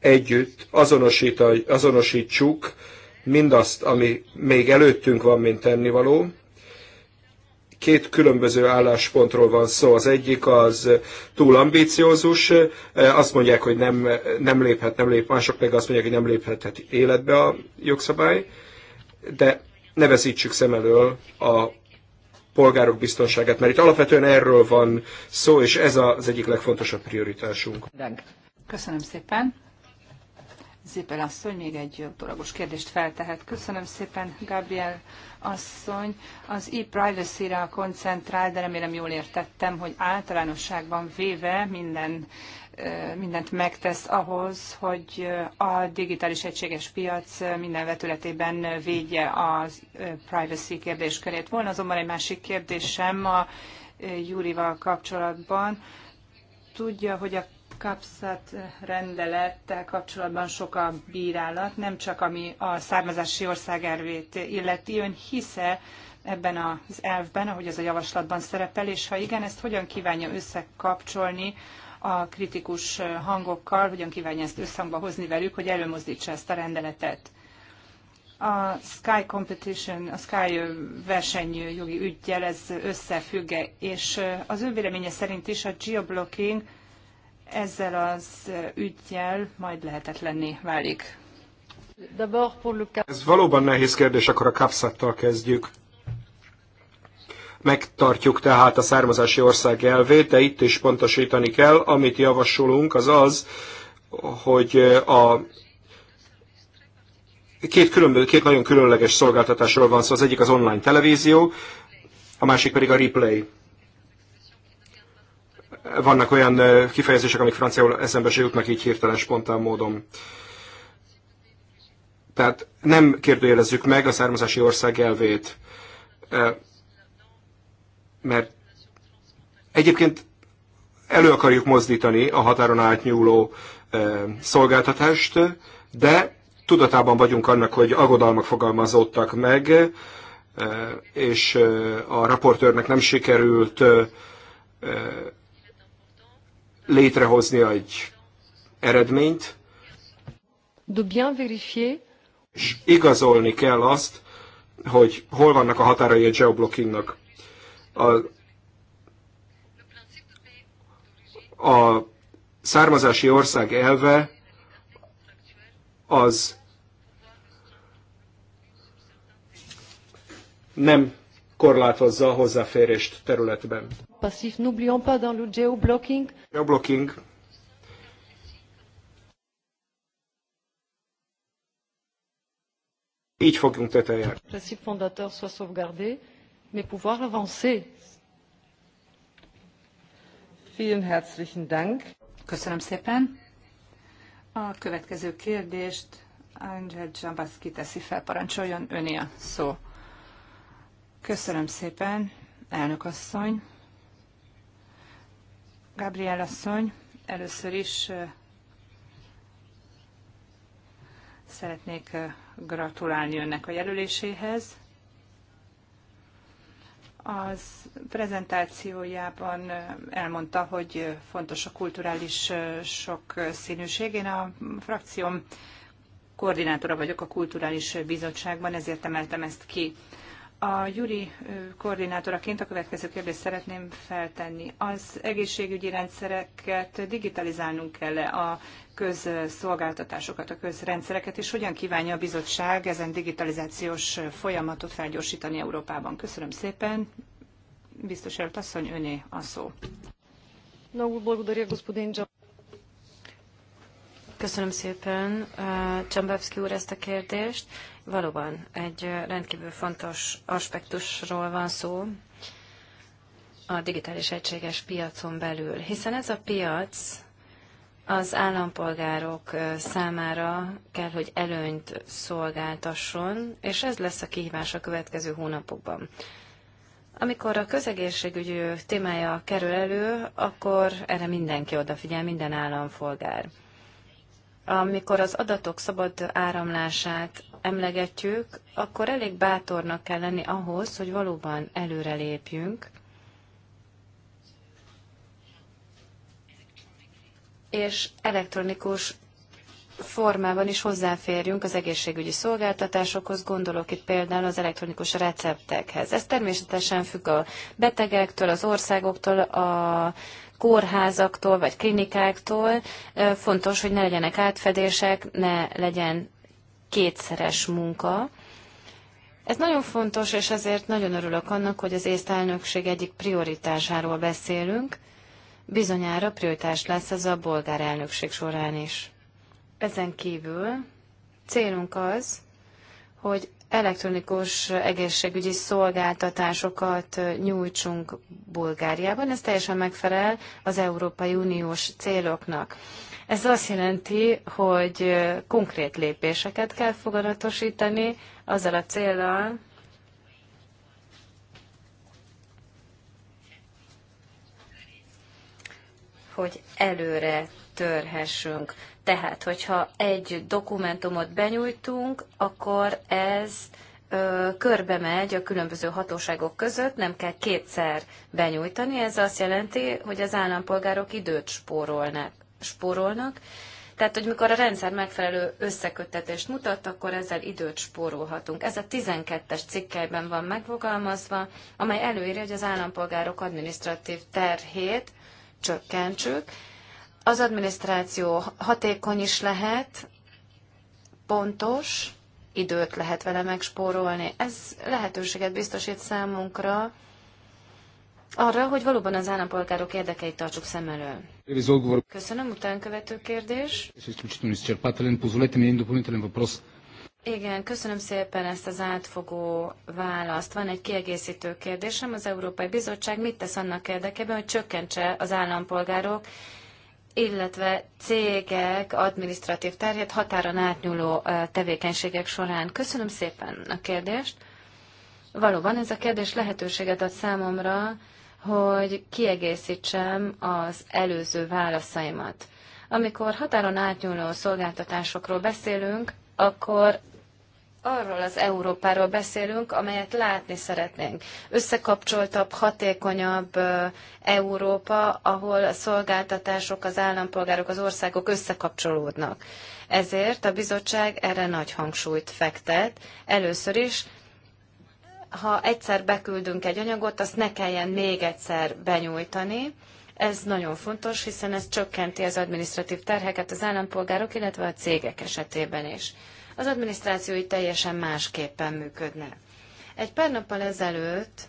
együtt azonosít, azonosítsuk mindazt, ami még előttünk van, mint tennivaló. Két különböző álláspontról van szó. Az egyik az túl ambíciózus. azt mondják, hogy nem, nem léphet, nem lép, mások meg azt mondják, hogy nem léphet életbe a jogszabály, de ne veszítsük szem elől a polgárok biztonságát, mert itt alapvetően erről van szó, és ez az egyik legfontosabb prioritásunk. Köszönöm szépen. Zippel, asszony még egy utólagos kérdést feltehet. Köszönöm szépen, Gabriel asszony. Az e-privacy-ra koncentrál, de remélem jól értettem, hogy általánosságban véve minden mindent megtesz ahhoz, hogy a digitális egységes piac minden vetületében védje a privacy kérdéskörét. Volna azonban egy másik kérdésem a Júrival kapcsolatban. Tudja, hogy a kapszat rendelettel kapcsolatban sok a bírálat, nem csak ami a származási ország ervét illeti. Ön hisze ebben az elvben, ahogy ez a javaslatban szerepel, és ha igen, ezt hogyan kívánja összekapcsolni a kritikus hangokkal, hogyan kívánja ezt összhangba hozni velük, hogy előmozdítsa ezt a rendeletet. A Sky Competition, a Sky versenyjogi ügyjel ez összefügge, és az ő véleménye szerint is a geoblocking ezzel az ügyjel majd lehetetlenné válik. Ez valóban nehéz kérdés, akkor a kapszattal kezdjük. Megtartjuk tehát a származási ország elvét, de itt is pontosítani kell. Amit javasolunk, az az, hogy a két, különböző, két nagyon különleges szolgáltatásról van szó. Szóval az egyik az online televízió, a másik pedig a replay. Vannak olyan kifejezések, amik franciául eszembe se jutnak így hirtelen, spontán módon. Tehát nem kérdőjelezzük meg a származási ország elvét mert egyébként elő akarjuk mozdítani a határon átnyúló szolgáltatást, de tudatában vagyunk annak, hogy aggodalmak fogalmazódtak meg, és a raportőrnek nem sikerült létrehozni egy eredményt. De bien És igazolni kell azt, hogy hol vannak a határai a geoblockingnak. A, a származási ország elve az nem korlátozza a hozzáférést területben. Passif, n'oublions pas dans le geoblocking. Geoblocking. Így fogunk tetejére. Principe fondateur soit sauvegardé mais pouvoir avancer. Vielen herzlichen Dank. Köszönöm szépen. A következő kérdést Angel Dzsambaszki teszi fel, parancsoljon öné a szó. Köszönöm szépen, elnök asszony. Gabriel asszony, először is szeretnék gratulálni önnek a jelöléséhez. Az prezentációjában elmondta, hogy fontos a kulturális sok színűség. Én a frakcióm koordinátora vagyok a Kulturális Bizottságban, ezért emeltem ezt ki. A Juri koordinátoraként a következő kérdést szeretném feltenni. Az egészségügyi rendszereket digitalizálnunk kell -e a közszolgáltatásokat, a közrendszereket, és hogyan kívánja a bizottság ezen digitalizációs folyamatot felgyorsítani Európában? Köszönöm szépen. Biztos előtt asszony, öné a szó. Köszönöm szépen Csambevszki úr ezt a kérdést. Valóban egy rendkívül fontos aspektusról van szó a digitális egységes piacon belül, hiszen ez a piac az állampolgárok számára kell, hogy előnyt szolgáltasson, és ez lesz a kihívás a következő hónapokban. Amikor a közegészségügy témája kerül elő, akkor erre mindenki odafigyel, minden állampolgár. Amikor az adatok szabad áramlását emlegetjük, akkor elég bátornak kell lenni ahhoz, hogy valóban előrelépjünk, és elektronikus formában is hozzáférjünk az egészségügyi szolgáltatásokhoz, gondolok itt például az elektronikus receptekhez. Ez természetesen függ a betegektől, az országoktól, a kórházaktól vagy klinikáktól. Fontos, hogy ne legyenek átfedések, ne legyen kétszeres munka. Ez nagyon fontos, és ezért nagyon örülök annak, hogy az észt elnökség egyik prioritásáról beszélünk. Bizonyára prioritás lesz ez a bolgár elnökség során is. Ezen kívül célunk az, hogy elektronikus egészségügyi szolgáltatásokat nyújtsunk Bulgáriában. Ez teljesen megfelel az Európai Uniós céloknak. Ez azt jelenti, hogy konkrét lépéseket kell foganatosítani azzal a célral, hogy előre törhessünk. Tehát, hogyha egy dokumentumot benyújtunk, akkor ez ö, körbe megy a különböző hatóságok között, nem kell kétszer benyújtani. Ez azt jelenti, hogy az állampolgárok időt spórolnak spórolnak. Tehát, hogy mikor a rendszer megfelelő összeköttetést mutat, akkor ezzel időt spórolhatunk. Ez a 12-es cikkelyben van megfogalmazva, amely előírja, hogy az állampolgárok adminisztratív terhét csökkentsük. Az adminisztráció hatékony is lehet, pontos, időt lehet vele megspórolni. Ez lehetőséget biztosít számunkra, arra, hogy valóban az állampolgárok érdekeit tartsuk szem elől. Köszönöm, utánkövető kérdés. Igen, köszönöm szépen ezt az átfogó választ. Van egy kiegészítő kérdésem. Az Európai Bizottság mit tesz annak érdekében, hogy csökkentse az állampolgárok, illetve cégek adminisztratív terhét határon átnyúló tevékenységek során? Köszönöm szépen a kérdést. Valóban ez a kérdés lehetőséget ad számomra, hogy kiegészítsem az előző válaszaimat. Amikor határon átnyúló szolgáltatásokról beszélünk, akkor arról az Európáról beszélünk, amelyet látni szeretnénk. Összekapcsoltabb, hatékonyabb Európa, ahol a szolgáltatások, az állampolgárok, az országok összekapcsolódnak. Ezért a bizottság erre nagy hangsúlyt fektet. Először is ha egyszer beküldünk egy anyagot, azt ne kelljen még egyszer benyújtani. Ez nagyon fontos, hiszen ez csökkenti az adminisztratív terheket az állampolgárok, illetve a cégek esetében is. Az adminisztráció így teljesen másképpen működne. Egy pár nappal ezelőtt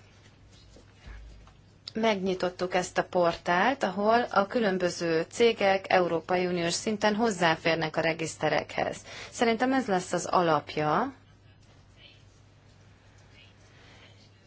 megnyitottuk ezt a portált, ahol a különböző cégek Európai Uniós szinten hozzáférnek a regiszterekhez. Szerintem ez lesz az alapja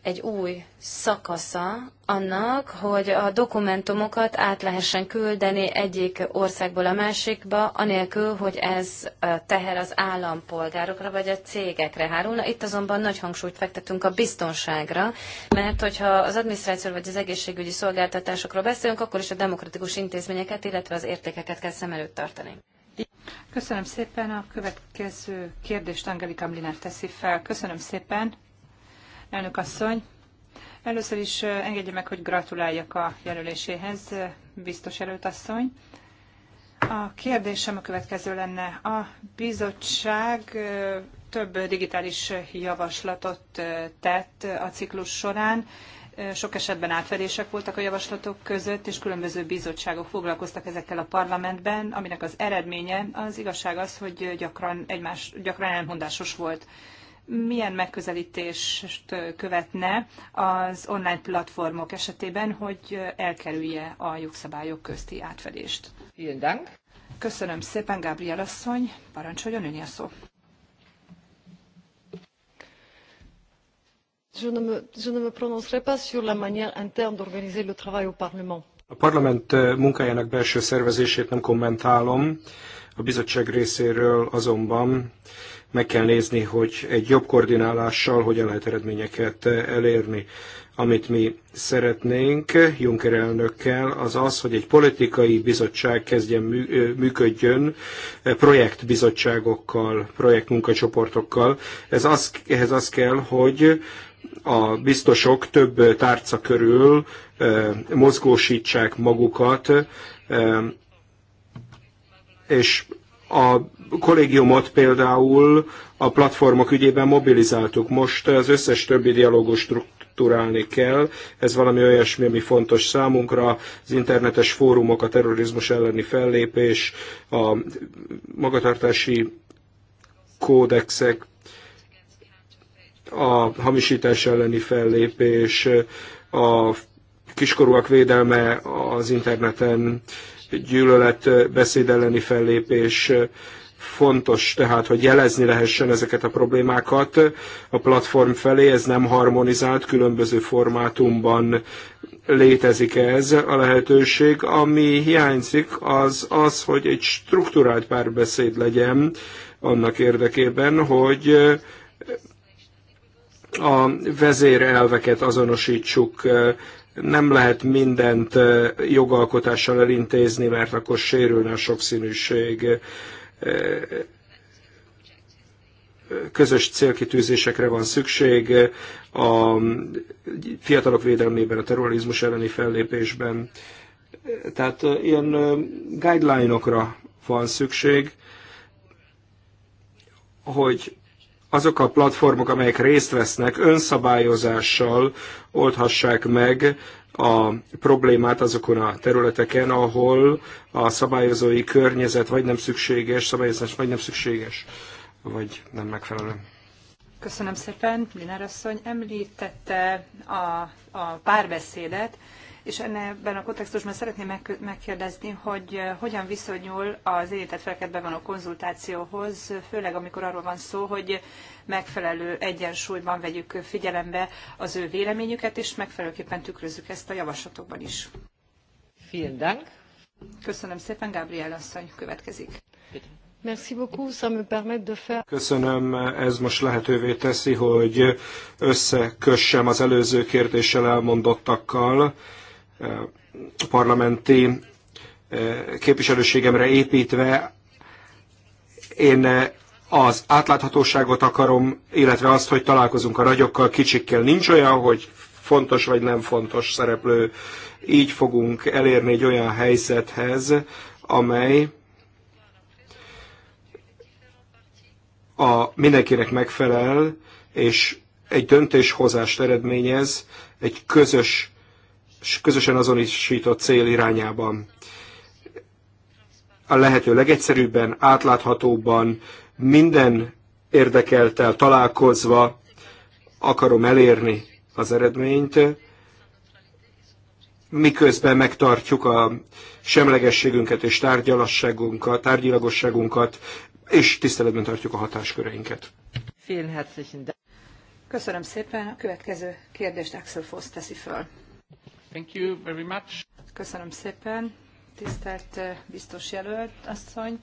egy új szakasza annak, hogy a dokumentumokat át lehessen küldeni egyik országból a másikba, anélkül, hogy ez teher az állampolgárokra vagy a cégekre hárulna. Itt azonban nagy hangsúlyt fektetünk a biztonságra, mert hogyha az adminisztráció vagy az egészségügyi szolgáltatásokról beszélünk, akkor is a demokratikus intézményeket, illetve az értékeket kell szem előtt tartani. Köszönöm szépen. A következő kérdést Angelika Mlinár teszi fel. Köszönöm szépen. Elnök asszony, először is engedje meg, hogy gratuláljak a jelöléséhez, biztos előtt asszony. A kérdésem a következő lenne. A bizottság több digitális javaslatot tett a ciklus során. Sok esetben átfedések voltak a javaslatok között, és különböző bizottságok foglalkoztak ezekkel a parlamentben, aminek az eredménye az igazság az, hogy gyakran egymás, gyakran elmondásos volt milyen megközelítést követne az online platformok esetében, hogy elkerülje a jogszabályok közti átfedést. Köszönöm, Köszönöm szépen, Gábriel asszony. Parancsoljon ön a szó. Je ne, me, je ne me prononcerai pas sur la manière interne d'organiser le travail au Parlement. A parlament eh, munkájának belső szervezését nem kommentálom, a bizottság részéről azonban meg kell nézni, hogy egy jobb koordinálással hogyan lehet eredményeket elérni. Amit mi szeretnénk Juncker elnökkel, az az, hogy egy politikai bizottság kezdjen működjön projektbizottságokkal, projektmunkacsoportokkal. Ez az, ehhez az kell, hogy a biztosok több tárca körül mozgósítsák magukat, és a kollégiumot például a platformok ügyében mobilizáltuk. Most az összes többi dialógus struktúrálni kell. Ez valami olyasmi, ami fontos számunkra. Az internetes fórumok, a terrorizmus elleni fellépés, a magatartási kódexek, a hamisítás elleni fellépés, a kiskorúak védelme az interneten, beszéd elleni fellépés, Fontos tehát, hogy jelezni lehessen ezeket a problémákat a platform felé, ez nem harmonizált, különböző formátumban létezik -e ez a lehetőség. Ami hiányzik, az az, hogy egy strukturált párbeszéd legyen annak érdekében, hogy a vezérelveket azonosítsuk, nem lehet mindent jogalkotással elintézni, mert akkor sérülne a sokszínűség közös célkitűzésekre van szükség a fiatalok védelmében, a terrorizmus elleni fellépésben. Tehát ilyen guideline-okra van szükség, hogy azok a platformok, amelyek részt vesznek, önszabályozással oldhassák meg a problémát azokon a területeken, ahol a szabályozói környezet vagy nem szükséges, szabályozás vagy nem szükséges, vagy nem megfelelő. Köszönöm szépen, Minár asszony. Említette a, a párbeszédet, és ebben a kontextusban szeretném megkérdezni, hogy eh, hogyan viszonyul az érintett van a konzultációhoz, főleg amikor arról van szó, hogy megfelelő egyensúlyban vegyük figyelembe az ő véleményüket, és megfelelőképpen tükrözzük ezt a javaslatokban is. Vielen Dank. Köszönöm szépen, Gabriel asszony következik. Merci beaucoup, ça me permet de faire. Köszönöm, ez most lehetővé teszi, hogy összekössem az előző kérdéssel elmondottakkal a parlamenti eh, képviselőségemre építve. Én eh, az átláthatóságot akarom, illetve azt, hogy találkozunk a nagyokkal, kicsikkel. Nincs olyan, hogy fontos vagy nem fontos szereplő. Így fogunk elérni egy olyan helyzethez, amely a mindenkinek megfelel, és egy döntéshozást eredményez egy közös, közösen azonosított cél irányában a lehető legegyszerűbben, átláthatóban, minden érdekeltel találkozva akarom elérni az eredményt, miközben megtartjuk a semlegességünket és tárgyalasságunkat, tárgyilagosságunkat, és tiszteletben tartjuk a hatásköreinket. Köszönöm szépen. A következő kérdést Axel Foss teszi föl. Thank you very much. Köszönöm szépen. Tisztelt eh, biztos jelölt asszony!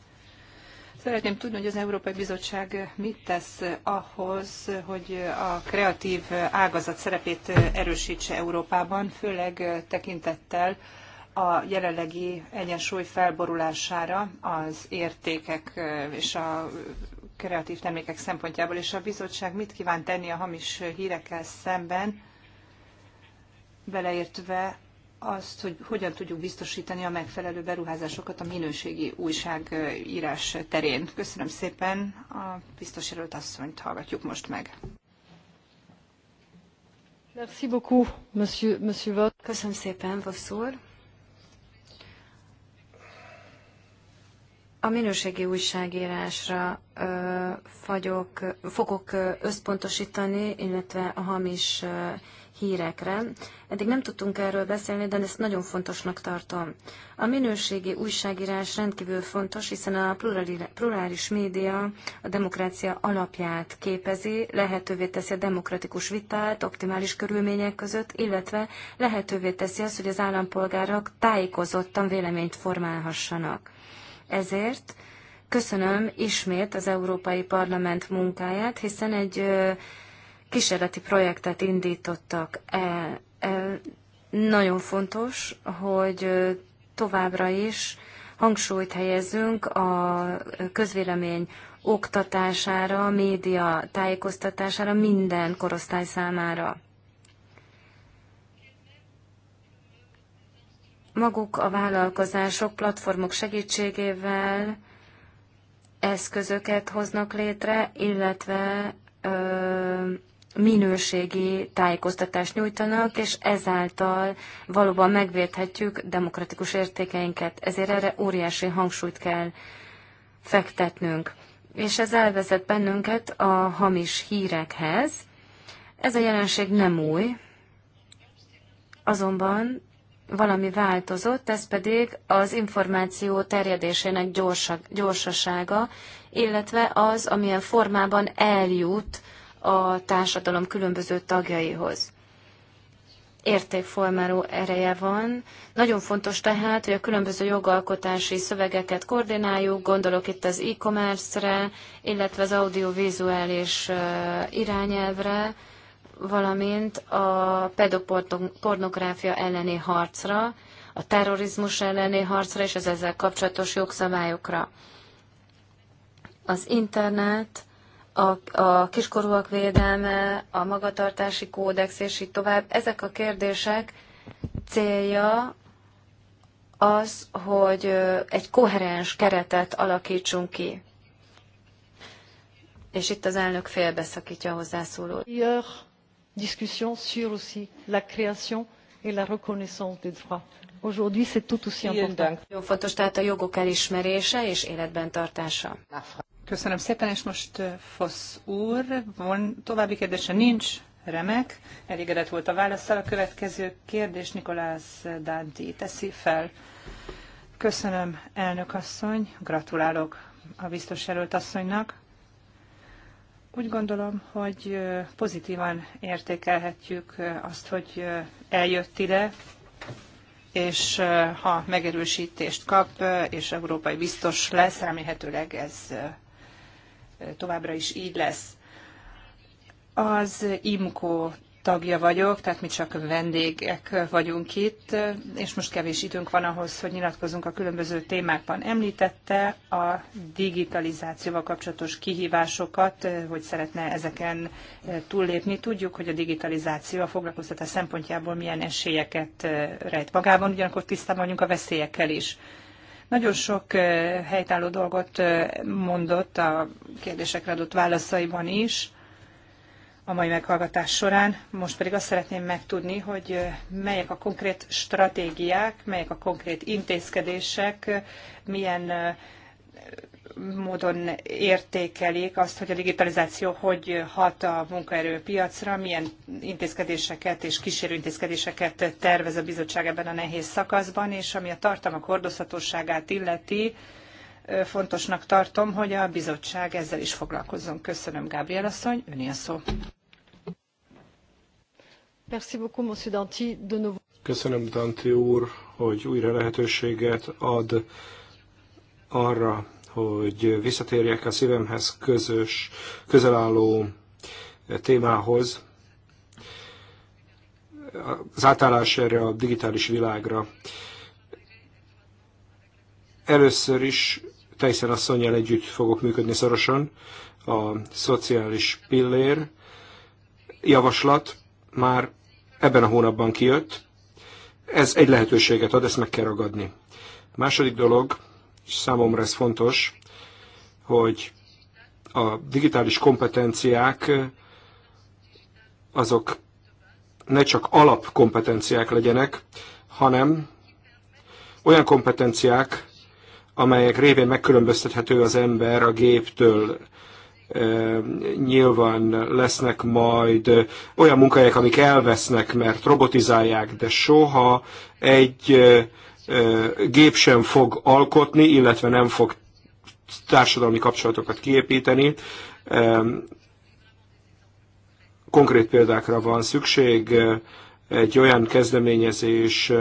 Szeretném tudni, hogy az Európai Bizottság mit tesz ahhoz, hogy a kreatív ágazat szerepét erősítse Európában, főleg eh, tekintettel a jelenlegi egyensúly felborulására az értékek eh, és a kreatív termékek szempontjából, és a bizottság mit kíván tenni a hamis hírekkel szemben, beleértve azt, hogy hogyan tudjuk biztosítani a megfelelő beruházásokat a minőségi újságírás terén. Köszönöm szépen, a biztos jelölt asszonyt hallgatjuk most meg. Merci beaucoup, monsieur, monsieur Vot. Köszönöm szépen, Vosszúr. A minőségi újságírásra ö, fagyok, fogok összpontosítani, illetve a hamis ö, hírekre. Eddig nem tudtunk erről beszélni, de ezt nagyon fontosnak tartom. A minőségi újságírás rendkívül fontos, hiszen a plurális média a demokrácia alapját képezi, lehetővé teszi a demokratikus vitát optimális körülmények között, illetve lehetővé teszi azt, hogy az állampolgárok tájékozottan véleményt formálhassanak. Ezért köszönöm ismét az Európai Parlament munkáját, hiszen egy kísérleti projektet indítottak E, e, Nagyon fontos, hogy továbbra is hangsúlyt helyezünk a közvélemény oktatására, média tájékoztatására minden korosztály számára. Maguk a vállalkozások platformok segítségével eszközöket hoznak létre, illetve ö, minőségi tájékoztatást nyújtanak, és ezáltal valóban megvédhetjük demokratikus értékeinket. Ezért erre óriási hangsúlyt kell fektetnünk. És ez elvezet bennünket a hamis hírekhez. Ez a jelenség nem új, azonban valami változott, ez pedig az információ terjedésének gyorsa, gyorsasága, illetve az, amilyen formában eljut a társadalom különböző tagjaihoz értékformáló ereje van. Nagyon fontos tehát, hogy a különböző jogalkotási szövegeket koordináljuk, gondolok itt az e-commerce-re, illetve az audiovizuális irányelvre, valamint a pedopornográfia elleni harcra, a terrorizmus elleni harcra és az ezzel kapcsolatos jogszabályokra. Az internet a, a kiskorúak védelme, a magatartási kódex, és így tovább. Ezek a kérdések célja az, hogy egy koherens keretet alakítsunk ki. És itt az elnök félbeszakítja a hozzászólót. discussion sur aussi la création et la reconnaissance des droits. Aujourd'hui, c'est tout aussi important. Nagyon fontos tehát a jogok elismerése és életben tartása. Köszönöm szépen, és most Fosz úr, von, további kérdése nincs, remek, elégedett volt a válaszsal. A következő kérdés Nikolász Dánti teszi fel. Köszönöm, elnök asszony, gratulálok a biztos jelölt asszonynak. Úgy gondolom, hogy pozitívan értékelhetjük azt, hogy eljött ide, és ha megerősítést kap, és európai biztos lesz, remélhetőleg ez továbbra is így lesz. Az IMCO tagja vagyok, tehát mi csak vendégek vagyunk itt, és most kevés időnk van ahhoz, hogy nyilatkozunk a különböző témákban. Említette a digitalizációval kapcsolatos kihívásokat, hogy szeretne ezeken túllépni. Tudjuk, hogy a digitalizáció a foglalkoztatás szempontjából milyen esélyeket rejt magában, ugyanakkor tisztában vagyunk a veszélyekkel is. Nagyon sok eh, helytálló dolgot eh, mondott a kérdésekre adott válaszaiban is a mai meghallgatás során. Most pedig azt szeretném megtudni, hogy eh, melyek a konkrét stratégiák, melyek a konkrét intézkedések, milyen módon értékelik azt, hogy a digitalizáció hogy hat a munkaerőpiacra, milyen intézkedéseket és kísérő intézkedéseket tervez a bizottság ebben a nehéz szakaszban, és ami a tartalmak hordozhatóságát illeti, fontosnak tartom, hogy a bizottság ezzel is foglalkozzon. Köszönöm, Gábriel asszony, öné a szó. Köszönöm, Danti úr, hogy újra lehetőséget ad arra, hogy visszatérjek a szívemhez közös, közelálló témához, az átállás erre a digitális világra. Először is a asszonyjal együtt fogok működni szorosan, a szociális pillér javaslat már ebben a hónapban kijött. Ez egy lehetőséget ad, ezt meg kell ragadni. második dolog, számomra ez fontos, hogy a digitális kompetenciák azok ne csak alapkompetenciák legyenek, hanem olyan kompetenciák, amelyek révén megkülönböztethető az ember a géptől. Nyilván lesznek majd olyan munkahelyek, amik elvesznek, mert robotizálják, de soha egy gép sem fog alkotni, illetve nem fog társadalmi kapcsolatokat kiépíteni. Konkrét példákra van szükség, egy olyan kezdeményezés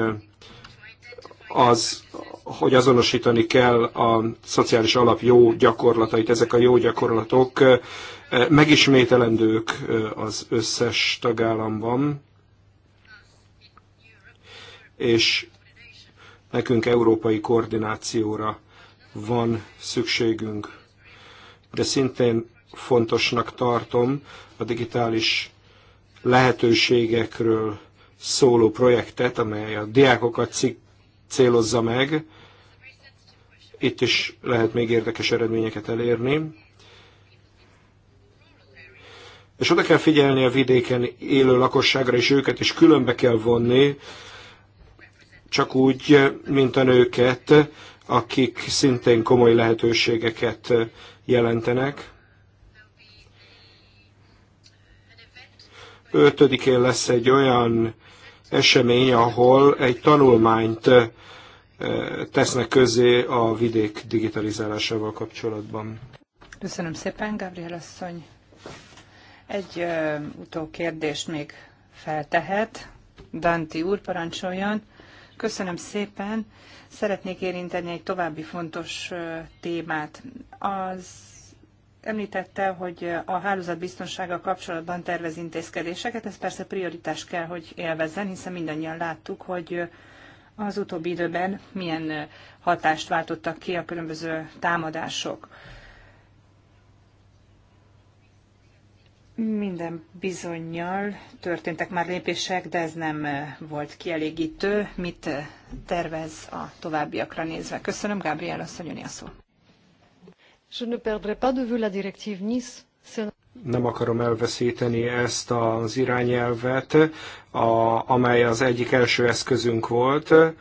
az, hogy azonosítani kell a szociális alap jó gyakorlatait. Ezek a jó gyakorlatok megismételendők az összes tagállamban, és Nekünk európai koordinációra van szükségünk, de szintén fontosnak tartom a digitális lehetőségekről szóló projektet, amely a diákokat célozza meg. Itt is lehet még érdekes eredményeket elérni. És oda kell figyelni a vidéken élő lakosságra, és őket is különbe kell vonni csak úgy, eh, mint a nőket, akik szintén komoly lehetőségeket eh, jelentenek. 5-én lesz egy olyan esemény, ahol egy tanulmányt eh, tesznek közé a vidék digitalizálásával kapcsolatban. Köszönöm szépen, Gabriel asszony. Egy ö, utókérdést még feltehet. Danti úr, parancsoljon. Köszönöm szépen. Szeretnék érinteni egy további fontos témát. Az említette, hogy a hálózat biztonsága kapcsolatban tervez intézkedéseket, ez persze prioritás kell, hogy élvezzen, hiszen mindannyian láttuk, hogy az utóbbi időben milyen hatást váltottak ki a különböző támadások. Minden bizonyal történtek már lépések, de ez nem eh, volt kielégítő. Mit eh, tervez a továbbiakra nézve? Köszönöm, Gabriel asszony, a szó. Je ne perdrai pas de vue la directive Nice. Nem akarom elveszíteni ezt az irányelvet, a, amely az egyik első eszközünk volt. Eh,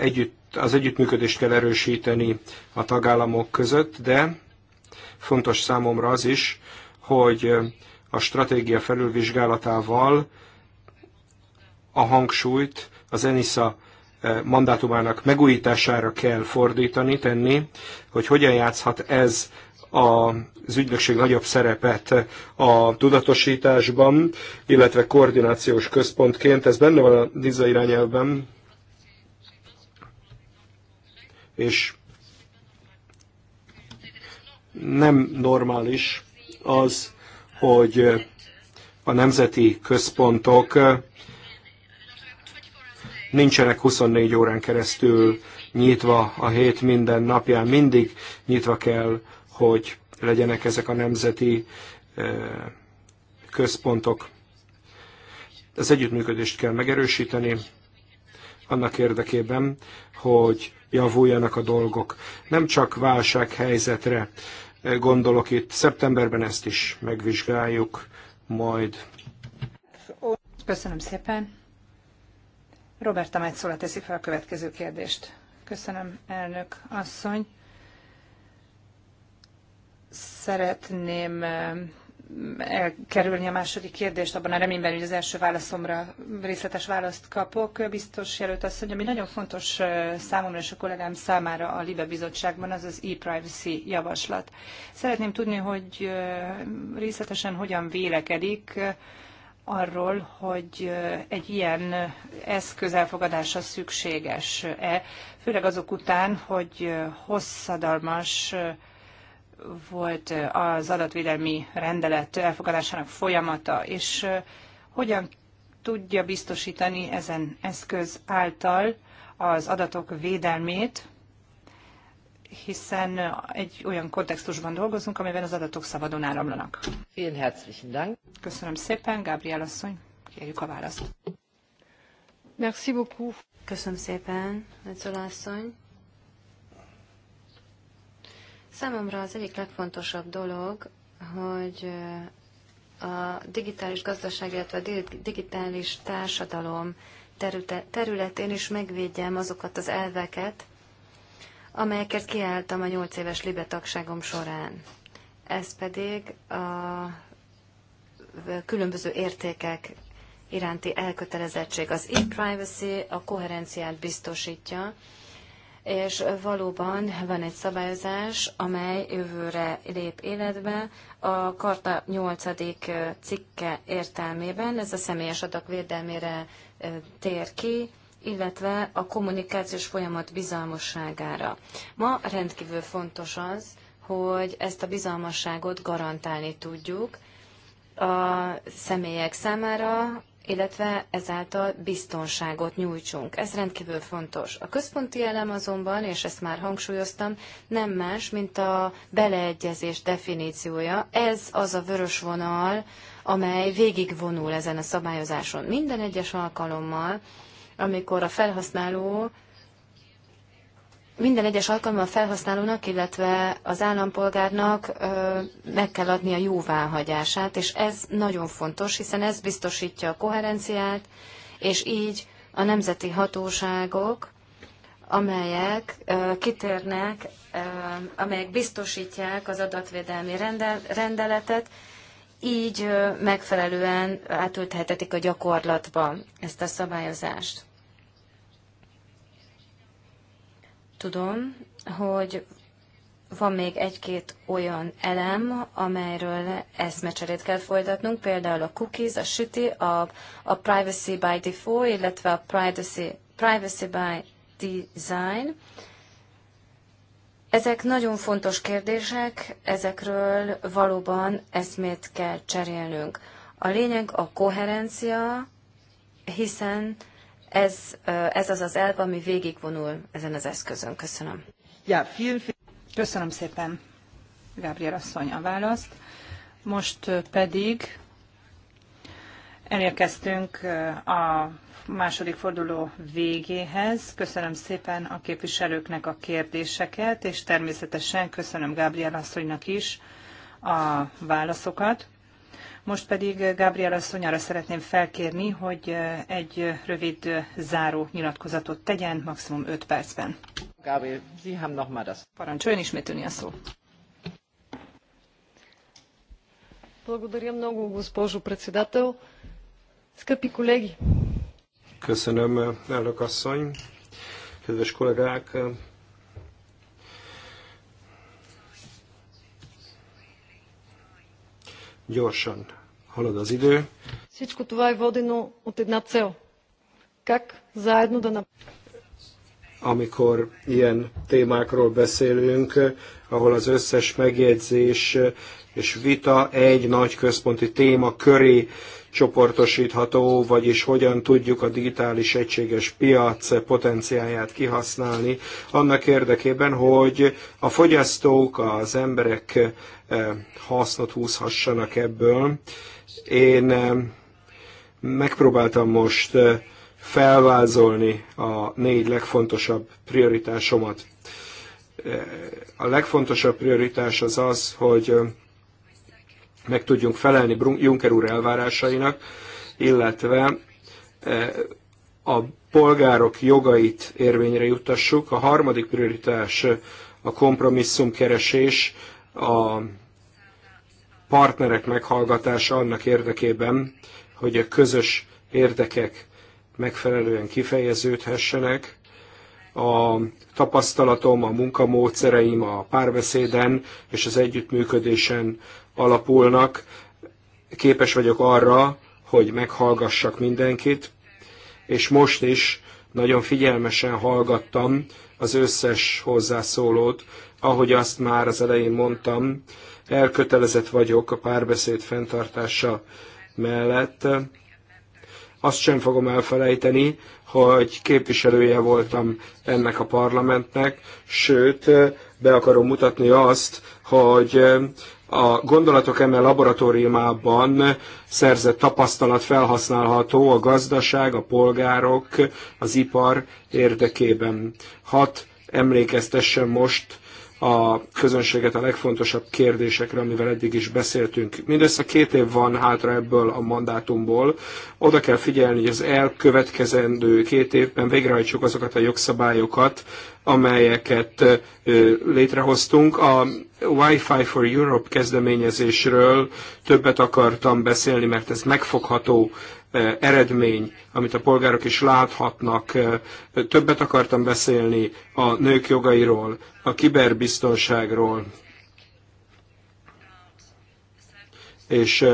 együtt, az együttműködést kell erősíteni a tagállamok között, de fontos számomra az is, hogy a stratégia felülvizsgálatával a hangsúlyt az ENISA mandátumának megújítására kell fordítani, tenni, hogy hogyan játszhat ez az ügynökség nagyobb szerepet a tudatosításban, illetve koordinációs központként. Ez benne van a DIZA irányelvben, és nem normális, az, hogy a nemzeti központok nincsenek 24 órán keresztül nyitva a hét minden napján, mindig nyitva kell, hogy legyenek ezek a nemzeti eh, központok. Az együttműködést kell megerősíteni annak érdekében, hogy javuljanak a dolgok. Nem csak válsághelyzetre gondolok itt. Szeptemberben ezt is megvizsgáljuk majd. Köszönöm szépen. Roberta Metszola teszi fel a következő kérdést. Köszönöm, elnök asszony. Szeretném elkerülni a második kérdést, abban a reményben, hogy az első válaszomra részletes választ kapok. Biztos jelölt azt, hogy ami nagyon fontos számomra és a kollégám számára a LIBE bizottságban, az az e-privacy javaslat. Szeretném tudni, hogy részletesen hogyan vélekedik arról, hogy egy ilyen eszköz elfogadása szükséges-e, főleg azok után, hogy hosszadalmas volt az adatvédelmi rendelet elfogadásának folyamata, és hogyan tudja biztosítani ezen eszköz által az adatok védelmét, hiszen egy olyan kontextusban dolgozunk, amiben az adatok szabadon áramlanak. herzlichen Dank. Köszönöm szépen, Gabriel asszony, kérjük a választ. Merci beaucoup. Köszönöm szépen, Metzola asszony. Számomra az egyik legfontosabb dolog, hogy a digitális gazdaság, illetve a digitális társadalom területén is megvédjem azokat az elveket, amelyeket kiálltam a nyolc éves libetagságom során. Ez pedig a különböző értékek iránti elkötelezettség. Az e-privacy a koherenciát biztosítja, és valóban van egy szabályozás, amely jövőre lép életbe a Karta 8. cikke értelmében, ez a személyes adat védelmére tér ki, illetve a kommunikációs folyamat bizalmasságára. Ma rendkívül fontos az, hogy ezt a bizalmasságot garantálni tudjuk a személyek számára, illetve ezáltal biztonságot nyújtsunk. Ez rendkívül fontos. A központi elem azonban, és ezt már hangsúlyoztam, nem más, mint a beleegyezés definíciója. Ez az a vörös vonal, amely végigvonul ezen a szabályozáson. Minden egyes alkalommal, amikor a felhasználó minden egyes alkalommal a felhasználónak, illetve az állampolgárnak meg kell adni a jóváhagyását, és ez nagyon fontos, hiszen ez biztosítja a koherenciát, és így a nemzeti hatóságok, amelyek kitérnek, amelyek biztosítják az adatvédelmi rendeletet, így megfelelően átültethetik a gyakorlatba ezt a szabályozást. tudom, hogy van még egy-két olyan elem, amelyről eszmecserét kell folytatnunk, például a cookies, a süti, a, a privacy by default, illetve a privacy, privacy by design. Ezek nagyon fontos kérdések, ezekről valóban eszmét kell cserélnünk. A lényeg a koherencia, hiszen ez, ez az az elv, ami végigvonul ezen az eszközön. Köszönöm. Ja, fél. Köszönöm szépen, Gábriel asszony, a választ. Most pedig elérkeztünk a második forduló végéhez. Köszönöm szépen a képviselőknek a kérdéseket, és természetesen köszönöm Gábriel asszonynak is a válaszokat. Most pedig eh, Gabriel asszonyára szeretném felkérni, hogy eh, egy eh, rövid záró nyilatkozatot tegyen, maximum 5 percben. Gabriel, Sie haben noch mal das. Parancsoljon ismétülni a szó. Благодаря много, госпожо председател. Скъпи колеги! Köszönöm, elnök asszony, kedves kollégák! Gyorsan halad az idő. Всичко това е водено от една amikor ilyen témákról beszélünk, ahol az összes megjegyzés és vita egy nagy központi téma köré csoportosítható, vagyis hogyan tudjuk a digitális egységes piac potenciáját kihasználni, annak érdekében, hogy a fogyasztók, az emberek eh, hasznot húzhassanak ebből, én eh, megpróbáltam most eh, felvázolni a négy legfontosabb prioritásomat. Eh, a legfontosabb prioritás az az, hogy meg tudjunk felelni Juncker úr elvárásainak, illetve a polgárok jogait érvényre juttassuk. A harmadik prioritás a kompromisszumkeresés, a partnerek meghallgatása annak érdekében, hogy a közös érdekek megfelelően kifejeződhessenek. A tapasztalatom, a munkamódszereim a párbeszéden és az együttműködésen alapulnak. Képes vagyok arra, hogy meghallgassak mindenkit, és most is nagyon figyelmesen hallgattam az összes hozzászólót, ahogy azt már az elején mondtam, elkötelezett vagyok a párbeszéd fenntartása mellett. Azt sem fogom elfelejteni, hogy képviselője voltam ennek a parlamentnek, sőt, be akarom mutatni azt, hogy a gondolatok emel laboratóriumában szerzett tapasztalat felhasználható a gazdaság, a polgárok, az ipar érdekében. Hat emlékeztessen most a közönséget a legfontosabb kérdésekre, amivel eddig is beszéltünk. Mindössze két év van hátra ebből a mandátumból. Oda kell figyelni, hogy az elkövetkezendő két évben végrehajtsuk azokat a jogszabályokat, amelyeket létrehoztunk. A Wi-Fi for Europe kezdeményezésről többet akartam beszélni, mert ez megfogható eredmény, amit a polgárok is láthatnak. Többet akartam beszélni a nők jogairól, a kiberbiztonságról, és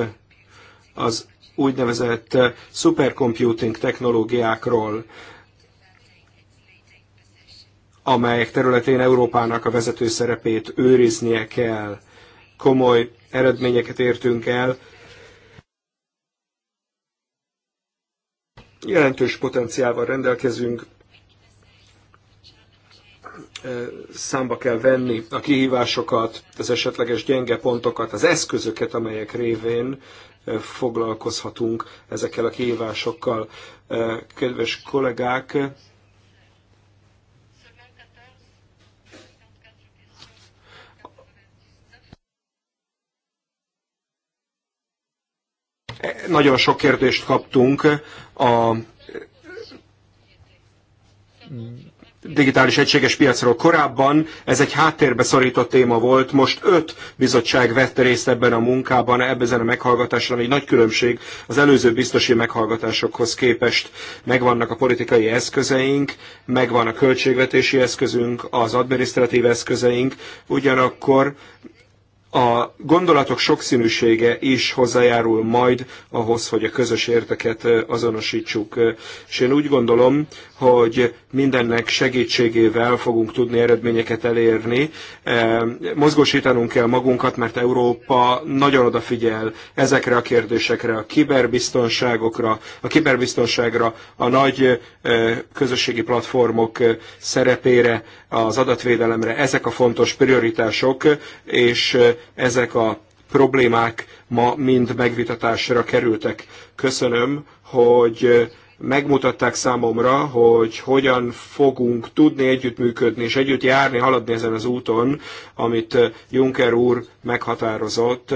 az úgynevezett supercomputing technológiákról, amelyek területén Európának a vezető szerepét őriznie kell. Komoly eredményeket értünk el, Jelentős potenciával rendelkezünk, számba kell venni a kihívásokat, az esetleges gyenge pontokat, az eszközöket, amelyek révén foglalkozhatunk ezekkel a kihívásokkal. Kedves kollégák, Nagyon sok kérdést kaptunk a digitális egységes piacról korábban. Ez egy háttérbe szorított téma volt, most öt bizottság vett részt ebben a munkában, ebben a meghallgatáson, ami egy nagy különbség az előző biztosi meghallgatásokhoz képest. Megvannak a politikai eszközeink, megvan a költségvetési eszközünk, az adminisztratív eszközeink, ugyanakkor a gondolatok sokszínűsége is hozzájárul majd ahhoz, hogy a közös érteket azonosítsuk. És én úgy gondolom, hogy mindennek segítségével fogunk tudni eredményeket elérni. Mozgósítanunk kell magunkat, mert Európa nagyon odafigyel ezekre a kérdésekre, a kiberbiztonságokra, a kiberbiztonságra, a nagy közösségi platformok szerepére, az adatvédelemre. Ezek a fontos prioritások, és ezek a problémák ma mind megvitatásra kerültek. Köszönöm, hogy megmutatták számomra, hogy hogyan fogunk tudni együttműködni és együtt járni, haladni ezen az úton, amit Juncker úr meghatározott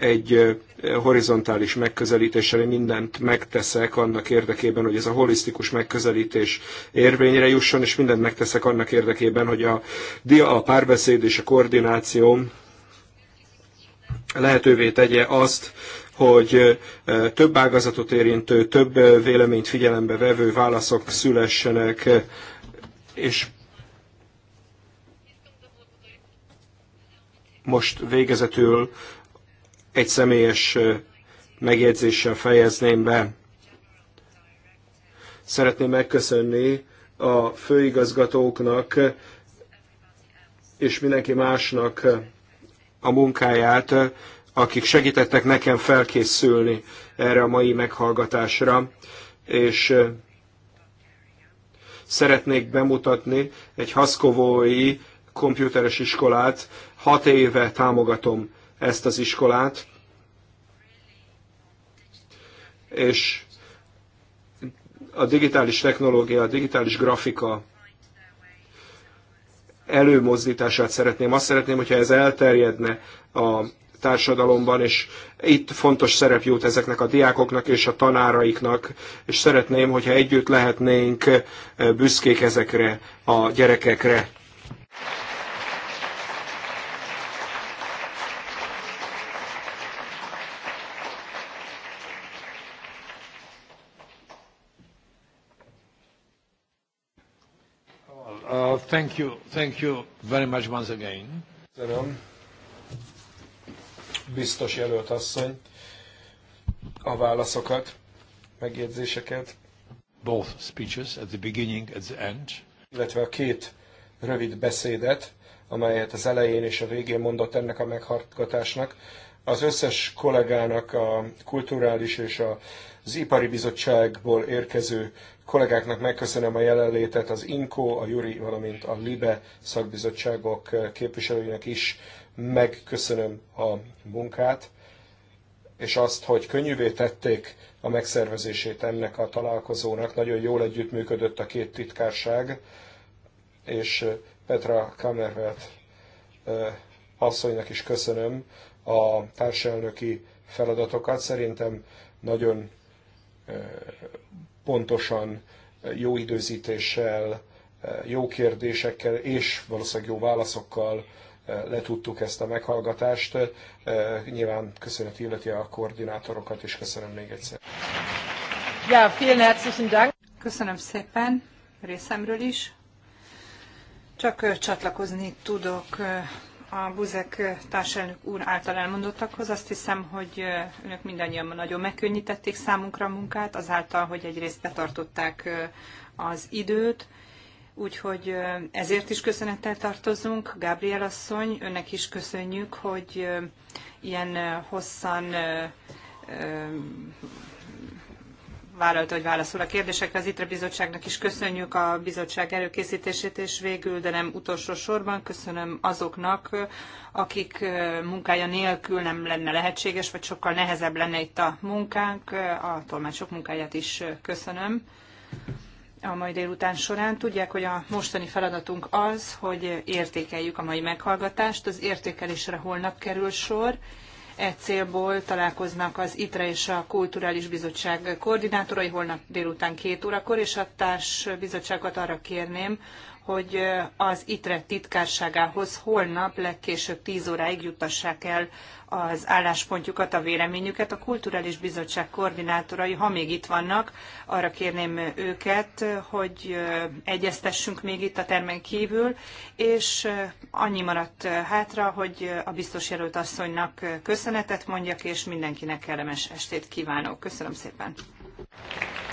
egy horizontális megközelítéssel. Én mindent megteszek annak érdekében, hogy ez a holisztikus megközelítés érvényre jusson, és mindent megteszek annak érdekében, hogy a, dia a párbeszéd és a koordináció lehetővé tegye azt, hogy több ágazatot érintő, több véleményt figyelembe vevő válaszok szülessenek, és most végezetül egy személyes megjegyzéssel fejezném be. Szeretném megköszönni a főigazgatóknak és mindenki másnak a munkáját, akik segítettek nekem felkészülni erre a mai meghallgatásra, és szeretnék bemutatni egy haszkovói komputeres iskolát. Hat éve támogatom ezt az iskolát, és a digitális technológia, a digitális grafika előmozdítását szeretném. Azt szeretném, hogyha ez elterjedne a társadalomban, és itt fontos szerep jut ezeknek a diákoknak és a tanáraiknak, és szeretném, hogyha együtt lehetnénk eh, büszkék ezekre a gyerekekre. Uh, thank you. Thank you very much once again. Köszönöm biztos jelölt asszony a válaszokat, megjegyzéseket. Both speeches at the beginning, at the end. Illetve a két rövid beszédet, amelyet az elején és a végén mondott ennek a meghallgatásnak. Az összes kollégának a kulturális és az ipari bizottságból érkező kollégáknak megköszönöm a jelenlétet, az INKO, a Juri, valamint a LIBE szakbizottságok képviselőinek is megköszönöm a munkát, és azt, hogy könnyűvé tették a megszervezését ennek a találkozónak. Nagyon jól együttműködött a két titkárság, és Petra Kamervet asszonynak is köszönöm a társelnöki feladatokat. Szerintem nagyon pontosan, jó időzítéssel, jó kérdésekkel és valószínűleg jó válaszokkal letudtuk ezt a meghallgatást. Nyilván köszönet illeti a koordinátorokat, és köszönöm még egyszer. Ja, vielen herzlichen Dank. Köszönöm szépen részemről is. Csak csatlakozni tudok a Buzek társelnök úr által elmondottakhoz. Azt hiszem, hogy önök mindannyian nagyon megkönnyítették számunkra a munkát, azáltal, hogy egyrészt betartották az időt, Úgyhogy ezért is köszönettel tartozunk. Gábriel asszony, önnek is köszönjük, hogy ilyen hosszan vállalta, hogy válaszol a kérdésekre. Az ITRE bizottságnak is köszönjük a bizottság előkészítését, és végül, de nem utolsó sorban köszönöm azoknak, akik munkája nélkül nem lenne lehetséges, vagy sokkal nehezebb lenne itt a munkánk. A tolmácsok munkáját is köszönöm a mai délután során. Tudják, hogy a mostani feladatunk az, hogy értékeljük a mai meghallgatást. Az értékelésre holnap kerül sor. E célból találkoznak az ITRA és a Kulturális Bizottság koordinátorai holnap délután két órakor, és a társ bizottságot arra kérném, hogy az ITRE titkárságához holnap legkésőbb 10 óráig juttassák el az álláspontjukat, a véleményüket. A Kulturális Bizottság koordinátorai, ha még itt vannak, arra kérném őket, hogy egyeztessünk még itt a termen kívül, és annyi maradt hátra, hogy a biztos jelölt asszonynak köszönetet mondjak, és mindenkinek kellemes estét kívánok. Köszönöm szépen!